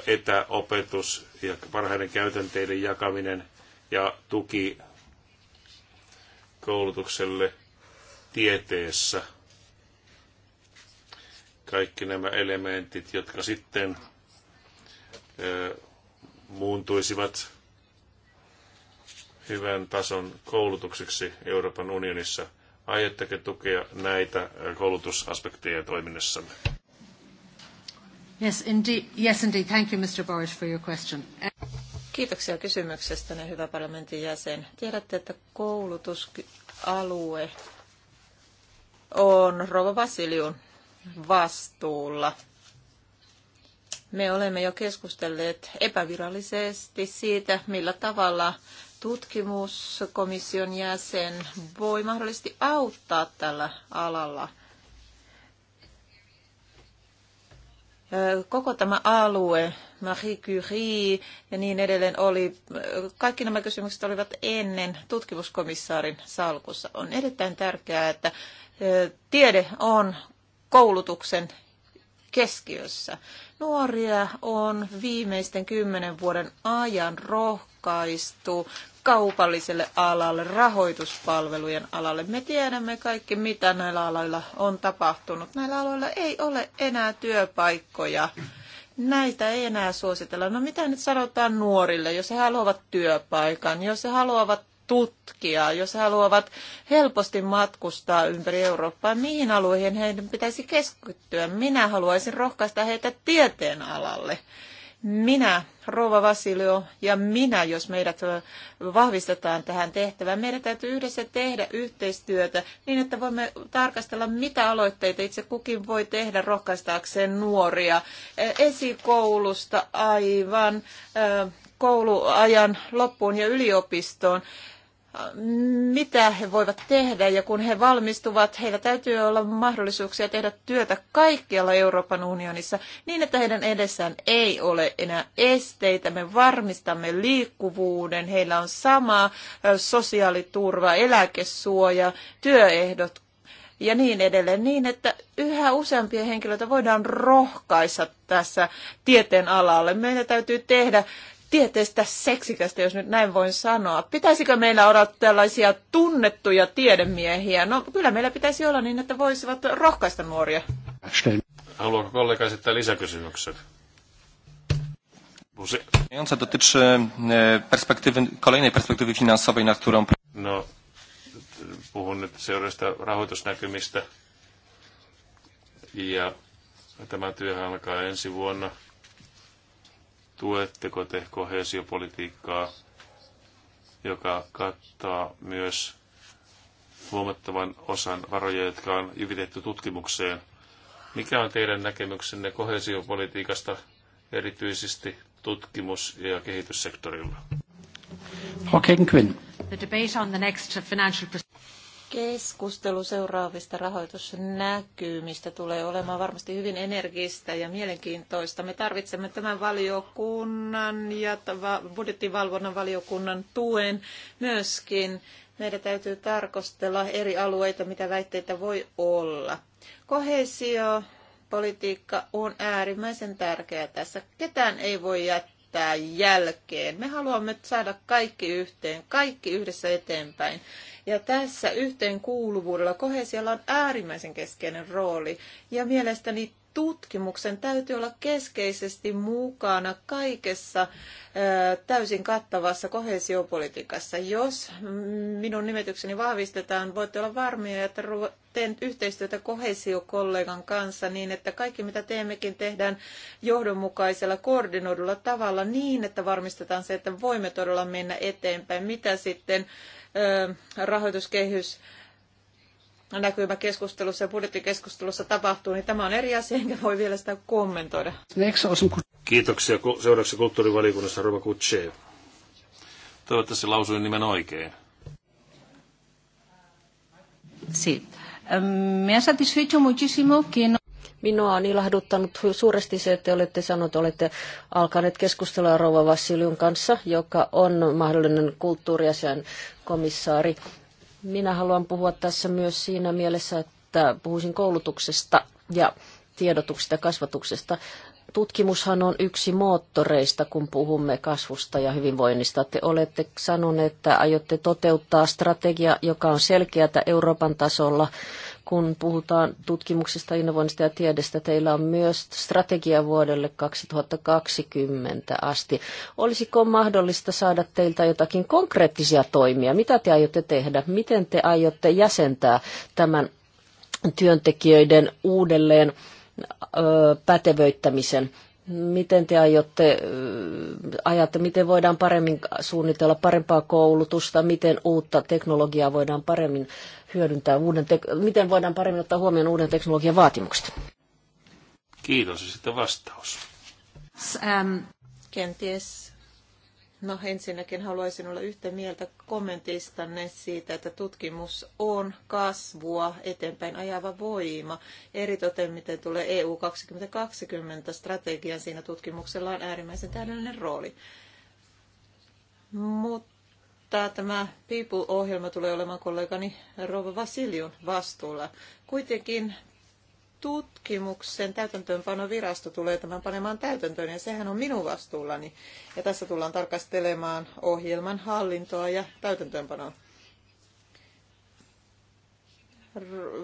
etäopetus ja parhaiden käytänteiden jakaminen ja tuki koulutukselle tieteessä. Kaikki nämä elementit, jotka sitten muuntuisivat hyvän tason koulutukseksi Euroopan unionissa. Aiotteko tukea näitä koulutusaspekteja toiminnassanne? Yes, indeed. Yes, indeed. Thank you, Mr. for your question. Kiitoksia kysymyksestäni, hyvä parlamentin jäsen. Tiedätte, että koulutusalue on Rova Vasiliun vastuulla. Me olemme jo keskustelleet epävirallisesti siitä, millä tavalla tutkimuskomission jäsen voi mahdollisesti auttaa tällä alalla – koko tämä alue, Marie Curie ja niin edelleen oli, kaikki nämä kysymykset olivat ennen tutkimuskomissaarin salkussa. On erittäin tärkeää, että tiede on koulutuksen keskiössä. Nuoria on viimeisten kymmenen vuoden ajan rohkaistu kaupalliselle alalle, rahoituspalvelujen alalle. Me tiedämme kaikki, mitä näillä aloilla on tapahtunut. Näillä aloilla ei ole enää työpaikkoja. Näitä ei enää suositella. No mitä nyt sanotaan nuorille, jos he haluavat työpaikan, jos he haluavat tutkia, jos he haluavat helposti matkustaa ympäri Eurooppaa, mihin alueihin heidän pitäisi keskittyä. Minä haluaisin rohkaista heitä tieteen alalle minä, Rouva Vasilio ja minä, jos meidät vahvistetaan tähän tehtävään, meidän täytyy yhdessä tehdä yhteistyötä niin, että voimme tarkastella, mitä aloitteita itse kukin voi tehdä rohkaistaakseen nuoria e, esikoulusta aivan kouluajan loppuun ja yliopistoon mitä he voivat tehdä ja kun he valmistuvat, heillä täytyy olla mahdollisuuksia tehdä työtä kaikkialla Euroopan unionissa niin, että heidän edessään ei ole enää esteitä. Me varmistamme liikkuvuuden, heillä on sama sosiaaliturva, eläkesuoja, työehdot ja niin edelleen, niin että yhä useampia henkilöitä voidaan rohkaista tässä tieteen alalle. Meidän täytyy tehdä tieteestä seksikästä, jos nyt näin voin sanoa. Pitäisikö meillä olla tällaisia tunnettuja tiedemiehiä? No kyllä meillä pitäisi olla niin, että voisivat rohkaista nuoria. Haluatko kollega esittää lisäkysymykset? Busi. dotyczy e, perspektywy, kolejnej perspektywy finansowej, na którą... No, puhun nyt seuraavista rahoitusnäkymistä. Ja tämä työhän alkaa ensi vuonna Tuetteko te kohesiopolitiikkaa, joka kattaa myös huomattavan osan varoja, jotka on jyvitetty tutkimukseen? Mikä on teidän näkemyksenne kohesiopolitiikasta erityisesti tutkimus- ja kehityssektorilla? Okay, The debate on the next financial Keskustelu seuraavista rahoitusnäkymistä tulee olemaan varmasti hyvin energistä ja mielenkiintoista. Me tarvitsemme tämän valiokunnan ja budjettivalvonnan valiokunnan tuen myöskin. Meidän täytyy tarkastella eri alueita, mitä väitteitä voi olla. Kohesio, politiikka on äärimmäisen tärkeää tässä. Ketään ei voi jättää jälkeen. Me haluamme saada kaikki yhteen, kaikki yhdessä eteenpäin. Ja tässä yhteenkuuluvuudella kohesiolla on äärimmäisen keskeinen rooli. Ja mielestäni tutkimuksen täytyy olla keskeisesti mukana kaikessa täysin kattavassa kohesiopolitiikassa. Jos minun nimetykseni vahvistetaan, voitte olla varmia, että teen yhteistyötä kohesiokollegan kanssa niin, että kaikki mitä teemmekin tehdään johdonmukaisella koordinoidulla tavalla niin, että varmistetaan se, että voimme todella mennä eteenpäin. Mitä sitten rahoituskehys näkymä keskustelussa ja budjettikeskustelussa tapahtuu, niin tämä on eri asia, enkä voi vielä sitä kommentoida. Kiitoksia. Seuraavaksi kulttuurivaliokunnassa Rova Kutsev. Toivottavasti lausuin nimen oikein. Sí. Eh, me ha satisfecho muchísimo que no... Minua on ilahduttanut suuresti se, että olette sanoneet, olette alkaneet keskustella Rouva Vassilion kanssa, joka on mahdollinen kulttuuriasian komissaari. Minä haluan puhua tässä myös siinä mielessä, että puhuisin koulutuksesta ja tiedotuksesta ja kasvatuksesta. Tutkimushan on yksi moottoreista, kun puhumme kasvusta ja hyvinvoinnista. Te olette sanoneet, että aiotte toteuttaa strategia, joka on selkeätä Euroopan tasolla – kun puhutaan tutkimuksesta, innovoinnista ja tiedestä, teillä on myös strategia vuodelle 2020 asti. Olisiko mahdollista saada teiltä jotakin konkreettisia toimia? Mitä te aiotte tehdä? Miten te aiotte jäsentää tämän työntekijöiden uudelleen pätevöittämisen? Miten te aiotte, ajatte, miten voidaan paremmin suunnitella parempaa koulutusta, miten uutta teknologiaa voidaan paremmin hyödyntää uuden te- miten voidaan paremmin ottaa huomioon uuden teknologian vaatimukset? Kiitos ja sitten vastaus. Ähm, kenties. No ensinnäkin haluaisin olla yhtä mieltä kommentistanne siitä, että tutkimus on kasvua eteenpäin ajava voima. Eritoten miten tulee EU 2020 strategian, siinä tutkimuksella on äärimmäisen täydellinen rooli. Mutta mutta tämä People-ohjelma tulee olemaan kollegani Rova Vasiljun vastuulla. Kuitenkin tutkimuksen täytäntöönpanovirasto tulee tämän panemaan täytäntöön ja sehän on minun vastuullani. Ja tässä tullaan tarkastelemaan ohjelman hallintoa ja täytäntöönpanoa.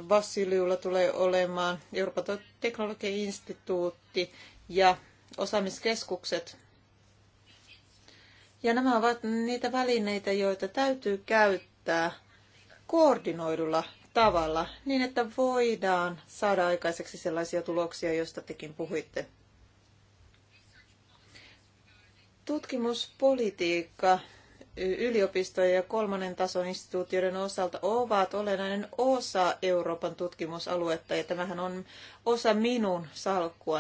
Vassiliulla tulee olemaan Euroopan teknologiainstituutti ja osaamiskeskukset ja nämä ovat niitä välineitä, joita täytyy käyttää koordinoidulla tavalla niin, että voidaan saada aikaiseksi sellaisia tuloksia, joista tekin puhuitte. Tutkimuspolitiikka yliopistojen ja kolmannen tason instituutioiden osalta ovat olennainen osa Euroopan tutkimusaluetta ja tämähän on osa minun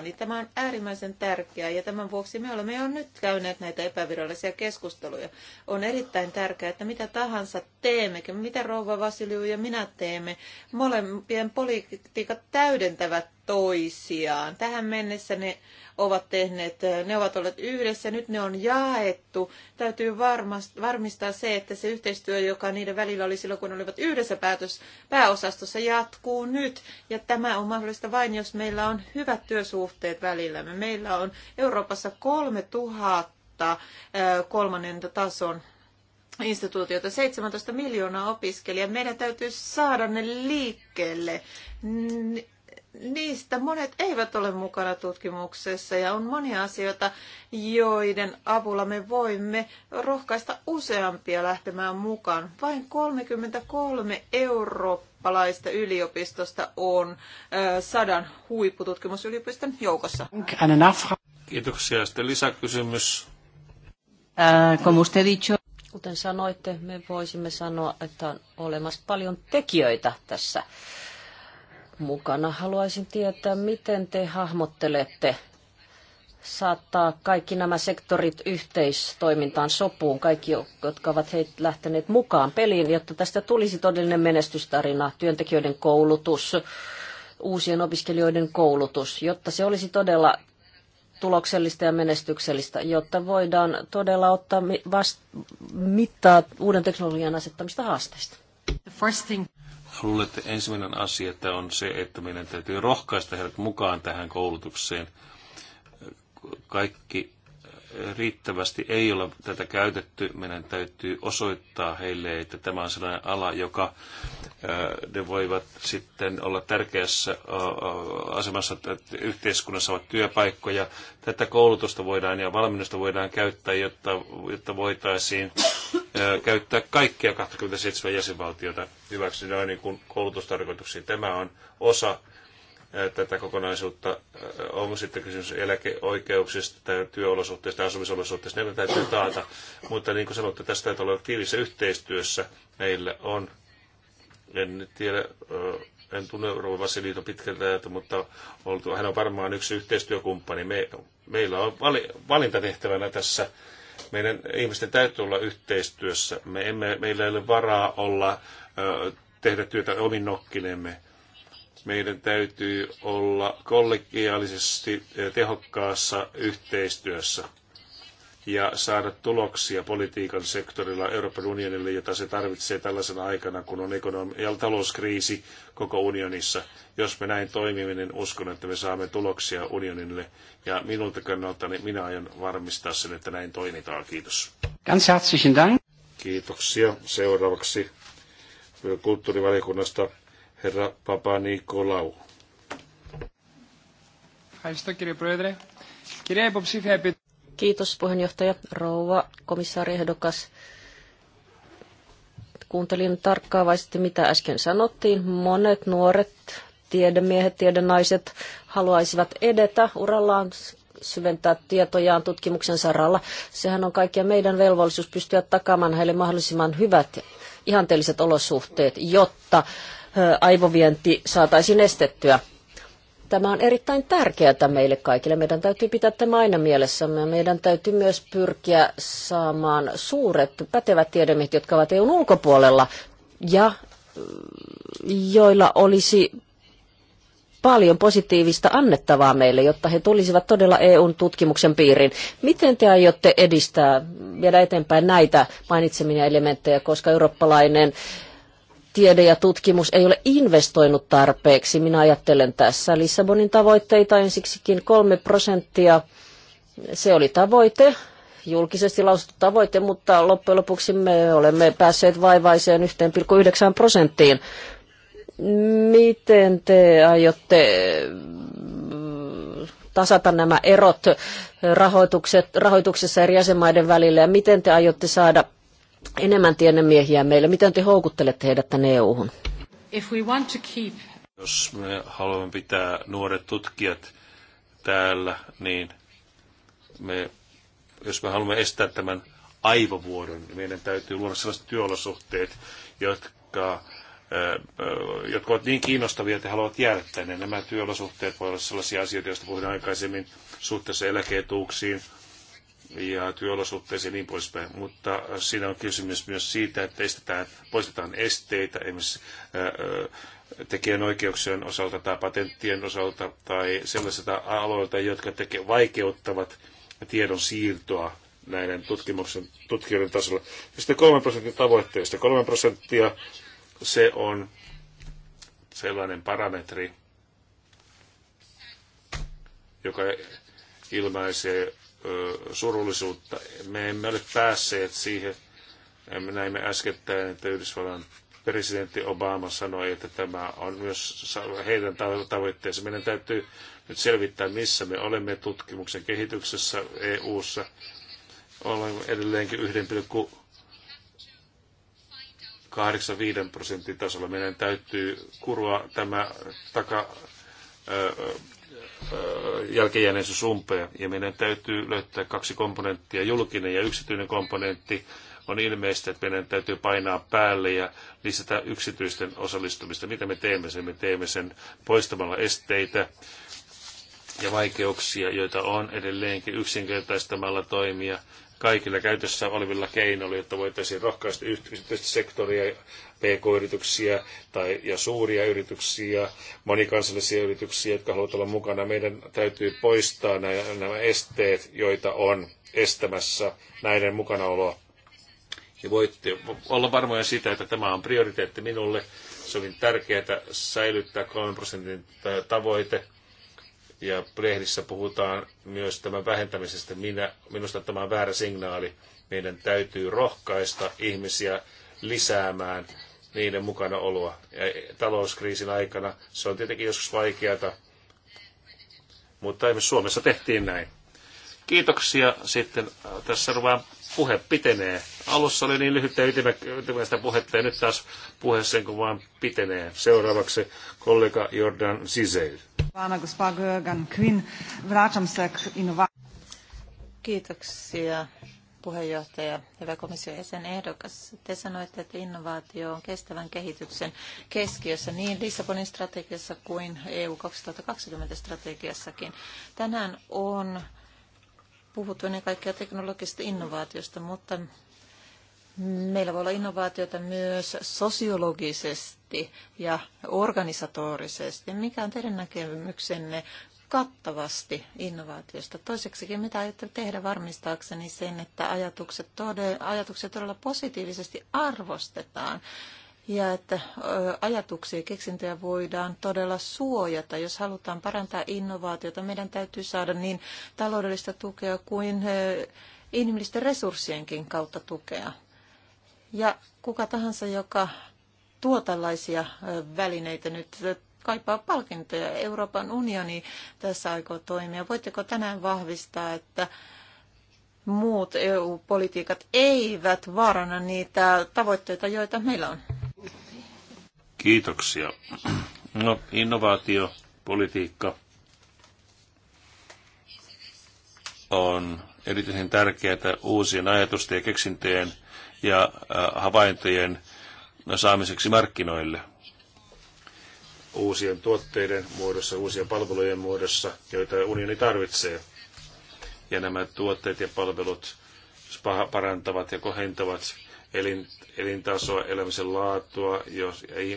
niin Tämä on äärimmäisen tärkeää ja tämän vuoksi me olemme jo nyt käyneet näitä epävirallisia keskusteluja. On erittäin tärkeää, että mitä tahansa teemme, mitä Rouva Vasiliu ja minä teemme, molempien politiikat täydentävät toisiaan. Tähän mennessä ne ovat tehneet, ne ovat olleet yhdessä, nyt ne on jaettu. Täytyy varmast, varmistaa se, että se yhteistyö, joka niiden välillä oli silloin, kun olivat yhdessä päätös, pääosastossa, jatkuu nyt. Ja tämä on mahdollista vain, jos meillä on hyvät työsuhteet välillämme. Meillä on Euroopassa 3000 kolmannen tason instituutiota, 17 miljoonaa opiskelijaa. Meidän täytyy saada ne liikkeelle niistä monet eivät ole mukana tutkimuksessa ja on monia asioita, joiden avulla me voimme rohkaista useampia lähtemään mukaan. Vain 33 eurooppalaista yliopistosta on sadan huippututkimusyliopiston joukossa. Kiitoksia. Sitten lisäkysymys. Äh, kuten sanoitte, me voisimme sanoa, että on olemassa paljon tekijöitä tässä mukana. Haluaisin tietää, miten te hahmottelette saattaa kaikki nämä sektorit yhteistoimintaan sopuun, kaikki, jotka ovat heitä lähteneet mukaan peliin, jotta tästä tulisi todellinen menestystarina, työntekijöiden koulutus, uusien opiskelijoiden koulutus, jotta se olisi todella tuloksellista ja menestyksellistä, jotta voidaan todella ottaa vasta- mittaa uuden teknologian asettamista haasteista. The first thing. Luulen, että ensimmäinen asia että on se, että meidän täytyy rohkaista heidät mukaan tähän koulutukseen. Kaikki riittävästi ei ole tätä käytetty. Meidän täytyy osoittaa heille, että tämä on sellainen ala, joka ne voivat sitten olla tärkeässä asemassa että yhteiskunnassa, ovat työpaikkoja. Tätä koulutusta voidaan ja valmennusta voidaan käyttää, jotta, jotta voitaisiin käyttää kaikkia 27 jäsenvaltiota hyväksi noin niin kuin koulutustarkoituksiin. Tämä on osa tätä kokonaisuutta. Onko sitten kysymys eläkeoikeuksista tai työolosuhteista, asumisolosuhteista, ne täytyy taata. Mutta niin kuin sanottu, tästä täytyy olla tiivissä yhteistyössä. Meillä on, en tiedä, en tunne Euroopan Vasiliiton pitkältä ajalta, mutta hän on varmaan yksi yhteistyökumppani. Me, meillä on vali, valintatehtävänä tässä meidän ihmisten täytyy olla yhteistyössä. Me emme, meillä ei ole varaa olla, tehdä työtä omin nokkinemme. Meidän täytyy olla kollegiaalisesti tehokkaassa yhteistyössä ja saada tuloksia politiikan sektorilla Euroopan unionille, jota se tarvitsee tällaisena aikana, kun on ekonomi- ja talouskriisi koko unionissa. Jos me näin toimimme, niin uskon, että me saamme tuloksia unionille. Ja minulta kannalta niin minä aion varmistaa sen, että näin toimitaan. Kiitos. Ganz herzlichen Dank. Kiitoksia. Seuraavaksi kulttuurivaliokunnasta herra Papa Nikolau. Ευχαριστώ κύριε Πρόεδρε. Kiitos puheenjohtaja Rouva, komissaari ehdokas. Kuuntelin tarkkaavaisesti, mitä äsken sanottiin. Monet nuoret tiedemiehet, tiedenaiset haluaisivat edetä urallaan syventää tietojaan tutkimuksen saralla. Sehän on kaikkia meidän velvollisuus pystyä takaamaan heille mahdollisimman hyvät ihanteelliset olosuhteet, jotta aivovienti saataisiin estettyä. Tämä on erittäin tärkeää meille kaikille. Meidän täytyy pitää tämä aina mielessämme. Meidän täytyy myös pyrkiä saamaan suuret pätevät tiedemiehet, jotka ovat EUn ulkopuolella ja mm, joilla olisi paljon positiivista annettavaa meille, jotta he tulisivat todella EUn tutkimuksen piiriin. Miten te aiotte edistää, viedä eteenpäin näitä mainitsemia elementtejä, koska eurooppalainen äh, tiede ja tutkimus ei ole investoinut tarpeeksi. Minä ajattelen tässä Lissabonin tavoitteita ensiksikin kolme prosenttia. Se oli tavoite, julkisesti lausuttu tavoite, mutta loppujen lopuksi me olemme päässeet vaivaiseen 1,9 prosenttiin. Miten te aiotte mm, tasata nämä erot rahoitukset, rahoituksessa eri jäsenmaiden välillä ja miten te aiotte saada enemmän miehiä meillä. Miten te houkuttelette heidät tänne EU-hun? Keep... Jos me haluamme pitää nuoret tutkijat täällä, niin me, jos me haluamme estää tämän aivovuodon, niin meidän täytyy luoda sellaiset työolosuhteet, jotka äh, äh, jotka ovat niin kiinnostavia, että haluavat jäädä tänne. Nämä työolosuhteet voivat olla sellaisia asioita, joista puhuin aikaisemmin suhteessa eläkeetuuksiin, ja työolosuhteisiin ja niin poispäin. Mutta äh, siinä on kysymys myös siitä, että estetään, poistetaan esteitä esimerkiksi äh, äh, tekijänoikeuksien osalta tai patenttien osalta tai sellaisilta aloilta, jotka teke, vaikeuttavat tiedon siirtoa näiden tutkimuksen, tutkijoiden tasolla. Ja sitten 3 prosentin tavoitteista. 3 prosenttia se on sellainen parametri, joka ilmaisee surullisuutta. Me emme ole päässeet siihen. Me näimme äskettäin, että Yhdysvallan presidentti Obama sanoi, että tämä on myös heidän tavoitteensa. Meidän täytyy nyt selvittää, missä me olemme tutkimuksen kehityksessä EU-ssa. Olemme edelleenkin 1,85 prosentin tasolla. Meidän täytyy kurua tämä taka, jälkijäneisyys umpea. Ja meidän täytyy löytää kaksi komponenttia, julkinen ja yksityinen komponentti. On ilmeistä, että meidän täytyy painaa päälle ja lisätä yksityisten osallistumista. Mitä me teemme sen? Me teemme sen poistamalla esteitä ja vaikeuksia, joita on edelleenkin yksinkertaistamalla toimia kaikilla käytössä olevilla keinoilla, jotta voitaisiin rohkaista yhteistyöstä sektoria pk-yrityksiä tai, ja suuria yrityksiä, monikansallisia yrityksiä, jotka haluavat olla mukana. Meidän täytyy poistaa nämä, nämä esteet, joita on estämässä näiden mukanaoloa. Ja voitte olla varmoja siitä, että tämä on prioriteetti minulle. Se on tärkeää säilyttää 3 prosentin tavoite ja lehdissä puhutaan myös tämän vähentämisestä. Minä, minusta tämä on väärä signaali. Meidän täytyy rohkaista ihmisiä lisäämään niiden mukana oloa. Ja e, talouskriisin aikana se on tietenkin joskus vaikeata, mutta esimerkiksi Suomessa tehtiin näin. Kiitoksia. Sitten äh, tässä ruvetaan puhe pitenee. Alussa oli niin lyhyttä ja ytimestä puhetta ja nyt taas puhe sen kun vaan pitenee. Seuraavaksi kollega Jordan Siseil. Kiitoksia puheenjohtaja, hyvä komission jäsen ehdokas. Te sanoitte, että innovaatio on kestävän kehityksen keskiössä niin Lissabonin strategiassa kuin EU 2020 strategiassakin. Tänään on puhuttu ennen kaikkea teknologisesta innovaatiosta, mutta meillä voi olla innovaatiota myös sosiologisesti ja organisatorisesti. Mikä on teidän näkemyksenne kattavasti innovaatiosta. Toiseksikin, mitä aiotte tehdä varmistaakseni sen, että ajatukset todella, ajatukset todella positiivisesti arvostetaan ja että ajatuksia ja keksintöjä voidaan todella suojata. Jos halutaan parantaa innovaatiota, meidän täytyy saada niin taloudellista tukea kuin inhimillisten resurssienkin kautta tukea. Ja kuka tahansa, joka tuo tällaisia välineitä nyt kaipaa palkintoja. Euroopan unioni tässä aikoo toimia. Voitteko tänään vahvistaa, että muut EU-politiikat eivät vaarana niitä tavoitteita, joita meillä on? Kiitoksia. No, innovaatiopolitiikka on erityisen tärkeää uusien ajatusten ja keksintöjen ja havaintojen saamiseksi markkinoille – uusien tuotteiden muodossa, uusien palvelujen muodossa, joita unioni tarvitsee. Ja nämä tuotteet ja palvelut parantavat ja kohentavat elintasoa, elämisen laatua, jos, e-,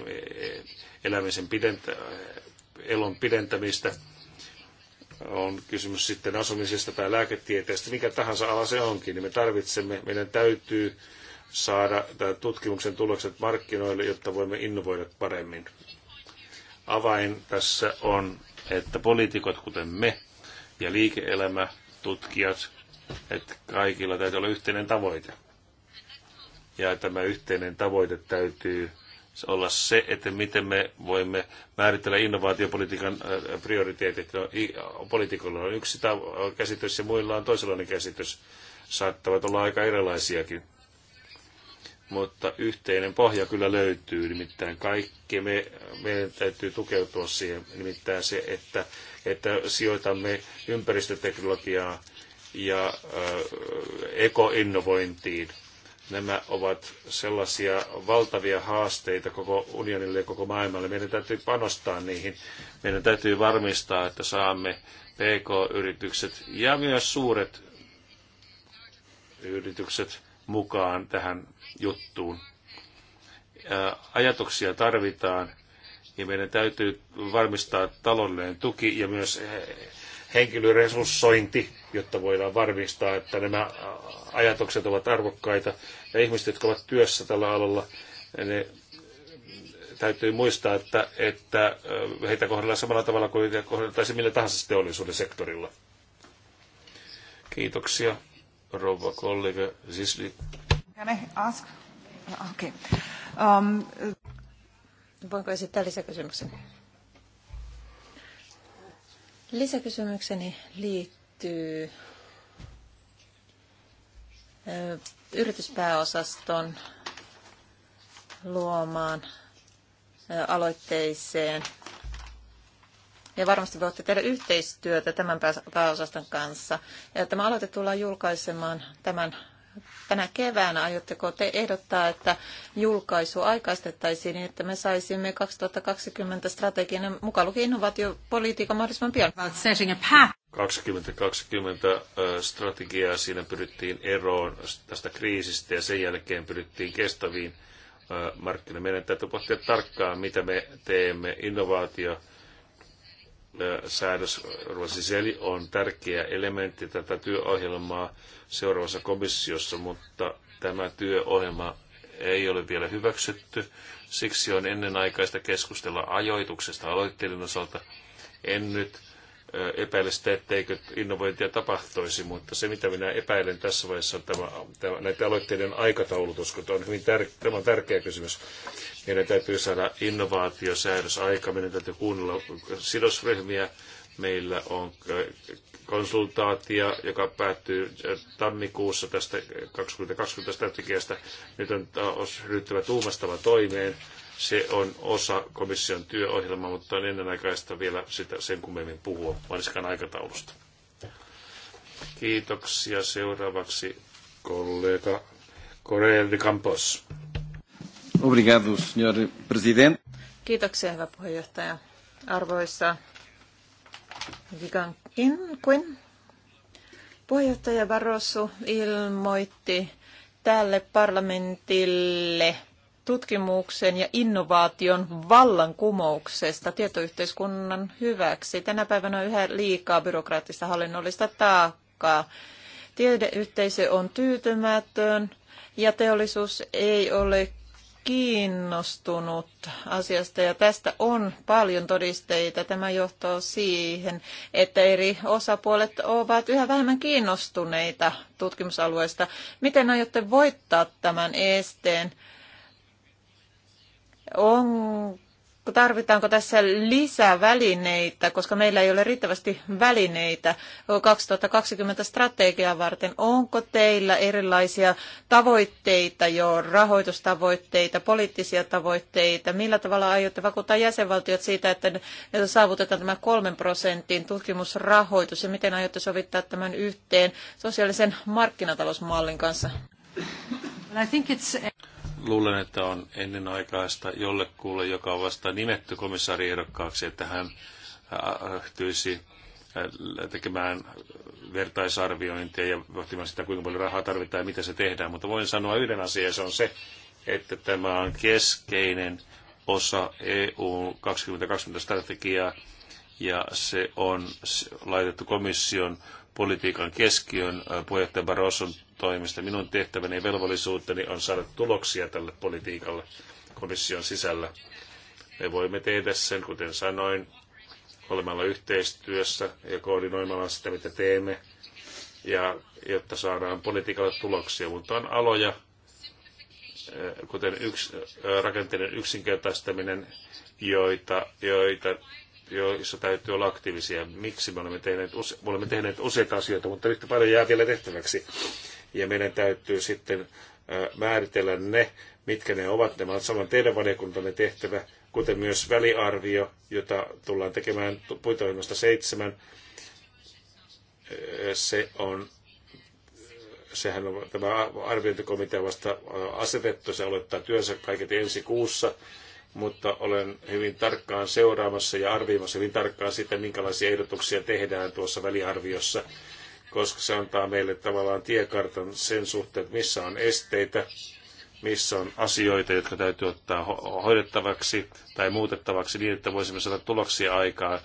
e-, elämisen pidentä, elon pidentämistä. On kysymys sitten asumisesta tai lääketieteestä, mikä tahansa ala se onkin, niin me tarvitsemme, meidän täytyy saada tutkimuksen tulokset markkinoille, jotta voimme innovoida paremmin avain tässä on, että poliitikot kuten me ja liike-elämä, tutkijat, että kaikilla täytyy olla yhteinen tavoite. Ja tämä yhteinen tavoite täytyy olla se, että miten me voimme määritellä innovaatiopolitiikan äh, prioriteetit. No, poliitikolla on yksi käsitys ja muilla on toisenlainen käsitys. Saattavat olla aika erilaisiakin mutta yhteinen pohja kyllä löytyy, nimittäin kaikki me, meidän täytyy tukeutua siihen, nimittäin se, että, että sijoitamme ympäristöteknologiaa ja äh, ekoinnovointiin. Nämä ovat sellaisia valtavia haasteita koko unionille ja koko maailmalle. Meidän täytyy panostaa niihin. Meidän täytyy varmistaa, että saamme PK-yritykset ja myös suuret yritykset mukaan tähän juttuun. Ajatuksia tarvitaan ja meidän täytyy varmistaa taloudellinen tuki ja myös henkilöresurssointi, jotta voidaan varmistaa, että nämä ajatukset ovat arvokkaita. Ja ihmiset, jotka ovat työssä tällä alalla, ne täytyy muistaa, että, että heitä kohdellaan samalla tavalla kuin heitä kohdellaan millä tahansa teollisuuden sektorilla. Kiitoksia, rouva kollega Zisli. Can I ask? Ah, okay. Um, Voinko esittää lisäkysymyksen? Lisäkysymykseni liittyy yrityspääosaston luomaan aloitteeseen. Ja varmasti voitte tehdä yhteistyötä tämän pääosaston kanssa. Ja tämä aloite tullaan julkaisemaan tämän tänä keväänä aiotteko te ehdottaa, että julkaisu aikaistettaisiin niin, että me saisimme 2020 strategian mukaan lukien innovaatiopolitiikan mahdollisimman pian? 2020 strategiaa siinä pyrittiin eroon tästä kriisistä ja sen jälkeen pyrittiin kestäviin markkinoihin. Meidän täytyy pohtia tarkkaan, mitä me teemme innovaatio säädös Rosiseli on tärkeä elementti tätä työohjelmaa seuraavassa komissiossa, mutta tämä työohjelma ei ole vielä hyväksytty. Siksi on ennenaikaista keskustella ajoituksesta aloitteiden osalta. En nyt epäile sitä, etteikö innovointia tapahtuisi, mutta se mitä minä epäilen tässä vaiheessa on tämä, tämä, näiden aloitteiden aikataulutus, kun tämä on hyvin tär, tämä on tärkeä kysymys. Meidän täytyy saada innovaatiosäädös aika, meidän täytyy kuunnella sidosryhmiä. Meillä on konsultaatia, joka päättyy tammikuussa tästä 2020 strategiasta. Nyt on ryhtyvä tuumastava toimeen. Se on osa komission työohjelmaa, mutta on ennenaikaista vielä sitä sen kummemmin puhua, varsinkaan aikataulusta. Kiitoksia. Seuraavaksi kollega Corel de Campos. Obrigado, senhor Kiitoksia, hyvä puheenjohtaja. Arvoisa Gigankin kuin puheenjohtaja Barroso ilmoitti tälle parlamentille tutkimuksen ja innovaation vallankumouksesta tietoyhteiskunnan hyväksi. Tänä päivänä on yhä liikaa byrokraattista hallinnollista taakkaa. Tiedeyhteisö on tyytymätön ja teollisuus ei ole kiinnostunut asiasta ja tästä on paljon todisteita. Tämä johtaa siihen, että eri osapuolet ovat yhä vähemmän kiinnostuneita tutkimusalueesta. Miten aiotte voittaa tämän esteen? On tarvitaanko tässä lisää välineitä, koska meillä ei ole riittävästi välineitä 2020 strategiaa varten. Onko teillä erilaisia tavoitteita jo, rahoitustavoitteita, poliittisia tavoitteita? Millä tavalla aiotte vakuuttaa jäsenvaltiot siitä, että saavutetaan tämä kolmen prosentin tutkimusrahoitus ja miten aiotte sovittaa tämän yhteen sosiaalisen markkinatalousmallin kanssa? Well, luulen, että on ennen ennenaikaista jollekulle, joka on vasta nimetty komissaariehdokkaaksi, että hän äh, ryhtyisi äh, tekemään vertaisarviointia ja vahtimaan sitä, kuinka paljon rahaa tarvitaan ja mitä se tehdään. Mutta voin sanoa yhden asian, ja se on se, että tämä on keskeinen osa EU 2020 strategiaa ja se on laitettu komission politiikan keskiön puheenjohtaja Barroson toimista. Minun tehtäväni ja velvollisuuteni on saada tuloksia tälle politiikalle komission sisällä. Me voimme tehdä sen, kuten sanoin, olemalla yhteistyössä ja koordinoimalla sitä, mitä teemme, ja jotta saadaan politiikalle tuloksia. Mutta on aloja, kuten yks, rakenteiden yksinkertaistaminen, joita, joita joissa täytyy olla aktiivisia. Miksi me olemme tehneet, use, me olemme tehneet useita asioita, mutta yhtä paljon jää vielä tehtäväksi. Ja meidän täytyy sitten määritellä ne, mitkä ne ovat. Nämä ovat saman teidän valiokuntanne tehtävä, kuten myös väliarvio, jota tullaan tekemään puitoimasta seitsemän. Se on sehän on tämä arviointikomitea vasta asetettu, se aloittaa työnsä kaiket ensi kuussa mutta olen hyvin tarkkaan seuraamassa ja arvioimassa hyvin tarkkaan sitä, minkälaisia ehdotuksia tehdään tuossa väliarviossa, koska se antaa meille tavallaan tiekartan sen suhteen, että missä on esteitä, missä on asioita, jotka täytyy ottaa hoidettavaksi tai muutettavaksi niin, että voisimme saada tuloksia aikaa.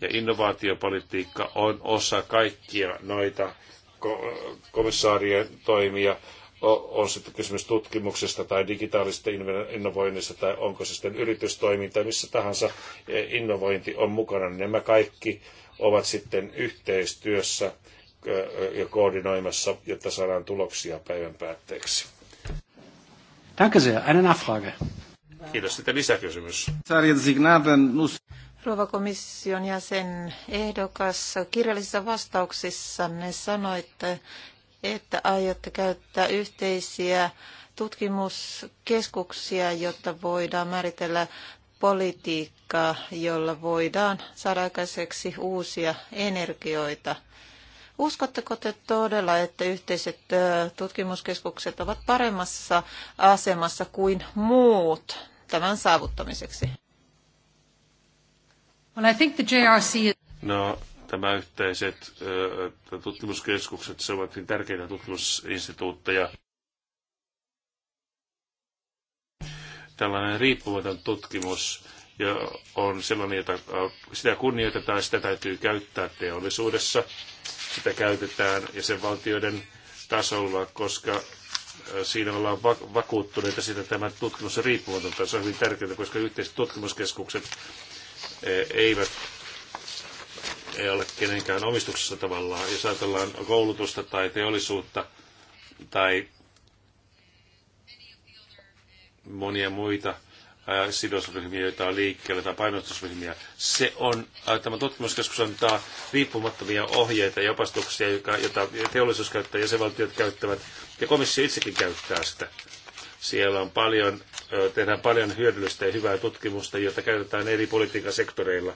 Ja innovaatiopolitiikka on osa kaikkia noita komissaarien toimia, on sitten kysymys tutkimuksesta tai digitaalisesta innovoinnista tai onko se sitten yritystoiminta, missä tahansa e, innovointi on mukana, niin nämä kaikki ovat sitten yhteistyössä ja koordinoimassa, jotta saadaan tuloksia päivän päätteeksi. Danke sehr. Eine Nachfrage. Kiitos. Sitten lisäkysymys. Rouva komission jäsen ehdokas, kirjallisissa ne sanoitte, että aiotte käyttää yhteisiä tutkimuskeskuksia, jotta voidaan määritellä politiikkaa, jolla voidaan saada aikaiseksi uusia energioita. Uskotteko te todella, että yhteiset tutkimuskeskukset ovat paremmassa asemassa kuin muut tämän saavuttamiseksi? Well, I think the JRC... No, tämä yhteiset tutkimuskeskukset, se ovat hyvin tärkeitä tutkimusinstituutteja. Tällainen riippumaton tutkimus ja on sellainen, että sitä kunnioitetaan, sitä täytyy käyttää teollisuudessa, sitä käytetään ja sen valtioiden tasolla, koska siinä ollaan vakuuttuneita siitä, että tämä tutkimus on Se on hyvin tärkeää, koska yhteiset tutkimuskeskukset e, eivät ei ole kenenkään omistuksessa tavallaan. Jos ajatellaan koulutusta tai teollisuutta tai monia muita sidosryhmiä, joita on liikkeellä tai painostusryhmiä. Se on, tämä tutkimuskeskus antaa riippumattomia ohjeita ja opastuksia, joita teollisuus käyttää, jäsenvaltiot käyttävät ja komissio itsekin käyttää sitä. Siellä on paljon, tehdään paljon hyödyllistä ja hyvää tutkimusta, jota käytetään eri politiikan sektoreilla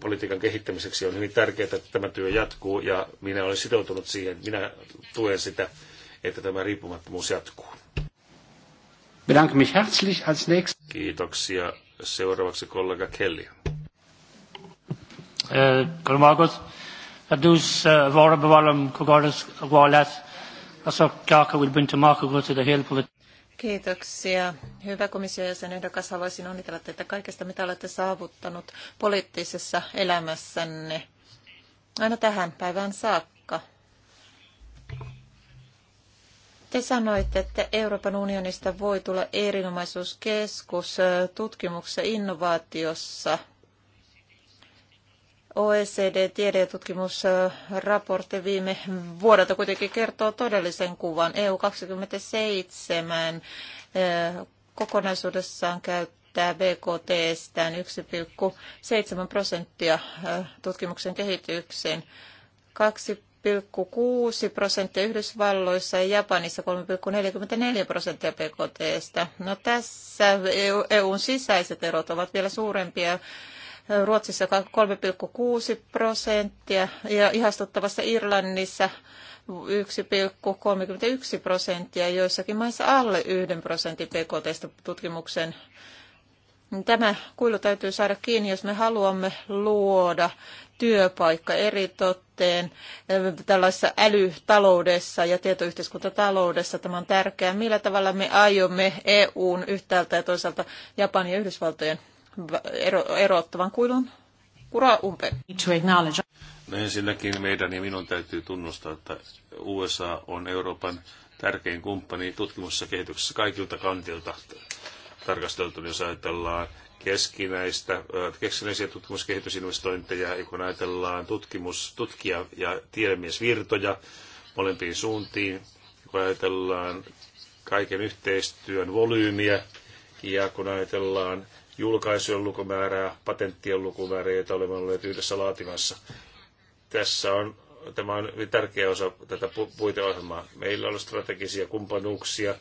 politiikan kehittämiseksi on hyvin tärkeää, että tämä työ jatkuu ja minä olen sitoutunut siihen. Minä tuen sitä, että tämä riippumattomuus jatkuu. Bedanke mich herzlich als nächstes. Kiitoksia. Seuraavaksi kollega Kelly. Kolmagot. Adus vara bevalam kogaras Kiitoksia. Hyvä komission ehdokas, haluaisin onnitella teitä kaikesta, mitä olette saavuttanut poliittisessa elämässänne aina tähän päivään saakka. Te sanoitte, että Euroopan unionista voi tulla erinomaisuuskeskus tutkimuksessa innovaatiossa – OECD-tiede- ja viime vuodelta kuitenkin kertoo todellisen kuvan. EU27 eh, kokonaisuudessaan käyttää BKTstään 1,7 prosenttia eh, tutkimuksen kehitykseen, 2,6 prosenttia Yhdysvalloissa ja Japanissa 3,44 prosenttia BKTstä. No tässä EUn e sisäiset erot ovat vielä suurempia Ruotsissa 3,6 prosenttia ja ihastuttavassa Irlannissa 1,31 prosenttia, joissakin maissa alle 1 prosentin PKT tutkimuksen. Tämä kuilu täytyy saada kiinni, jos me haluamme luoda työpaikka eri totteen eh, tällaisessa älytaloudessa ja tietoyhteiskuntataloudessa. Tämä on tärkeää. Millä tavalla me aiomme EUn yhtäältä ja toisaalta Japanin ja Yhdysvaltojen ero, erottavan kuilun kuraa umpeen. No ensinnäkin meidän ja minun täytyy tunnustaa, että USA on Euroopan tärkein kumppani tutkimuksessa ja kehityksessä kaikilta kantilta tarkasteltuna, jos ajatellaan keskinäistä, keskinäisiä tutkimus- ja kehitysinvestointeja, ja kun ajatellaan tutkimus, tutkija- ja tiedemiesvirtoja molempiin suuntiin, kun ajatellaan kaiken yhteistyön volyymiä, ja kun ajatellaan julkaisujen lukumäärää, patenttien lukumäärää, joita olemme olleet yhdessä laatimassa, tässä on, tämä on hyvin tärkeä osa tätä puiteohjelmaa. Meillä on strategisia kumppanuuksia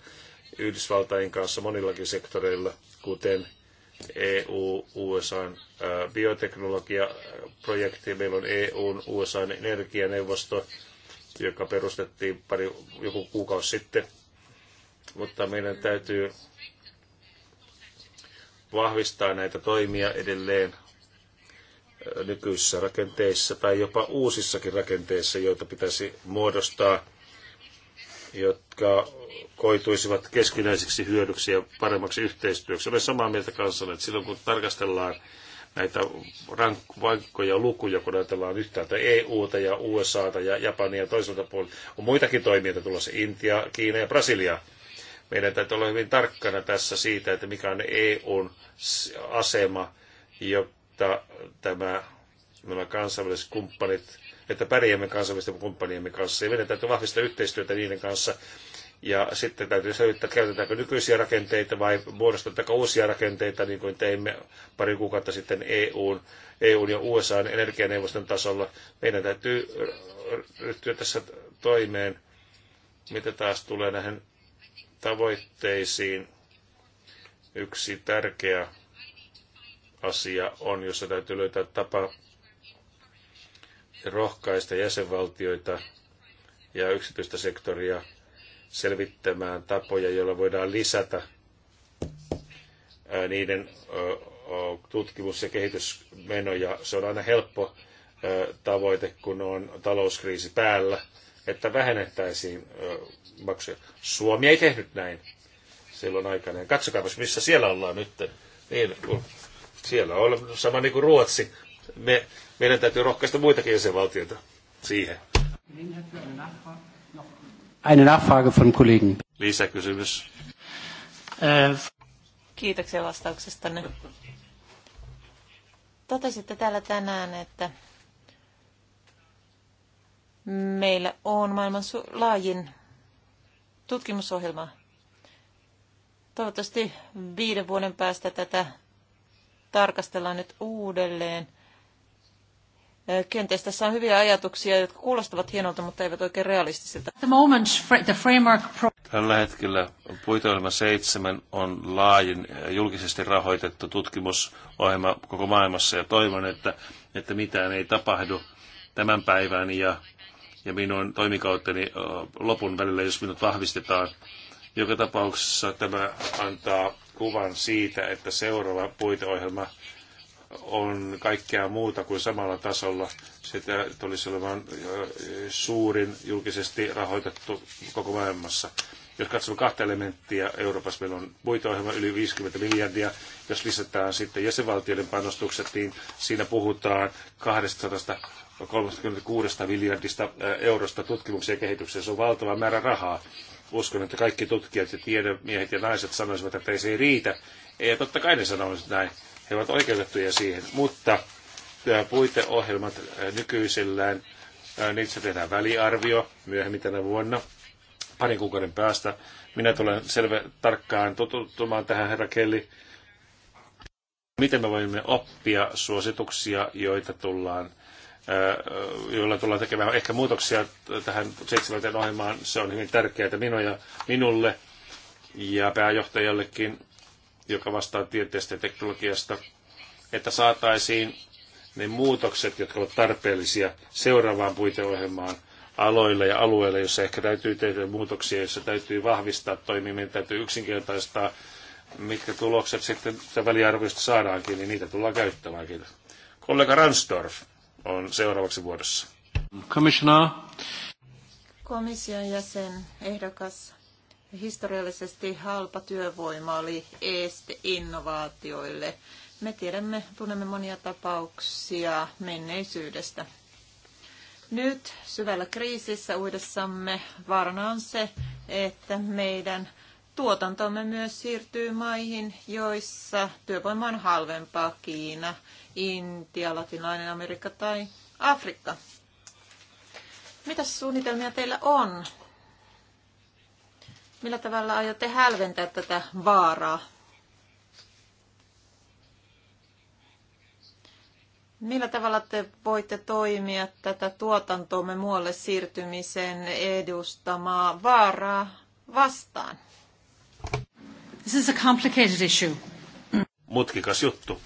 Yhdysvaltain kanssa monillakin sektoreilla, kuten EU, USA bioteknologiaprojekti. Meillä on EU, USA energianeuvosto, joka perustettiin pari, joku kuukausi sitten. Mutta meidän täytyy vahvistaa näitä toimia edelleen nykyisissä rakenteissa tai jopa uusissakin rakenteissa, joita pitäisi muodostaa, jotka koituisivat keskinäisiksi hyödyksi ja paremmaksi yhteistyöksi. Olen samaa mieltä kanssanne, että silloin kun tarkastellaan näitä vankkoja lukuja, kun ajatellaan yhtäältä EUta ja USAta ja Japania ja toiselta puolelta, on muitakin toimijoita tulossa, Intia, Kiina ja Brasilia. Meidän täytyy olla hyvin tarkkana tässä siitä, että mikä on EUn asema, jotta tämä, meillä kansainväliset kumppanit, että pärjäämme kansainvälisten kumppaniemme kanssa. Ja meidän täytyy vahvistaa yhteistyötä niiden kanssa. Ja sitten täytyy selvittää, käytetäänkö nykyisiä rakenteita vai muodostetaanko uusia rakenteita, niin kuin teimme pari kuukautta sitten EUn, EUn ja USAn energianeuvoston tasolla. Meidän täytyy ryhtyä tässä toimeen, mitä taas tulee näihin tavoitteisiin yksi tärkeä asia on, jossa täytyy löytää tapa rohkaista jäsenvaltioita ja yksityistä sektoria selvittämään tapoja, joilla voidaan lisätä niiden tutkimus- ja kehitysmenoja. Se on aina helppo tavoite, kun on talouskriisi päällä että vähennettäisiin maksuja. Suomi ei tehnyt näin silloin aikanaan. Katsokaa, missä siellä ollaan nyt. Niin, siellä on sama niin kuin Ruotsi. Me, meidän täytyy rohkaista muitakin jäsenvaltioita siihen. Eine Nachfrage von Kollegen. Lisäkysymys. Kiitoksia vastauksestanne. Totesitte täällä tänään, että Meillä on maailman laajin tutkimusohjelma. Toivottavasti viiden vuoden päästä tätä tarkastellaan nyt uudelleen. Kenties tässä on hyviä ajatuksia, jotka kuulostavat hienolta, mutta eivät oikein realistisilta. Tällä hetkellä puiteohjelma 7 on laajin julkisesti rahoitettu tutkimusohjelma koko maailmassa ja toivon, että, että mitään ei tapahdu tämän päivän ja ja minun toimikauteni lopun välillä, jos minut vahvistetaan. Joka tapauksessa tämä antaa kuvan siitä, että seuraava puiteohjelma on kaikkea muuta kuin samalla tasolla. Sitä tulisi olemaan suurin julkisesti rahoitettu koko maailmassa. Jos katsomme kahta elementtiä, Euroopassa meillä on puiteohjelma yli 50 miljardia. Jos lisätään sitten jäsenvaltioiden panostukset, niin siinä puhutaan 200 36 miljardista äh, eurosta tutkimukseen ja kehitykseen. Se on valtava määrä rahaa. Uskon, että kaikki tutkijat ja tiedemiehet ja naiset sanoisivat, että ei se ei riitä. Ja totta kai ne sanoisivat näin. He ovat oikeutettuja siihen. Mutta äh, puiteohjelmat äh, nykyisellään, niissä tehdään väliarvio myöhemmin tänä vuonna, parin kuukauden päästä. Minä tulen selvä tarkkaan tutustumaan tähän, herra Kelly miten me voimme oppia suosituksia, joita tullaan joilla tullaan tekemään ehkä muutoksia tähän seitsemänteen ohjelmaan. Se on hyvin tärkeää ja minulle ja pääjohtajallekin, joka vastaa tieteestä ja teknologiasta, että saataisiin ne muutokset, jotka ovat tarpeellisia seuraavaan puiteohjelmaan aloille ja alueille, jossa ehkä täytyy tehdä muutoksia, jossa täytyy vahvistaa toimiminen, täytyy yksinkertaistaa, mitkä tulokset sitten väliarvoista saadaankin, niin niitä tullaan käyttämään. Kiitos. Kollega Ransdorf on seuraavaksi vuodessa. Commissioner. Komission jäsen ehdokas. Historiallisesti halpa työvoima oli este innovaatioille. Me tiedämme, tunnemme monia tapauksia menneisyydestä. Nyt syvällä kriisissä uudessamme vaarana on se, että meidän tuotantomme myös siirtyy maihin, joissa työvoima on halvempaa, Kiina, Intia, Latinalainen Amerikka tai Afrikka. Mitä suunnitelmia teillä on? Millä tavalla aiotte hälventää tätä vaaraa? Millä tavalla te voitte toimia tätä tuotantomme muualle siirtymisen edustamaa vaaraa vastaan? This is a complicated issue. Mutkikas juttu,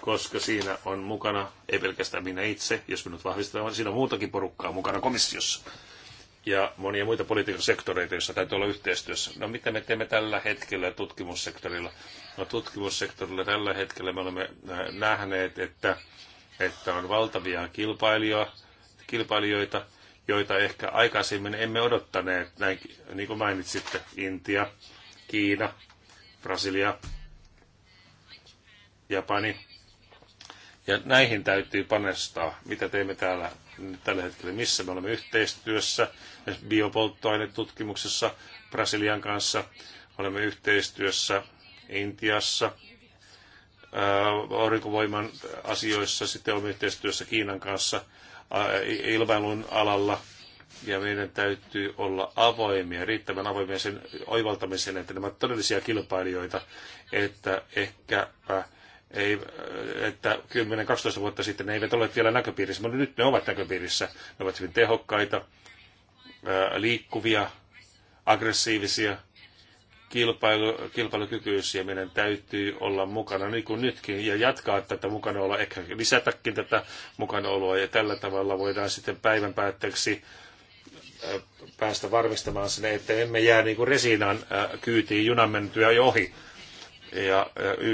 koska siinä on mukana, ei pelkästään minä itse, jos minut vahvistetaan, vaan siinä on muutakin porukkaa mukana komissiossa ja monia muita politiikan sektoreita, joissa täytyy olla yhteistyössä. No mitä me teemme tällä hetkellä tutkimussektorilla? No tutkimussektorilla tällä hetkellä me olemme äh, nähneet, että, että on valtavia kilpailijoita, kilpailijoita, joita ehkä aikaisemmin emme odottaneet, näin, niin kuin mainitsitte, Intia, Kiina, Brasilia, Japani. Ja näihin täytyy panostaa, mitä teemme täällä tällä hetkellä, missä me olemme yhteistyössä, biopolttoainetutkimuksessa Brasilian kanssa, olemme yhteistyössä Intiassa, äh, aurinkovoiman asioissa, sitten olemme yhteistyössä Kiinan kanssa äh, ilmailun alalla, ja meidän täytyy olla avoimia, riittävän avoimia sen oivaltamiseen, että nämä todellisia kilpailijoita, että ehkä ei, että 10-12 vuotta sitten ne eivät ole vielä näköpiirissä, mutta nyt ne ovat näköpiirissä. Ne ovat hyvin tehokkaita, liikkuvia, aggressiivisia, kilpailu, kilpailukykyisiä. Meidän täytyy olla mukana niin kuin nytkin ja jatkaa tätä mukanaoloa, ehkä lisätäkin tätä mukanaoloa ja tällä tavalla voidaan sitten päivän päätteeksi päästä varmistamaan sen, että emme jää niin kuin Resinan kyytiin junan mentyä jo ohi. Ja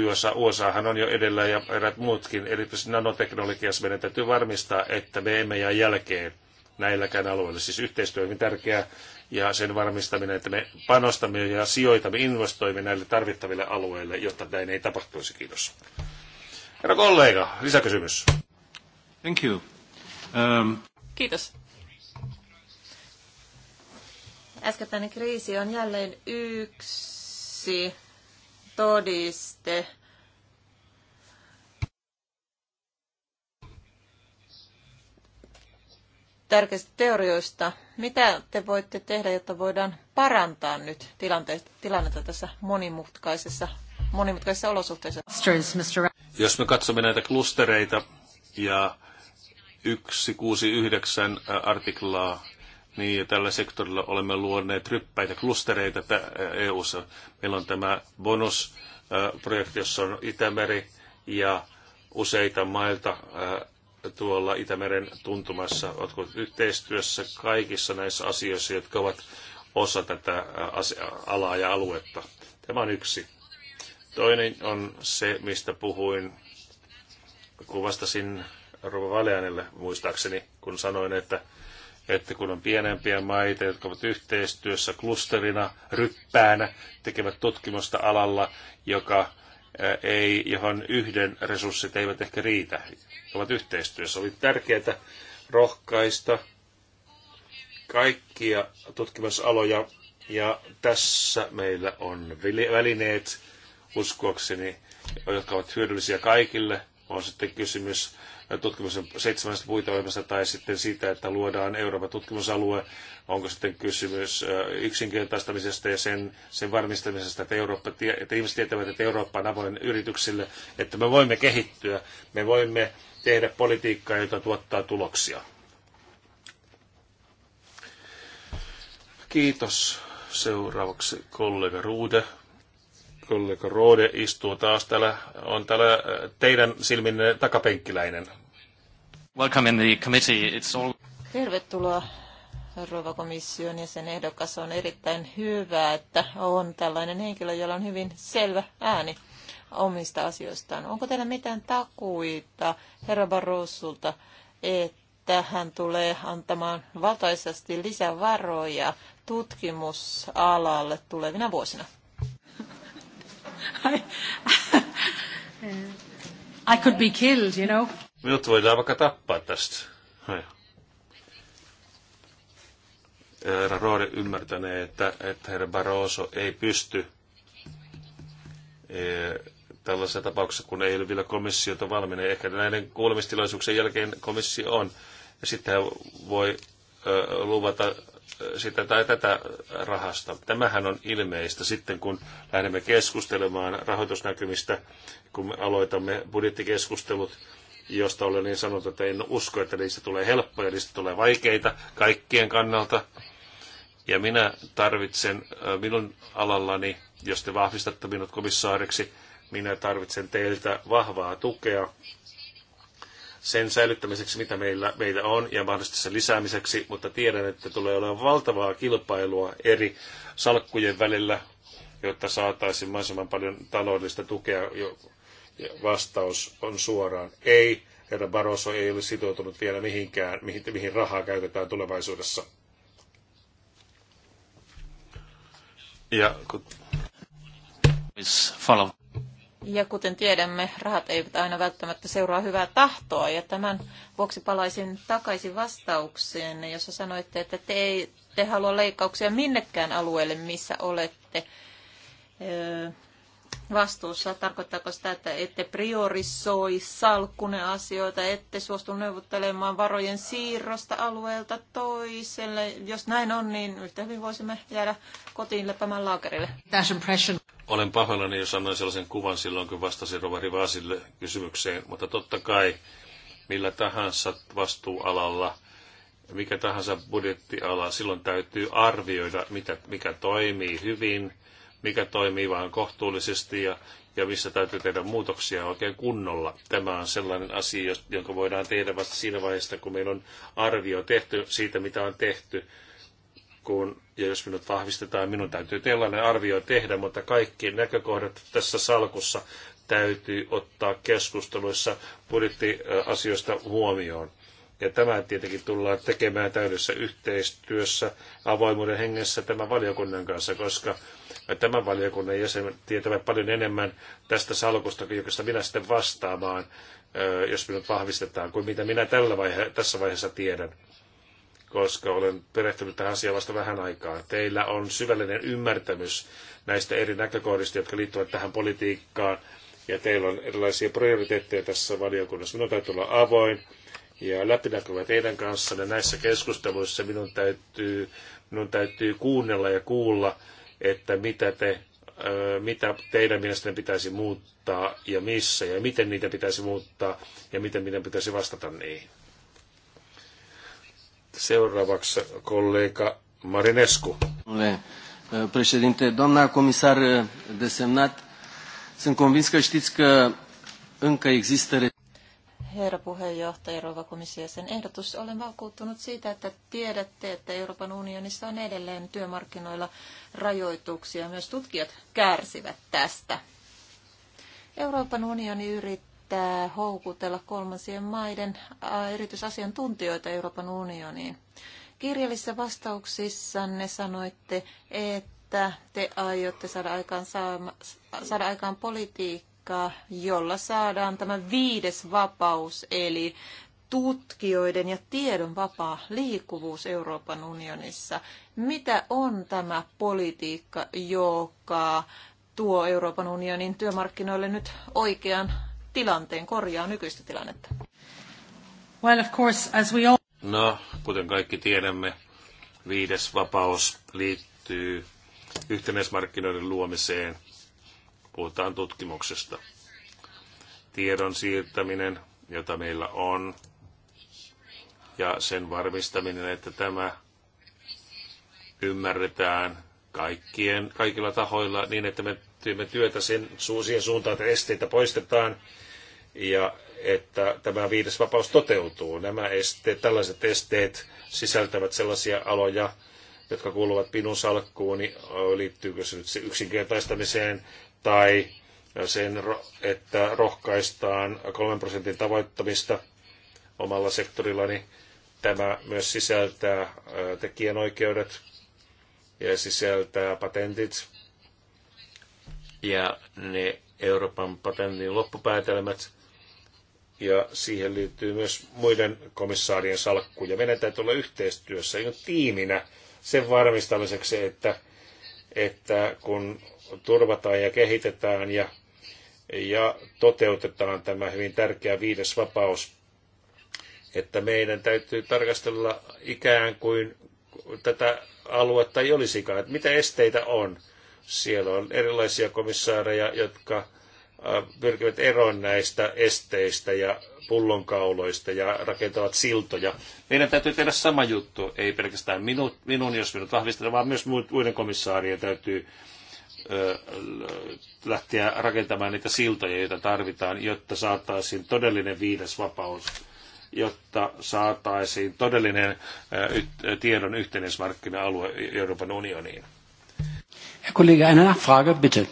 USA, USAhan on jo edellä ja erät muutkin, erityisesti nanoteknologiassa meidän täytyy varmistaa, että me emme jää jälkeen näilläkään alueilla. Siis yhteistyö on hyvin tärkeää ja sen varmistaminen, että me panostamme ja sijoitamme, investoimme näille tarvittaville alueille, jotta näin ei tapahtuisi. Kiitos. Herra kollega, lisäkysymys. Thank you. Um... Kiitos. Äskettäinen kriisi on jälleen yksi todiste tärkeistä teorioista. Mitä te voitte tehdä, jotta voidaan parantaa nyt tilannetta tässä monimutkaisessa, monimutkaisessa olosuhteessa? Jos me katsomme näitä klustereita ja 169 artiklaa, niin, ja tällä sektorilla olemme luoneet ryppäitä, klustereita EU-ssa. Meillä on tämä bonusprojekti, jossa on Itämeri ja useita mailta tuolla Itämeren tuntumassa. Oletko yhteistyössä kaikissa näissä asioissa, jotka ovat osa tätä alaa ja aluetta? Tämä on yksi. Toinen on se, mistä puhuin, kun vastasin Rova Valeanille muistaakseni, kun sanoin, että että kun on pienempiä maita, jotka ovat yhteistyössä klusterina, ryppäänä, tekevät tutkimusta alalla, joka ei, johon yhden resurssit eivät ehkä riitä, ovat yhteistyössä. Oli tärkeää rohkaista kaikkia tutkimusaloja, ja tässä meillä on välineet, uskoakseni, jotka ovat hyödyllisiä kaikille. On sitten kysymys tutkimuksen seitsemästä puiteohjelmasta tai sitten siitä, että luodaan Euroopan tutkimusalue. Onko sitten kysymys yksinkertaistamisesta ja sen, sen varmistamisesta, että, Eurooppa, että ihmiset tietävät, että Eurooppa on avoin yrityksille, että me voimme kehittyä, me voimme tehdä politiikkaa, joka tuottaa tuloksia. Kiitos. Seuraavaksi kollega Ruude kollega Rode istuu taas täällä, on täällä äh, teidän silminne takapenkkiläinen. Welcome in the committee. It's all... Tervetuloa rouva komission ja sen ehdokas on erittäin hyvä, että on tällainen henkilö, jolla on hyvin selvä ääni omista asioistaan. Onko teillä mitään takuita herra Barrosulta, että hän tulee antamaan valtaisesti lisävaroja tutkimusalalle tulevina vuosina? I, could be killed, you know. Minut voidaan vaikka tappaa tästä. Herra ymmärtänee, että, että herra Barroso ei pysty eh, tällaisessa tapauksessa, kun ei ole vielä komissiota valmiina. Ehkä näiden kuulemistilaisuuksien jälkeen komissio on. Ja sitten hän voi eh, luvata sitä tai tätä rahasta. Tämähän on ilmeistä sitten, kun lähdemme keskustelemaan rahoitusnäkymistä, kun me aloitamme budjettikeskustelut, josta olen niin sanonut, että en usko, että niistä tulee helppoja, niistä tulee vaikeita kaikkien kannalta. Ja minä tarvitsen äh, minun alallani, jos te vahvistatte minut komissaariksi, minä tarvitsen teiltä vahvaa tukea sen säilyttämiseksi, mitä meillä, meillä on, ja mahdollisesti sen lisäämiseksi, mutta tiedän, että tulee olemaan valtavaa kilpailua eri salkkujen välillä, jotta saataisiin mahdollisimman paljon taloudellista tukea. Ja vastaus on suoraan ei. Herra Barroso ei ole sitoutunut vielä mihinkään, mihin, mihin rahaa käytetään tulevaisuudessa. Ja kun... Follow. Ja kuten tiedämme, rahat eivät aina välttämättä seuraa hyvää tahtoa. Ja tämän vuoksi palaisin takaisin vastaukseen, jossa sanoitte, että te ei te halua leikkauksia minnekään alueelle, missä olette vastuussa. Tarkoittaako sitä, että ette priorisoi salkkune asioita, ette suostu neuvottelemaan varojen siirrosta alueelta toiselle? Jos näin on, niin yhtä hyvin voisimme jäädä kotiin lepäämään laakerille. Olen pahoillani, jos annoin sellaisen kuvan silloin, kun vastasin rovari Rivaasille kysymykseen, mutta totta kai millä tahansa vastuualalla, mikä tahansa budjettiala, silloin täytyy arvioida, mitä, mikä toimii hyvin, mikä toimii vain kohtuullisesti ja, ja missä täytyy tehdä muutoksia oikein kunnolla. Tämä on sellainen asia, jonka voidaan tehdä vasta siinä vaiheessa, kun meillä on arvio tehty siitä, mitä on tehty kun, ja jos minut vahvistetaan, minun täytyy tällainen arvio tehdä, mutta kaikki näkökohdat tässä salkussa täytyy ottaa keskusteluissa budjettiasioista huomioon. Ja tämä tietenkin tullaan tekemään täydessä yhteistyössä avoimuuden hengessä tämän valiokunnan kanssa, koska tämän valiokunnan jäsenet tietävät paljon enemmän tästä salkusta, josta minä sitten vastaamaan, jos minut vahvistetaan, kuin mitä minä tällä vaihe- tässä vaiheessa tiedän koska olen perehtynyt tähän asiaan vasta vähän aikaa. Teillä on syvällinen ymmärtämys näistä eri näkökohdista, jotka liittyvät tähän politiikkaan, ja teillä on erilaisia prioriteetteja tässä valiokunnassa. Minun täytyy olla avoin ja läpinäkyvä teidän kanssa, ja näissä keskusteluissa. Minun täytyy, minun täytyy kuunnella ja kuulla, että mitä te mitä teidän mielestänne pitäisi muuttaa ja missä ja miten niitä pitäisi muuttaa ja miten minä pitäisi vastata niihin. Seuraavaksi kollega Marinescu. Eh, președinte, doamna comisar eh, desemnat, sunt convins că știți că încă există... Herra puheenjohtaja, rouva komissiosen ehdotus. Olen vakuuttunut siitä, että tiedätte, että Euroopan unionissa on edelleen työmarkkinoilla rajoituksia. Myös tutkijat kärsivät tästä. Euroopan unioni yrittää yrittää houkutella kolmansien maiden erityisasiantuntijoita Euroopan unioniin. Kirjallisissa ne sanoitte, että te aiotte saada aikaan, saama, saada aikaan politiikkaa, jolla saadaan tämä viides vapaus, eli tutkijoiden ja tiedon vapaa liikkuvuus Euroopan unionissa. Mitä on tämä politiikka, joka tuo Euroopan unionin työmarkkinoille nyt oikean tilanteen, korjaa nykyistä tilannetta? Well, of course, as we all... No, kuten kaikki tiedämme, viides vapaus liittyy yhtenäismarkkinoiden luomiseen. Puhutaan tutkimuksesta. Tiedon siirtäminen, jota meillä on, ja sen varmistaminen, että tämä ymmärretään kaikkien, kaikilla tahoilla niin, että me teemme työtä sen suusien suuntaan, että esteitä poistetaan ja että tämä viides vapaus toteutuu. Nämä esteet, tällaiset esteet sisältävät sellaisia aloja, jotka kuuluvat minun salkkuuni, liittyykö se nyt yksinkertaistamiseen tai sen, että rohkaistaan kolmen prosentin tavoittamista omalla sektorillani. Tämä myös sisältää äh, tekijänoikeudet ja sisältää patentit ja ne Euroopan patentin loppupäätelmät – ja siihen liittyy myös muiden komissaarien salkku. Ja meidän täytyy olla yhteistyössä jo tiiminä sen varmistamiseksi, että, että kun turvataan ja kehitetään ja, ja toteutetaan tämä hyvin tärkeä viides vapaus, että meidän täytyy tarkastella ikään kuin tätä aluetta ei olisikaan, että mitä esteitä on. Siellä on erilaisia komissaareja, jotka pyrkivät eroon näistä esteistä ja pullonkauloista ja rakentavat siltoja. Meidän täytyy tehdä sama juttu, ei pelkästään minun, minun jos minut vahvistetaan, vaan myös muiden komissaarien täytyy ö, lähteä rakentamaan niitä siltoja, joita tarvitaan, jotta saataisiin todellinen viides vapaus, jotta saataisiin todellinen ö, tiedon yhteismarkkina-alue Euroopan unioniin. Herr enää eine Nachfrage, bitte.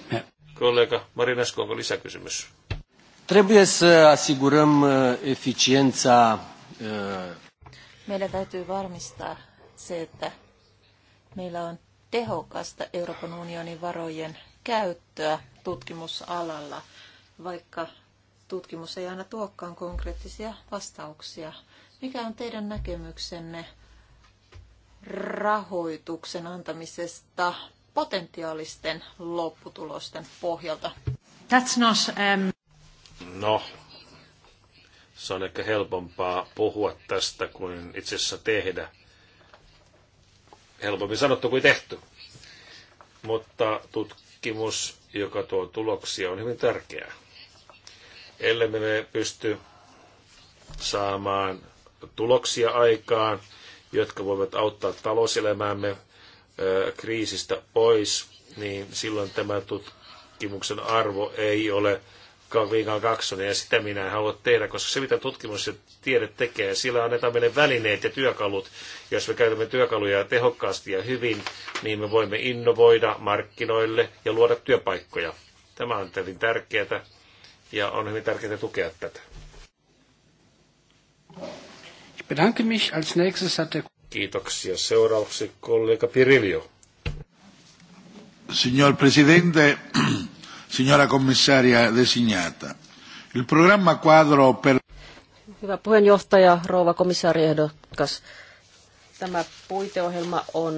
Kollega Marinescu, onko lisäkysymys? Trebuie să asigurăm uh, eficiența. Uh, meillä täytyy varmistaa se, että meillä on tehokasta Euroopan unionin varojen käyttöä tutkimusalalla, vaikka tutkimus ei aina tuokkaan konkreettisia vastauksia. Mikä on teidän näkemyksenne rahoituksen antamisesta potentiaalisten lopputulosten pohjalta? That's not, um... No, se on ehkä helpompaa puhua tästä kuin itse asiassa tehdä. Helpommin sanottu kuin tehty. Mutta tutkimus, joka tuo tuloksia, on hyvin tärkeää. Ellei me pysty saamaan tuloksia aikaan, jotka voivat auttaa talouselämäämme, kriisistä pois, niin silloin tämä tutkimuksen arvo ei ole liikaa kaksonen, ja sitä minä en halua tehdä, koska se mitä tutkimus ja tiede tekee, sillä annetaan meille välineet ja työkalut. Jos me käytämme työkaluja tehokkaasti ja hyvin, niin me voimme innovoida markkinoille ja luoda työpaikkoja. Tämä on hyvin tärkeää, ja on hyvin tärkeää tukea tätä. Ich bedanke mich. Als nächstes hat der Kiitoksia. Seuraavaksi kollega Pirilio. Signor Presidente, [CLEARS THROAT] signora commissaria designata, il programma quadro per... Hyvä puheenjohtaja, rouva komissaariehdokas. Tämä puiteohjelma on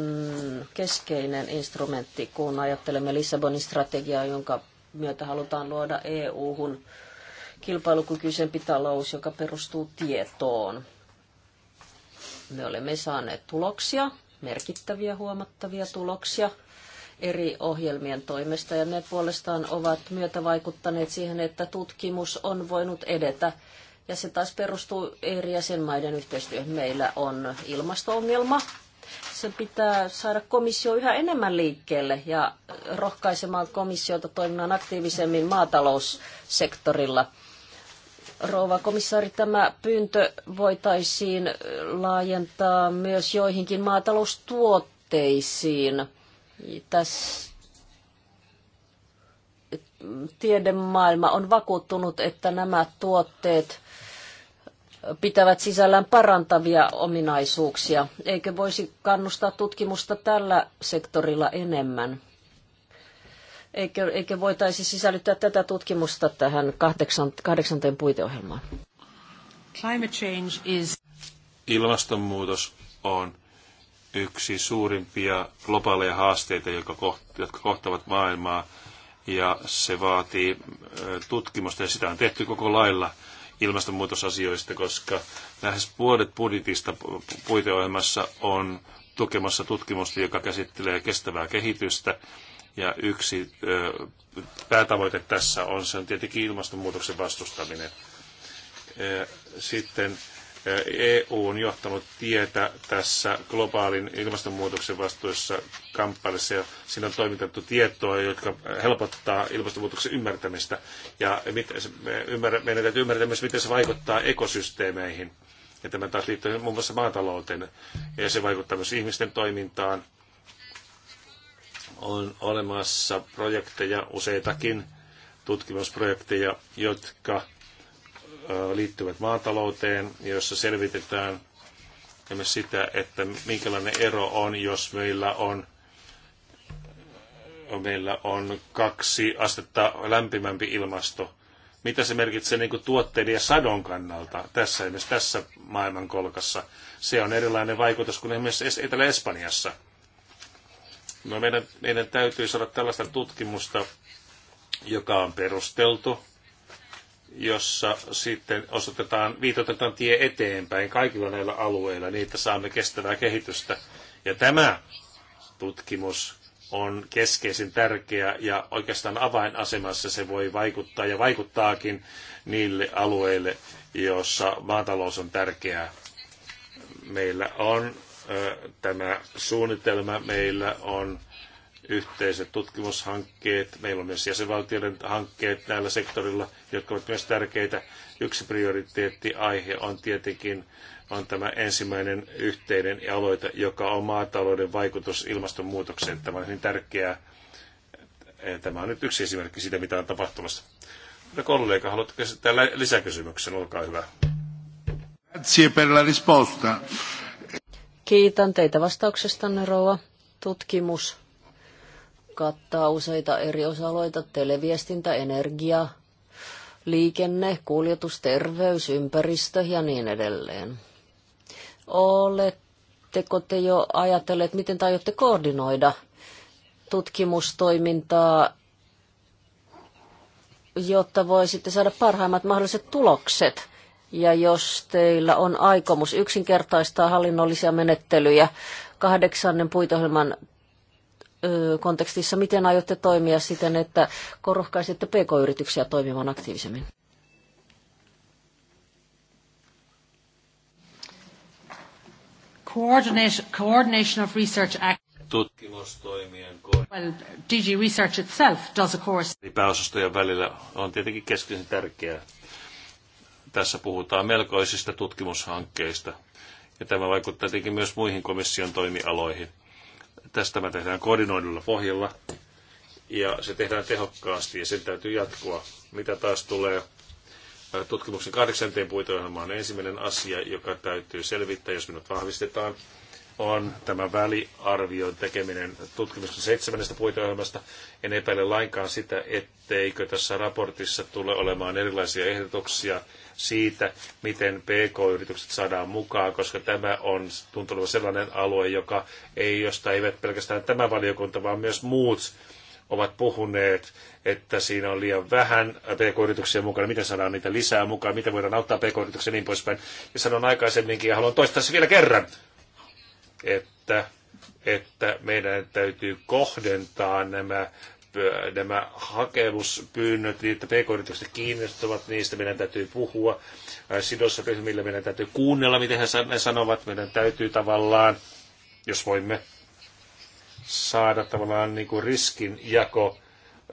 keskeinen instrumentti, kun ajattelemme Lissabonin strategiaa, jonka myötä halutaan luoda EU-hun kilpailukykyisempi talous, joka perustuu tietoon me olemme saaneet tuloksia, merkittäviä huomattavia tuloksia eri ohjelmien toimesta ja ne puolestaan ovat vaikuttaneet siihen, että tutkimus on voinut edetä ja se taas perustuu eri jäsenmaiden yhteistyöhön. Meillä on ilmastoongelma, sen pitää saada komissio yhä enemmän liikkeelle ja rohkaisemaan komissiota toimimaan aktiivisemmin maataloussektorilla – Rouva komissaari, tämä pyyntö voitaisiin laajentaa myös joihinkin maataloustuotteisiin. Tässä tiedemaailma on vakuuttunut, että nämä tuotteet pitävät sisällään parantavia ominaisuuksia. Eikö voisi kannustaa tutkimusta tällä sektorilla enemmän? Eikö, eikö voitaisi sisällyttää tätä tutkimusta tähän kahdeksan, kahdeksanteen puiteohjelmaan? Climate change is... Ilmastonmuutos on yksi suurimpia globaaleja haasteita, jotka kohtavat maailmaa, ja se vaatii tutkimusta, ja sitä on tehty koko lailla ilmastonmuutosasioista, koska lähes puolet budjetista puiteohjelmassa on tukemassa tutkimusta, joka käsittelee kestävää kehitystä ja yksi ö, päätavoite tässä on, se on tietenkin ilmastonmuutoksen vastustaminen. Sitten EU on johtanut tietä tässä globaalin ilmastonmuutoksen vastuussa kamppailussa ja siinä on toimitettu tietoa, jotka helpottaa ilmastonmuutoksen ymmärtämistä ja me ymmärrä, meidän täytyy ymmärtää myös, miten se vaikuttaa ekosysteemeihin. Ja tämä taas liittyy muun muassa maatalouteen ja se vaikuttaa myös ihmisten toimintaan on olemassa projekteja, useitakin tutkimusprojekteja, jotka liittyvät maatalouteen, joissa selvitetään myös sitä, että minkälainen ero on, jos meillä on meillä on kaksi astetta lämpimämpi ilmasto. Mitä se merkitsee niin tuotteiden ja sadon kannalta tässä esimerkiksi tässä maailmankolkassa? Se on erilainen vaikutus kuin esimerkiksi Etelä-Espanjassa. No meidän, meidän täytyy saada tällaista tutkimusta, joka on perusteltu, jossa sitten osoitetaan, viitotetaan tie eteenpäin kaikilla näillä alueilla, niin että saamme kestävää kehitystä. Ja tämä tutkimus on keskeisen tärkeä ja oikeastaan avainasemassa se voi vaikuttaa ja vaikuttaakin niille alueille, joissa maatalous on tärkeää. Meillä on tämä suunnitelma. Meillä on yhteiset tutkimushankkeet, meillä on myös jäsenvaltioiden hankkeet tällä sektorilla, jotka ovat myös tärkeitä. Yksi prioriteettiaihe on tietenkin on tämä ensimmäinen yhteinen aloite, joka on maatalouden vaikutus ilmastonmuutokseen. Tämä on hyvin tärkeää. Tämä on nyt yksi esimerkki siitä, mitä on tapahtumassa. Hyvä kollega, haluatko esittää lisäkysymyksen? Olkaa hyvä. Grazie per la risposta. Kiitän teitä vastauksestanne, rouva. Tutkimus kattaa useita eri osa-alueita, televiestintä, energia, liikenne, kuljetus, terveys, ympäristö ja niin edelleen. Oletteko te jo ajatelleet, miten te aiotte koordinoida tutkimustoimintaa, jotta voisitte saada parhaimmat mahdolliset tulokset? Ja jos teillä on aikomus yksinkertaistaa hallinnollisia menettelyjä kahdeksannen puitohjelman kontekstissa, miten aiotte toimia siten, että korohkaisitte pk-yrityksiä toimimaan aktiivisemmin? Coordination of research act. Tutkimustoimien well, DG Research itself does of course. Pääosastojen välillä on tietenkin keskeisen tärkeää tässä puhutaan melkoisista tutkimushankkeista. Ja tämä vaikuttaa tietenkin myös muihin komission toimialoihin. Tästä me tehdään koordinoidulla pohjalla ja se tehdään tehokkaasti ja sen täytyy jatkua. Mitä taas tulee tutkimuksen kahdeksanteen on ensimmäinen asia, joka täytyy selvittää, jos minut vahvistetaan – on tämä väliarvion tekeminen tutkimuksen seitsemännestä puiteohjelmasta. En epäile lainkaan sitä, etteikö tässä raportissa tule olemaan erilaisia ehdotuksia siitä, miten PK-yritykset saadaan mukaan, koska tämä on tuntunut sellainen alue, joka ei, josta eivät pelkästään tämä valiokunta, vaan myös muut ovat puhuneet, että siinä on liian vähän pk-yrityksiä mukana, miten saadaan niitä lisää mukaan, miten voidaan auttaa pk-yrityksiä niin poispäin. Ja sanon aikaisemminkin ja haluan toistaa se vielä kerran että, että meidän täytyy kohdentaa nämä nämä hakemuspyynnöt, niitä pk-yritykset kiinnostavat, niistä meidän täytyy puhua. Äh, sidosryhmille meidän täytyy kuunnella, miten he sanovat. Meidän täytyy tavallaan, jos voimme, saada tavallaan niin kuin riskinjako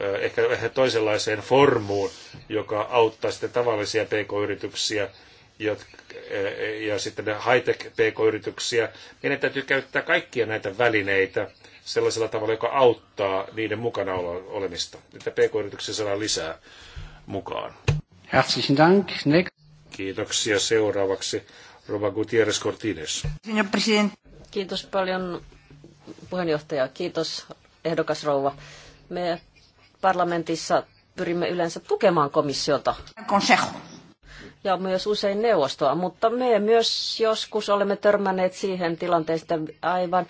äh, ehkä, ehkä toisenlaiseen formuun, joka auttaa sitten tavallisia pk-yrityksiä Eh, ja sitten high-tech pk-yrityksiä. Meidän täytyy käyttää kaikkia näitä välineitä sellaisella tavalla, joka auttaa niiden mukana olemista. Niitä pk-yrityksiä saadaan lisää mukaan. Herzlichen Dank. Kiitoksia. Seuraavaksi Roba Gutierrez Cortines. Kiitos paljon puheenjohtaja. Kiitos ehdokas rouva. Me parlamentissa pyrimme yleensä tukemaan komissiota. Consejo ja myös usein neuvostoa, mutta me myös joskus olemme törmänneet siihen tilanteesta aivan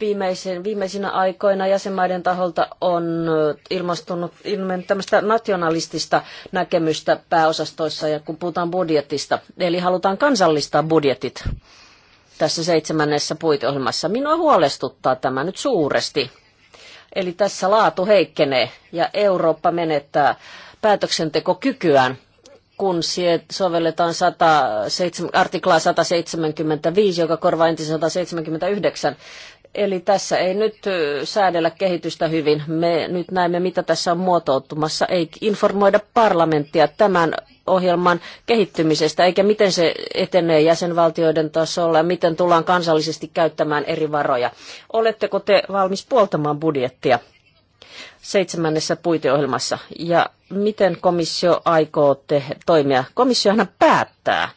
viimeisen, viimeisinä aikoina jäsenmaiden taholta on ilmastunut ilmen tämmöistä nationalistista näkemystä pääosastoissa ja kun puhutaan budjetista. Eli halutaan kansallistaa budjetit tässä seitsemännessä puiteohjelmassa. Minua huolestuttaa tämä nyt suuresti. Eli tässä laatu heikkenee ja Eurooppa menettää päätöksentekokykyään kun sovelletaan 7, artiklaa 175, joka korvaa entisen 179. Eli tässä ei nyt säädellä kehitystä hyvin. Me nyt näemme, mitä tässä on muotoutumassa. Ei informoida parlamenttia tämän ohjelman kehittymisestä, eikä miten se etenee jäsenvaltioiden tasolla ja miten tullaan kansallisesti käyttämään eri varoja. Oletteko te valmis puoltamaan budjettia? seitsemännessä puiteohjelmassa. Ja miten komissio aikoo te- toimia? Komissiohan päättää.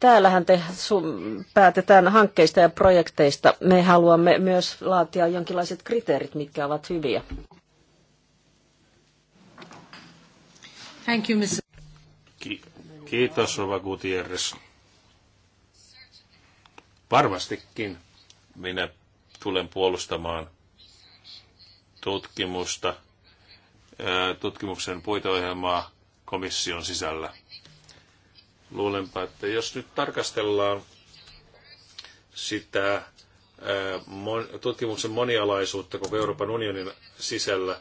Täällähän te sun, päätetään hankkeista ja projekteista. Me haluamme myös laatia jonkinlaiset kriteerit, mitkä ovat hyviä. Thank you, Mr. Ki- kiitos, Rova Gutierrez. Varmastikin minä tulen puolustamaan tutkimusta, tutkimuksen puiteohjelmaa komission sisällä. Luulenpa, että jos nyt tarkastellaan sitä tutkimuksen monialaisuutta koko Euroopan unionin sisällä,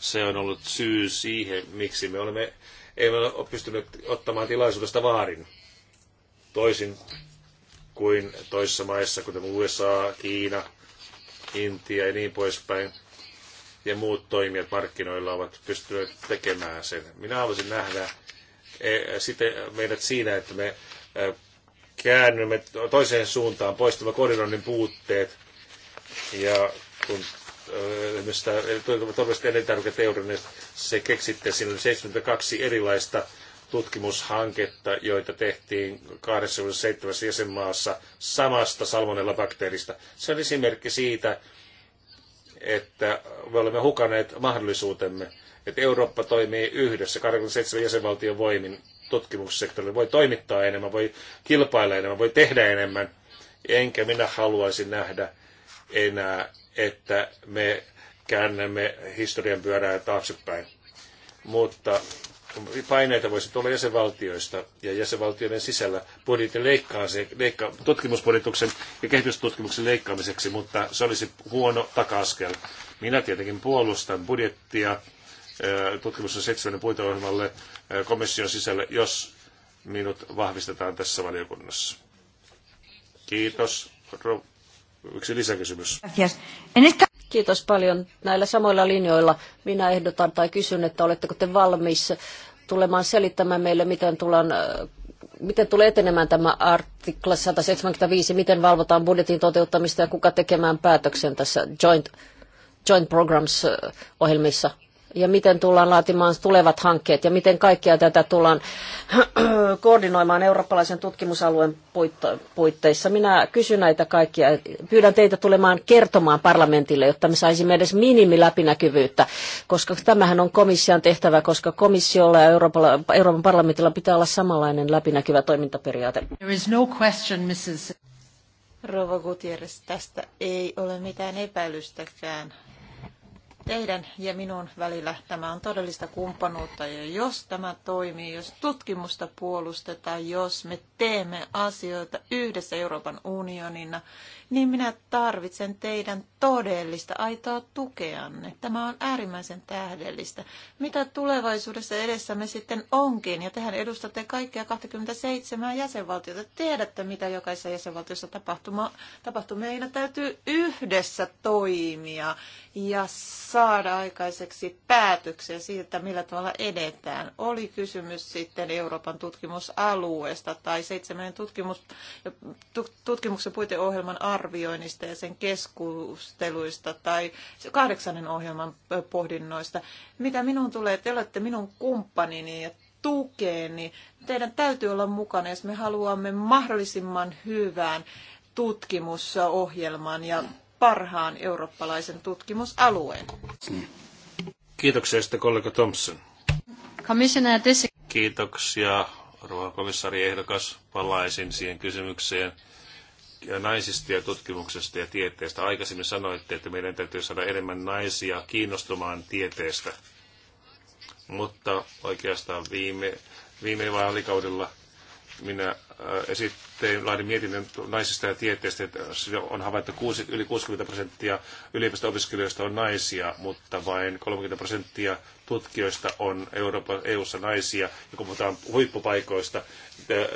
se on ollut syy siihen, miksi me olemme, ei ole pystyneet ottamaan tilaisuudesta vaarin. Toisin kuin toisissa maissa, kuten USA, Kiina, Intia ja niin poispäin, ja muut toimijat markkinoilla ovat pystyneet tekemään sen. Minä haluaisin nähdä e, sitten meidät siinä, että me e, käännymme toiseen suuntaan, poistamme koordinoinnin puutteet ja kun e, esimerkiksi todelliset elintarviketeorinnista se keksitte, siinä oli 72 erilaista tutkimushanketta, joita tehtiin 27 jäsenmaassa samasta salmonella bakteerista. Se on esimerkki siitä, että me olemme hukaneet mahdollisuutemme, että Eurooppa toimii yhdessä 27 jäsenvaltion voimin tutkimussektorilla, voi toimittaa enemmän, voi kilpailla enemmän, voi tehdä enemmän. Enkä minä haluaisi nähdä enää, että me käännämme historian pyörää taaksepäin. Mutta paineita voisi tulla jäsenvaltioista ja jäsenvaltioiden sisällä budjetin leikka, tutkimusbudjetuksen ja kehitystutkimuksen leikkaamiseksi, mutta se olisi huono takaskel. Minä tietenkin puolustan budjettia tutkimus- ja seksuaalinen puiteohjelmalle komission sisällä, jos minut vahvistetaan tässä valiokunnassa. Kiitos. Yksi lisäkysymys. Kiitos paljon. Näillä samoilla linjoilla minä ehdotan tai kysyn, että oletteko te valmis tulemaan selittämään meille, miten tullaan miten tulee etenemään tämä artikla 175, miten valvotaan budjetin toteuttamista ja kuka tekemään päätöksen tässä joint, joint programs-ohjelmissa? ja miten tullaan laatimaan tulevat hankkeet ja miten kaikkia tätä tullaan [CLEARS THROAT] koordinoimaan eurooppalaisen tutkimusalueen puitteissa. Minä kysyn näitä kaikkia. Pyydän teitä tulemaan kertomaan parlamentille, jotta me saisimme edes minimi läpinäkyvyyttä, koska tämähän on komission tehtävä, koska komissiolla ja Euroopan parlamentilla pitää olla samanlainen läpinäkyvä toimintaperiaate. There is no question, Mrs. Rova Gutierrez, tästä ei ole mitään epäilystäkään teidän ja minun välillä tämä on todellista kumppanuutta. Ja jos tämä toimii, jos tutkimusta puolustetaan, jos me teemme asioita yhdessä Euroopan unionina, niin minä tarvitsen teidän todellista aitoa tukeanne. Tämä on äärimmäisen tähdellistä. Mitä tulevaisuudessa edessämme sitten onkin? Ja tehän edustatte kaikkia 27 jäsenvaltiota. Tiedätte, mitä jokaisessa jäsenvaltiossa tapahtuu. Meidän täytyy yhdessä toimia ja saada aikaiseksi päätöksiä siitä, millä tavalla edetään. Oli kysymys sitten Euroopan tutkimusalueesta tai seitsemän tutkimus, tutkimuksen puiteohjelman arvioinnista ja sen keskusteluista tai kahdeksannen ohjelman pohdinnoista. Mitä minun tulee, te olette minun kumppanini ja tukeeni. Teidän täytyy olla mukana, jos me haluamme mahdollisimman hyvään tutkimusohjelman ja parhaan eurooppalaisen tutkimusalueen. Kiitoksia sitten kollega Thompson. Kiitoksia, arvoa komissaari ehdokas. Palaisin siihen kysymykseen ja naisista ja tutkimuksesta ja tieteestä. Aikaisemmin sanoitte, että meidän täytyy saada enemmän naisia kiinnostumaan tieteestä. Mutta oikeastaan viime, viime vaalikaudella minä äh, esittein, laadin mietinnön naisista ja tieteestä, että on havaittu yli 60 prosenttia yliopisto-opiskelijoista on naisia, mutta vain 30 prosenttia tutkijoista on Euroopan, EU-ssa naisia. Ja kun puhutaan huippupaikoista äh, äh,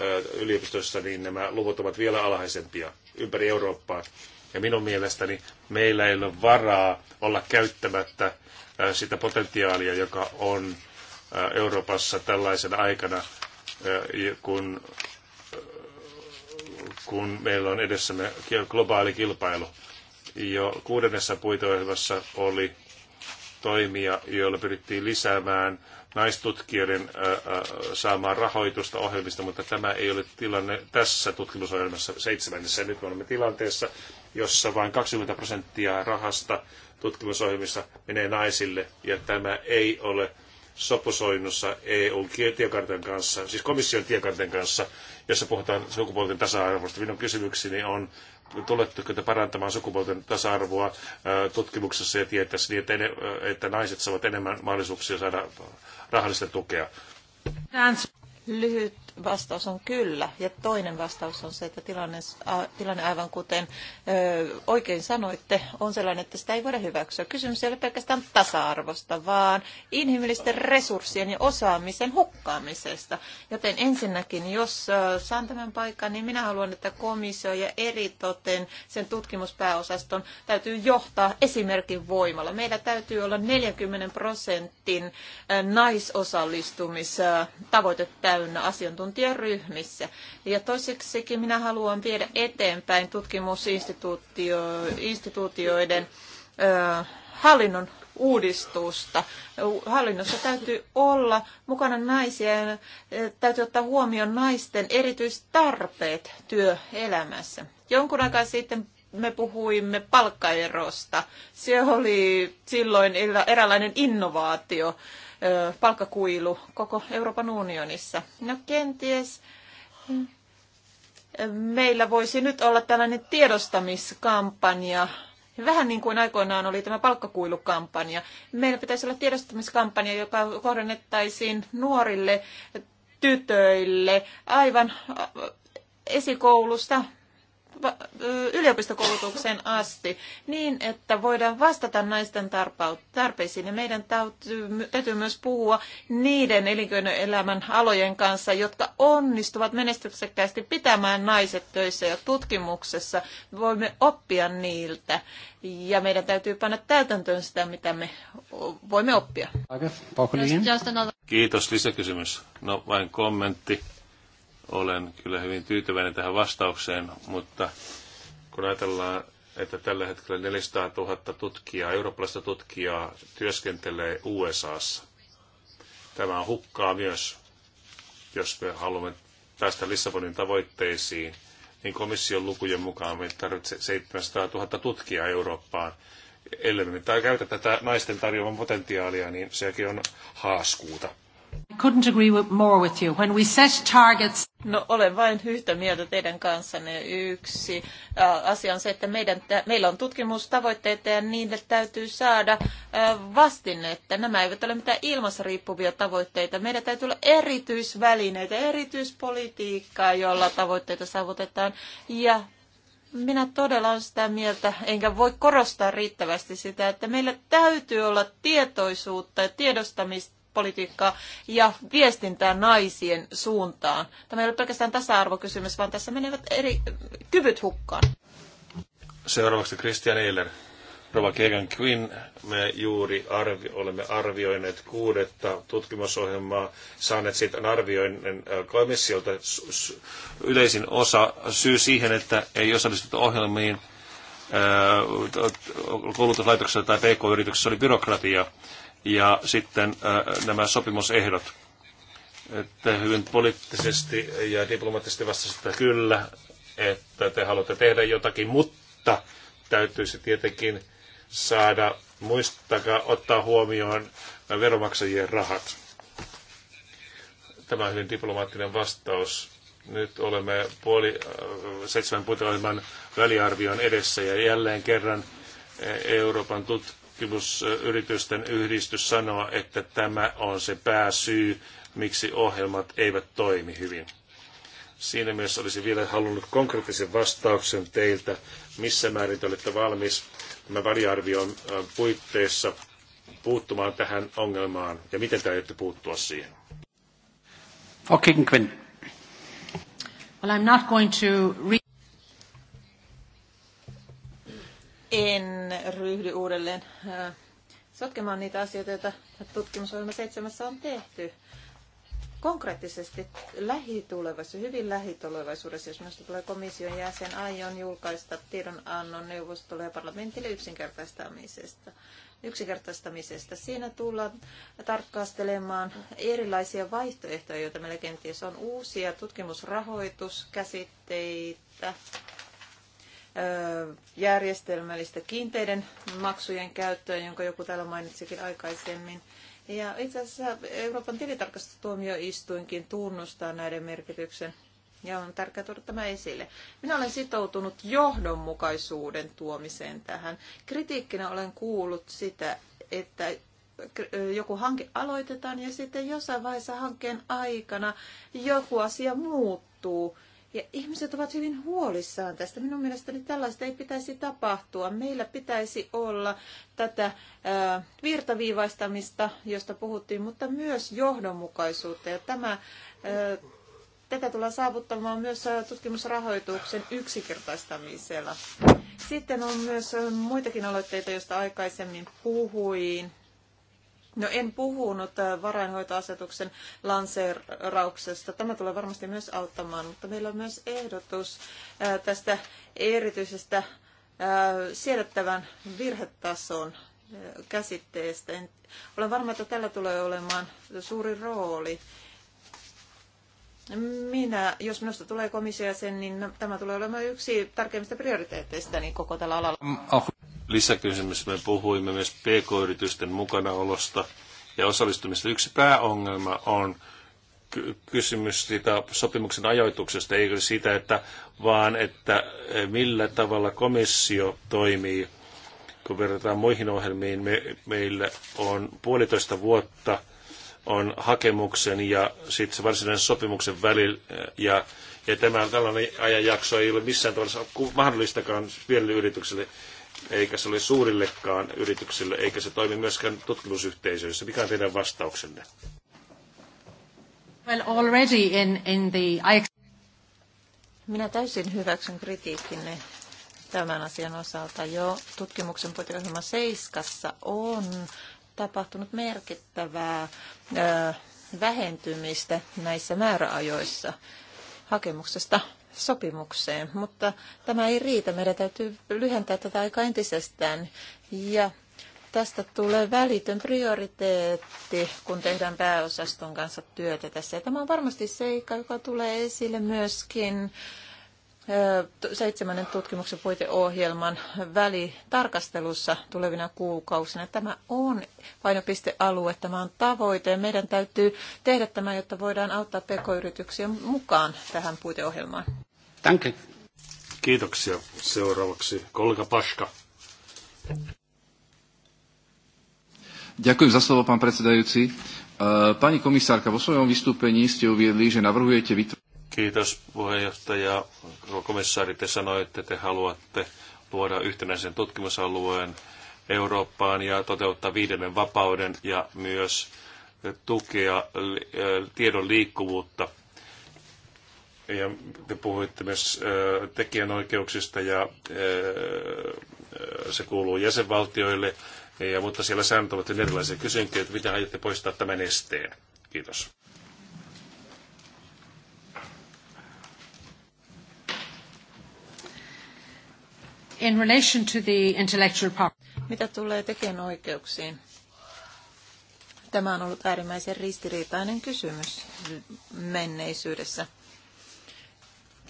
yliopistoissa, niin nämä luvut ovat vielä alhaisempia ympäri Eurooppaa. Ja minun mielestäni meillä ei ole varaa olla käyttämättä sitä potentiaalia, joka on Euroopassa tällaisen aikana kun, kun meillä on edessämme globaali kilpailu. Jo kuudennessa puitoehdossa oli toimia, joilla pyrittiin lisäämään naistutkijoiden saamaan rahoitusta ohjelmista, mutta tämä ei ole tilanne tässä tutkimusohjelmassa seitsemännessä. Nyt me olemme tilanteessa, jossa vain 20 prosenttia rahasta tutkimusohjelmissa menee naisille, ja tämä ei ole sopusoinnussa EUn tiekartan kanssa, siis komission tiekartan kanssa, jossa puhutaan sukupuolten tasa-arvosta. Minun kysymykseni on, tuletteko te parantamaan sukupuolten tasa-arvoa tutkimuksessa ja tietäisi niin, että, että naiset saavat enemmän mahdollisuuksia saada rahallista tukea? Lyhyt vastaus on kyllä. Ja toinen vastaus on se, että tilanne, tilanne aivan kuten ö, oikein sanoitte, on sellainen, että sitä ei voida hyväksyä. Kysymys ei ole pelkästään tasa-arvosta, vaan inhimillisten resurssien ja osaamisen hukkaamisesta. Joten ensinnäkin, jos ö, saan tämän paikan, niin minä haluan, että komissio ja eritoten sen tutkimuspääosaston täytyy johtaa esimerkin voimalla. Meillä täytyy olla 40 prosentin naisosallistumistavoite täynnä asiantuntijoita asiantuntijaryhmissä. Ja toiseksikin minä haluan viedä eteenpäin tutkimusinstituutioiden hallinnon uudistusta. Hallinnossa täytyy olla mukana naisia ja täytyy ottaa huomioon naisten erityistarpeet työelämässä. Jonkun aikaa sitten me puhuimme palkkaerosta. Se oli silloin eräänlainen innovaatio palkkakuilu koko Euroopan unionissa. No kenties meillä voisi nyt olla tällainen tiedostamiskampanja, Vähän niin kuin aikoinaan oli tämä palkkakuilukampanja. Meillä pitäisi olla tiedostamiskampanja, joka kohdennettaisiin nuorille tytöille aivan esikoulusta yliopistokoulutukseen asti niin, että voidaan vastata naisten tarpeisiin. Ja meidän täytyy, täytyy myös puhua niiden elinkeinoelämän alojen kanssa, jotka onnistuvat menestyksekkäästi pitämään naiset töissä ja tutkimuksessa. Voimme oppia niiltä ja meidän täytyy panna täytäntöön sitä, mitä me voimme oppia. Kiitos, lisäkysymys. No vain kommentti olen kyllä hyvin tyytyväinen tähän vastaukseen, mutta kun ajatellaan, että tällä hetkellä 400 000 tutkijaa, eurooppalaista tutkijaa työskentelee USAssa. Tämä on hukkaa myös, jos me haluamme päästä Lissabonin tavoitteisiin, niin komission lukujen mukaan me tarvitsee 700 000 tutkijaa Eurooppaan. Ellei me käytä tätä naisten tarjoaman potentiaalia, niin sekin on haaskuuta couldn't agree with, more with you. When we set targets... No olen vain yhtä mieltä teidän kanssanne. Yksi äh, asia on se, että meidän, meillä on tutkimustavoitteita ja niille täytyy saada äh, että Nämä eivät ole mitään ilmassa riippuvia tavoitteita. Meidän täytyy olla erityisvälineitä, erityispolitiikkaa, jolla tavoitteita saavutetaan. Ja minä todella olen sitä mieltä, enkä voi korostaa riittävästi sitä, että meillä täytyy olla tietoisuutta ja tiedostamista politiikkaa ja viestintää naisien suuntaan. Tämä ei ole pelkästään tasa-arvokysymys, vaan tässä menevät eri kyvyt hukkaan. Seuraavaksi Christian Eiler. Rova Kegan Quinn, me juuri arvi, olemme arvioineet kuudetta tutkimusohjelmaa, saaneet siitä arvioinnin äh, komissiolta yleisin osa syy siihen, että ei osallistuta ohjelmiin äh, koulutuslaitoksessa tai pk-yrityksessä oli byrokratia ja sitten äh, nämä sopimusehdot. Että hyvin poliittisesti ja diplomaattisesti vastasitte kyllä, että te haluatte tehdä jotakin, mutta täytyisi tietenkin saada, muistakaa ottaa huomioon veromaksajien rahat. Tämä on hyvin diplomaattinen vastaus. Nyt olemme puoli, äh, seitsemän puitelman väliarvion edessä ja jälleen kerran äh, Euroopan tut- tutkimusyritysten yhdistys sanoa, että tämä on se pääsyy, miksi ohjelmat eivät toimi hyvin. Siinä mielessä olisin vielä halunnut konkreettisen vastauksen teiltä, missä määrin te olette valmis tämän väliarvion puitteissa puuttumaan tähän ongelmaan ja miten te aiotte puuttua siihen. Okay, Well, I'm not going to en ryhdy uudelleen sotkemaan niitä asioita, joita tutkimusohjelma 7 on tehty. Konkreettisesti lähitulevaisuudessa, hyvin lähitulevaisuudessa, jos minusta tulee komission jäsen, aion julkaista tiedonannon neuvostolle ja parlamentille yksinkertaistamisesta. yksinkertaistamisesta. Siinä tullaan tarkastelemaan erilaisia vaihtoehtoja, joita meillä kenties on uusia tutkimusrahoituskäsitteitä, järjestelmällistä kiinteiden maksujen käyttöä, jonka joku täällä mainitsikin aikaisemmin. Ja itse asiassa Euroopan tilitarkastustuomioistuinkin tunnustaa näiden merkityksen ja on tärkeää tuoda tämä esille. Minä olen sitoutunut johdonmukaisuuden tuomiseen tähän. Kritiikkinä olen kuullut sitä, että joku hanke aloitetaan ja sitten jossain vaiheessa hankkeen aikana joku asia muuttuu ja ihmiset ovat hyvin huolissaan tästä. Minun mielestäni tällaista ei pitäisi tapahtua. Meillä pitäisi olla tätä ää, virtaviivaistamista, josta puhuttiin, mutta myös johdonmukaisuutta. Ja tämä, tätä tullaan saavuttamaan myös tutkimusrahoituksen yksinkertaistamisella. Sitten on myös muitakin aloitteita, joista aikaisemmin puhuin. No en puhunut äh, varainhoitoasetuksen lanseerauksesta. Tämä tulee varmasti myös auttamaan, mutta meillä on myös ehdotus äh, tästä erityisestä äh, siedettävän virhetason käsitteestä. En, olen varma, että tällä tulee olemaan suuri rooli. Minä, jos minusta tulee komissio niin no, tämä tulee olemaan yksi tärkeimmistä prioriteetteista niin koko tällä alalla. Mm, oh. Lisäkysymys. Me puhuimme myös PK-yritysten mukanaolosta ja osallistumista. Yksi pääongelma on kysymys siitä sopimuksen ajoituksesta, eikö siitä, että, vaan että eh, millä tavalla komissio toimii. Kun verrataan muihin ohjelmiin, me, meillä on puolitoista vuotta – on hakemuksen ja sitten se varsinaisen sopimuksen välillä. Ja, ja tämä tällainen ajanjakso ei ole missään tavalla mahdollistakaan pienille yritykselle, eikä se ole suurillekaan yrityksille, eikä se toimi myöskään tutkimusyhteisöissä. Mikä on teidän vastauksenne? Well, already in, in the... Minä täysin hyväksyn kritiikkinne tämän asian osalta jo tutkimuksen potilasohjelma 7 on tapahtunut merkittävää vähentymistä näissä määräajoissa hakemuksesta sopimukseen, mutta tämä ei riitä. Meidän täytyy lyhentää tätä aikaa entisestään ja tästä tulee välitön prioriteetti, kun tehdään pääosaston kanssa työtä tässä. Ja tämä on varmasti seikka, joka tulee esille myöskin äh, seitsemännen tutkimuksen puiteohjelman välitarkastelussa tulevina kuukausina. Tämä on painopistealue, tämä on tavoite ja meidän täytyy tehdä tämä, jotta voidaan auttaa pk-yrityksiä mukaan tähän puiteohjelmaan. Danke. Kiitoksia. Seuraavaksi kollega Paska. Ďakujem za slovo, pán predsedajúci. Pani komisárka, vo svojom vystúpení ste uviedli, že navrhujete vytvoriť Kiitos puheenjohtaja. Komissaari, te sanoitte, että te haluatte luoda yhtenäisen tutkimusalueen Eurooppaan ja toteuttaa viidennen vapauden ja myös tukea äh, tiedon liikkuvuutta. Ja te puhuitte myös äh, tekijänoikeuksista ja äh, se kuuluu jäsenvaltioille, ja, mutta siellä säännöt ovat erilaisia. Kysynkin, että mitä aiotte poistaa tämän esteen? Kiitos. in relation to the intellectual property. Mitä tulee tekijänoikeuksiin? Tämä on ollut äärimmäisen ristiriitainen kysymys menneisyydessä.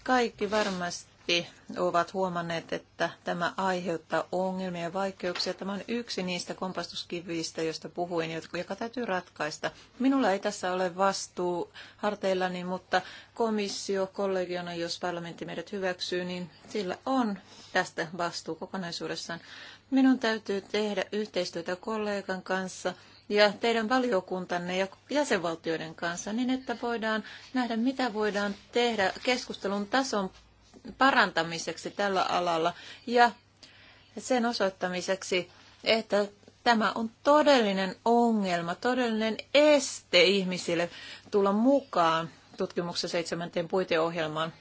Kaikki varmasti kaikki ovat huomanneet, että tämä aiheuttaa ongelmia ja vaikeuksia. Tämä on yksi niistä kompastuskivistä, joista puhuin, joka täytyy ratkaista. Minulla ei tässä ole vastuu harteillani, mutta komissio kollegiona, jos parlamentti meidät hyväksyy, niin sillä on tästä vastuu kokonaisuudessaan. Minun täytyy tehdä yhteistyötä kollegan kanssa ja teidän valiokuntanne ja jäsenvaltioiden kanssa niin, että voidaan nähdä, mitä voidaan tehdä keskustelun tason parantamiseksi tällä alalla ja sen osoittamiseksi, että tämä on todellinen ongelma, todellinen este ihmisille tulla mukaan tutkimuksen seitsemänteen puiteohjelmaan.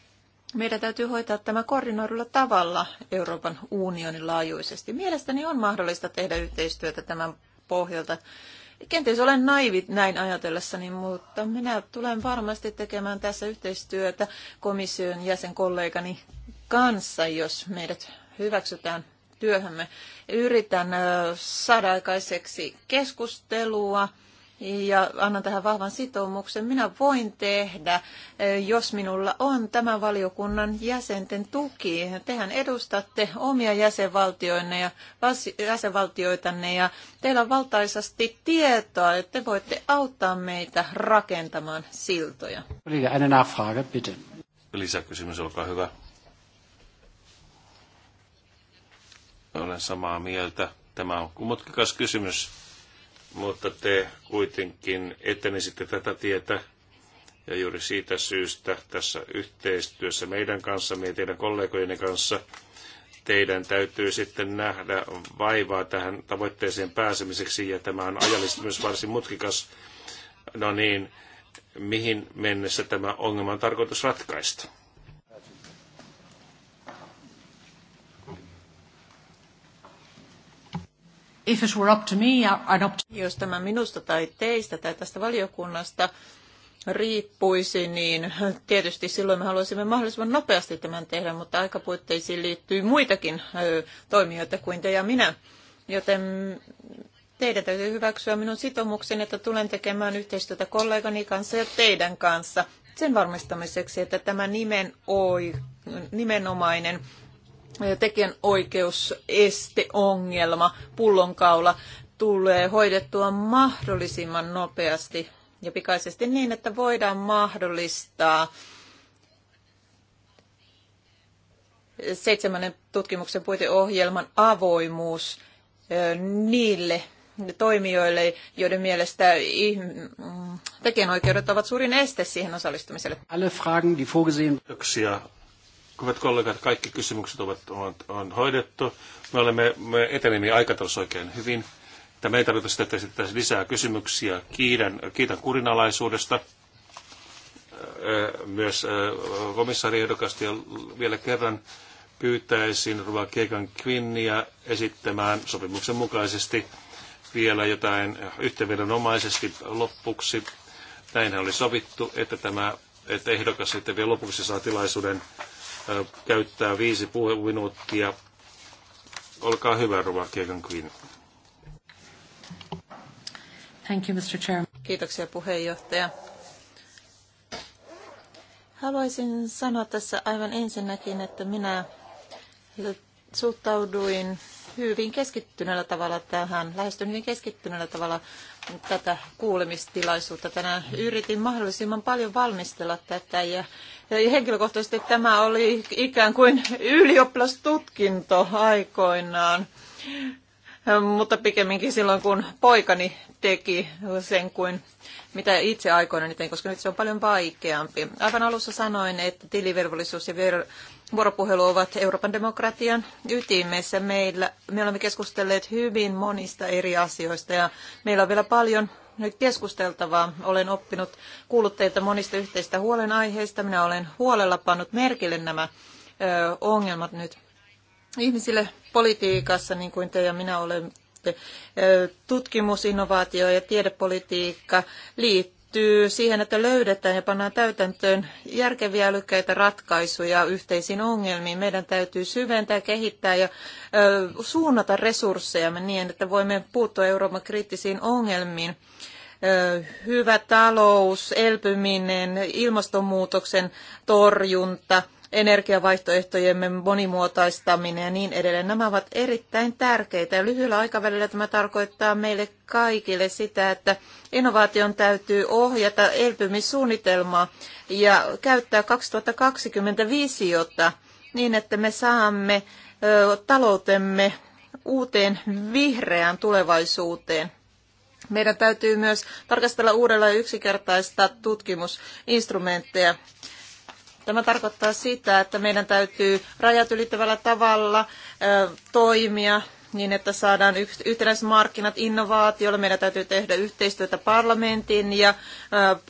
Meidän täytyy hoitaa tämä koordinoidulla tavalla Euroopan unionin laajuisesti. Mielestäni on mahdollista tehdä yhteistyötä tämän pohjalta Kenties olen naivit näin ajatellessani, mutta minä tulen varmasti tekemään tässä yhteistyötä komission jäsenkollegani kanssa, jos meidät hyväksytään työhömme. Yritän saada aikaiseksi keskustelua ja annan tähän vahvan sitoumuksen. Minä voin tehdä, jos minulla on tämän valiokunnan jäsenten tuki. Tehän edustatte omia jäsenvaltioinne ja jäsenvaltioitanne ja teillä on valtaisasti tietoa, että te voitte auttaa meitä rakentamaan siltoja. Lisäkysymys, olkaa hyvä. Olen samaa mieltä. Tämä on kumotkikas kysymys mutta te kuitenkin etenisitte tätä tietä ja juuri siitä syystä tässä yhteistyössä meidän kanssamme ja teidän kollegojenne kanssa teidän täytyy sitten nähdä vaivaa tähän tavoitteeseen pääsemiseksi ja tämä on ajallisesti myös varsin mutkikas. No niin, mihin mennessä tämä ongelma on tarkoitus ratkaista? if it were up to me, I'd up to... Jos tämä minusta tai teistä tai tästä valiokunnasta riippuisi, niin tietysti silloin me haluaisimme mahdollisimman nopeasti tämän tehdä, mutta aikapuitteisiin liittyy muitakin toimijoita kuin te ja minä. Joten teidän täytyy hyväksyä minun sitoumukseni, että tulen tekemään yhteistyötä kollegani kanssa ja teidän kanssa sen varmistamiseksi, että tämä nimen nimenomainen tekijän pullonkaula, tulee hoidettua mahdollisimman nopeasti ja pikaisesti niin, että voidaan mahdollistaa seitsemännen tutkimuksen puiteohjelman avoimuus niille toimijoille, joiden mielestä tekijänoikeudet ovat suurin este siihen osallistumiselle. Alle Fragen, die vorgesehen... Hyvät kollegat, kaikki kysymykset ovat, on, on hoidettu. Me olemme me etenemme aikataulussa oikein hyvin. Tämä ei tarvita sitä, että esittäisiin lisää kysymyksiä. Kiitän, kiitän kurinalaisuudesta myös komissaariehdokasta ja vielä kerran pyytäisin Ruva Keikan Quinnia esittämään sopimuksen mukaisesti vielä jotain yhteenvedonomaisesti loppuksi. Näinhän oli sovittu, että tämä että ehdokas sitten vielä lopuksi saa tilaisuuden käyttää viisi puheminuuttia. Olkaa hyvä, Rova Kiekan Queen. Thank you, Mr. Chairman. Kiitoksia puheenjohtaja. Haluaisin sanoa tässä aivan ensinnäkin, että minä suhtauduin hyvin keskittyneellä tavalla tähän, lähestyn hyvin keskittyneellä tavalla tätä kuulemistilaisuutta tänään. Yritin mahdollisimman paljon valmistella tätä ja henkilökohtaisesti tämä oli ikään kuin ylioppilastutkinto aikoinaan. Mutta pikemminkin silloin, kun poikani teki sen kuin mitä itse aikoina tein, koska nyt se on paljon vaikeampi. Aivan alussa sanoin, että tilivervollisuus ja ver- vuoropuhelu ovat Euroopan demokratian ytimessä. Meillä, me olemme keskustelleet hyvin monista eri asioista ja meillä on vielä paljon nyt keskusteltavaa. Olen oppinut kuullut teiltä monista yhteistä huolenaiheista. Minä olen huolella pannut merkille nämä ö, ongelmat nyt ihmisille politiikassa, niin kuin te ja minä olemme. Tutkimus, innovaatio ja tiedepolitiikka liittyy liittyy siihen, että löydetään ja pannaan täytäntöön järkeviä älykkäitä ratkaisuja yhteisiin ongelmiin. Meidän täytyy syventää, kehittää ja ö, suunnata resurssejamme niin, että voimme puuttua Euroopan kriittisiin ongelmiin. Ö, hyvä talous, elpyminen, ilmastonmuutoksen torjunta – energiavaihtoehtojemme monimuotoistaminen ja niin edelleen. Nämä ovat erittäin tärkeitä ja lyhyellä aikavälillä tämä tarkoittaa meille kaikille sitä, että innovaation täytyy ohjata elpymissuunnitelmaa ja käyttää 2020 visiota niin, että me saamme taloutemme uuteen vihreään tulevaisuuteen. Meidän täytyy myös tarkastella uudella yksikertaista yksinkertaista tutkimusinstrumentteja. Tämä tarkoittaa sitä, että meidän täytyy rajat ylittävällä tavalla toimia niin, että saadaan yhtenäiset markkinat innovaatiolle. Meidän täytyy tehdä yhteistyötä parlamentin ja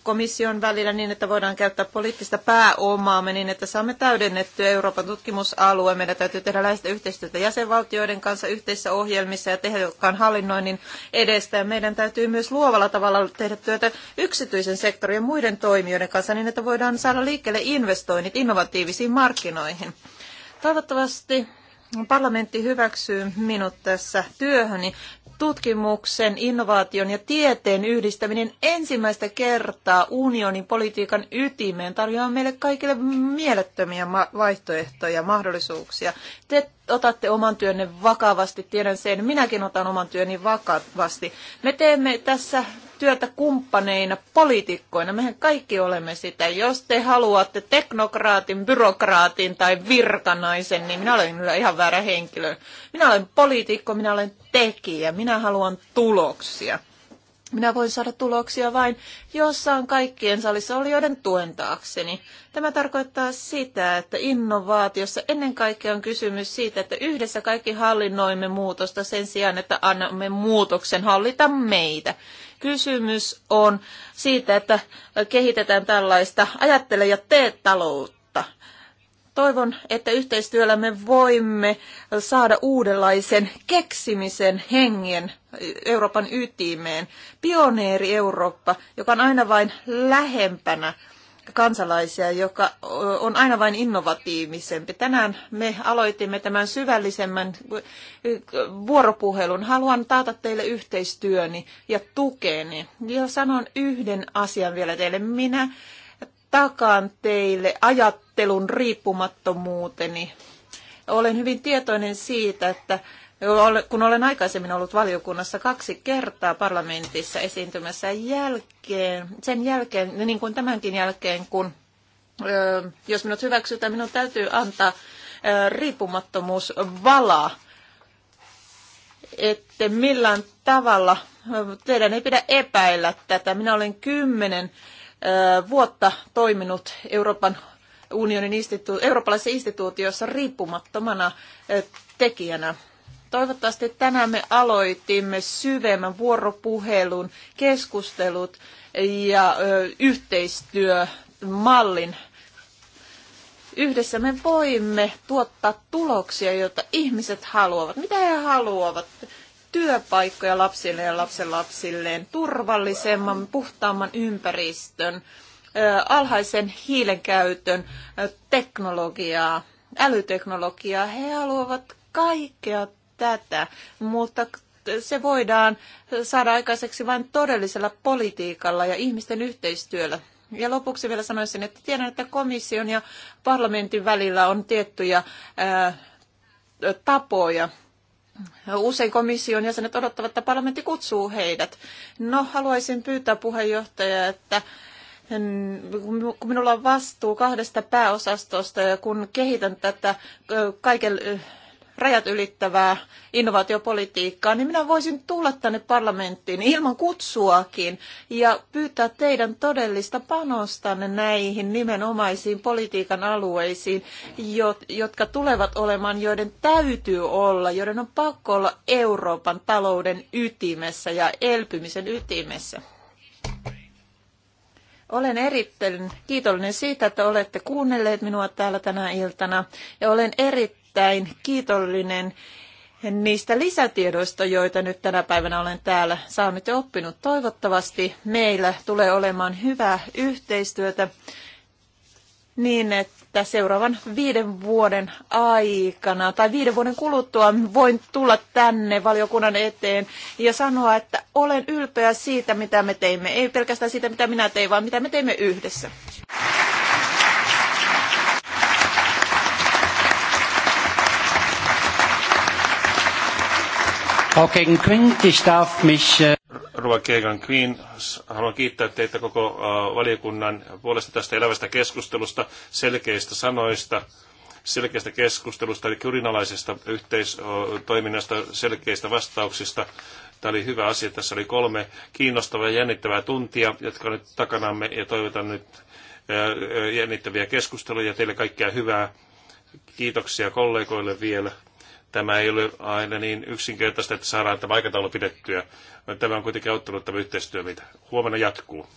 komission välillä niin, että voidaan käyttää poliittista pääomaamme niin, että saamme täydennettyä Euroopan tutkimusalue. Meidän täytyy tehdä läheistä yhteistyötä jäsenvaltioiden kanssa yhteisissä ohjelmissa ja tehokkaan hallinnoinnin edestä. Ja meidän täytyy myös luovalla tavalla tehdä työtä yksityisen sektorin ja muiden toimijoiden kanssa niin, että voidaan saada liikkeelle investoinnit innovatiivisiin markkinoihin. Toivottavasti parlamentti hyväksyy minut tässä työhöni. Tutkimuksen, innovaation ja tieteen yhdistäminen ensimmäistä kertaa unionin politiikan ytimeen tarjoaa meille kaikille mielettömiä vaihtoehtoja, ja mahdollisuuksia. Te otatte oman työnne vakavasti, tiedän sen, minäkin otan oman työni vakavasti. Me teemme tässä työtä kumppaneina, poliitikkoina. Mehän kaikki olemme sitä. Jos te haluatte teknokraatin, byrokraatin tai virkanaisen, niin minä olen kyllä ihan väärä henkilö. Minä olen poliitikko, minä olen tekijä, minä haluan tuloksia. Minä voin saada tuloksia vain, jossa on kaikkien salissa olijoiden tuen taakseni. Tämä tarkoittaa sitä, että innovaatiossa ennen kaikkea on kysymys siitä, että yhdessä kaikki hallinnoimme muutosta sen sijaan, että annamme muutoksen hallita meitä. Kysymys on siitä, että kehitetään tällaista ajattele ja tee taloutta. Toivon, että yhteistyöllä me voimme saada uudenlaisen keksimisen hengen Euroopan ytimeen. Pioneeri Eurooppa, joka on aina vain lähempänä kansalaisia, joka on aina vain innovatiivisempi. Tänään me aloitimme tämän syvällisemmän vuoropuhelun. Haluan taata teille yhteistyöni ja tukeni. Ja sanon yhden asian vielä teille. Minä takaan teille ajattelun riippumattomuuteni. Olen hyvin tietoinen siitä, että kun olen aikaisemmin ollut valiokunnassa kaksi kertaa parlamentissa esiintymässä jälkeen, sen jälkeen, no niin kuin tämänkin jälkeen, kun jos minut hyväksytään, minun täytyy antaa riippumattomuus valaa, että millään tavalla teidän ei pidä epäillä tätä. Minä olen kymmenen vuotta toiminut Euroopan unionin institu- eurooppalaisessa instituutiossa riippumattomana tekijänä. Toivottavasti tänään me aloitimme syvemmän vuoropuhelun, keskustelut ja yhteistyömallin. Yhdessä me voimme tuottaa tuloksia, joita ihmiset haluavat. Mitä he haluavat? Työpaikkoja lapsille ja lapsenlapsilleen, turvallisemman, puhtaamman ympäristön, alhaisen hiilenkäytön teknologiaa, älyteknologiaa. He haluavat kaikkea tätä, mutta se voidaan saada aikaiseksi vain todellisella politiikalla ja ihmisten yhteistyöllä. Ja lopuksi vielä sanoisin, että tiedän, että komission ja parlamentin välillä on tiettyjä ää, tapoja Usein komission jäsenet odottavat, että parlamentti kutsuu heidät. No, haluaisin pyytää puheenjohtajaa, että kun minulla on vastuu kahdesta pääosastosta ja kun kehitän tätä kaiken rajat ylittävää innovaatiopolitiikkaa, niin minä voisin tulla tänne parlamenttiin ilman kutsuakin ja pyytää teidän todellista panostanne näihin nimenomaisiin politiikan alueisiin, jotka tulevat olemaan, joiden täytyy olla, joiden on pakko olla Euroopan talouden ytimessä ja elpymisen ytimessä. Olen erittäin kiitollinen siitä, että olette kuunnelleet minua täällä tänä iltana ja olen erittäin erittäin kiitollinen niistä lisätiedoista, joita nyt tänä päivänä olen täällä saanut ja oppinut. Toivottavasti meillä tulee olemaan hyvää yhteistyötä niin, että seuraavan viiden vuoden aikana tai viiden vuoden kuluttua voin tulla tänne valiokunnan eteen ja sanoa, että olen ylpeä siitä, mitä me teimme. Ei pelkästään siitä, mitä minä tein, vaan mitä me teimme yhdessä. Rouva Gegenquin, ich darf mich... Äh, haluan kiittää teitä koko äh, valiokunnan puolesta tästä elävästä keskustelusta, selkeistä sanoista, selkeästä keskustelusta, eli kurinalaisesta yhteistoiminnasta, selkeistä vastauksista. Tämä oli hyvä asia. Tässä oli kolme kiinnostavaa ja jännittävää tuntia, jotka nyt takanamme, ja toivotan nyt jännittäviä keskusteluja. Teille kaikkea hyvää. Kiitoksia kollegoille vielä. Tämä ei ole aina niin yksinkertaista, että saadaan tämä aikataulu pidettyä. Tämä on kuitenkin auttanut tämä yhteistyö, mitä huomenna jatkuu.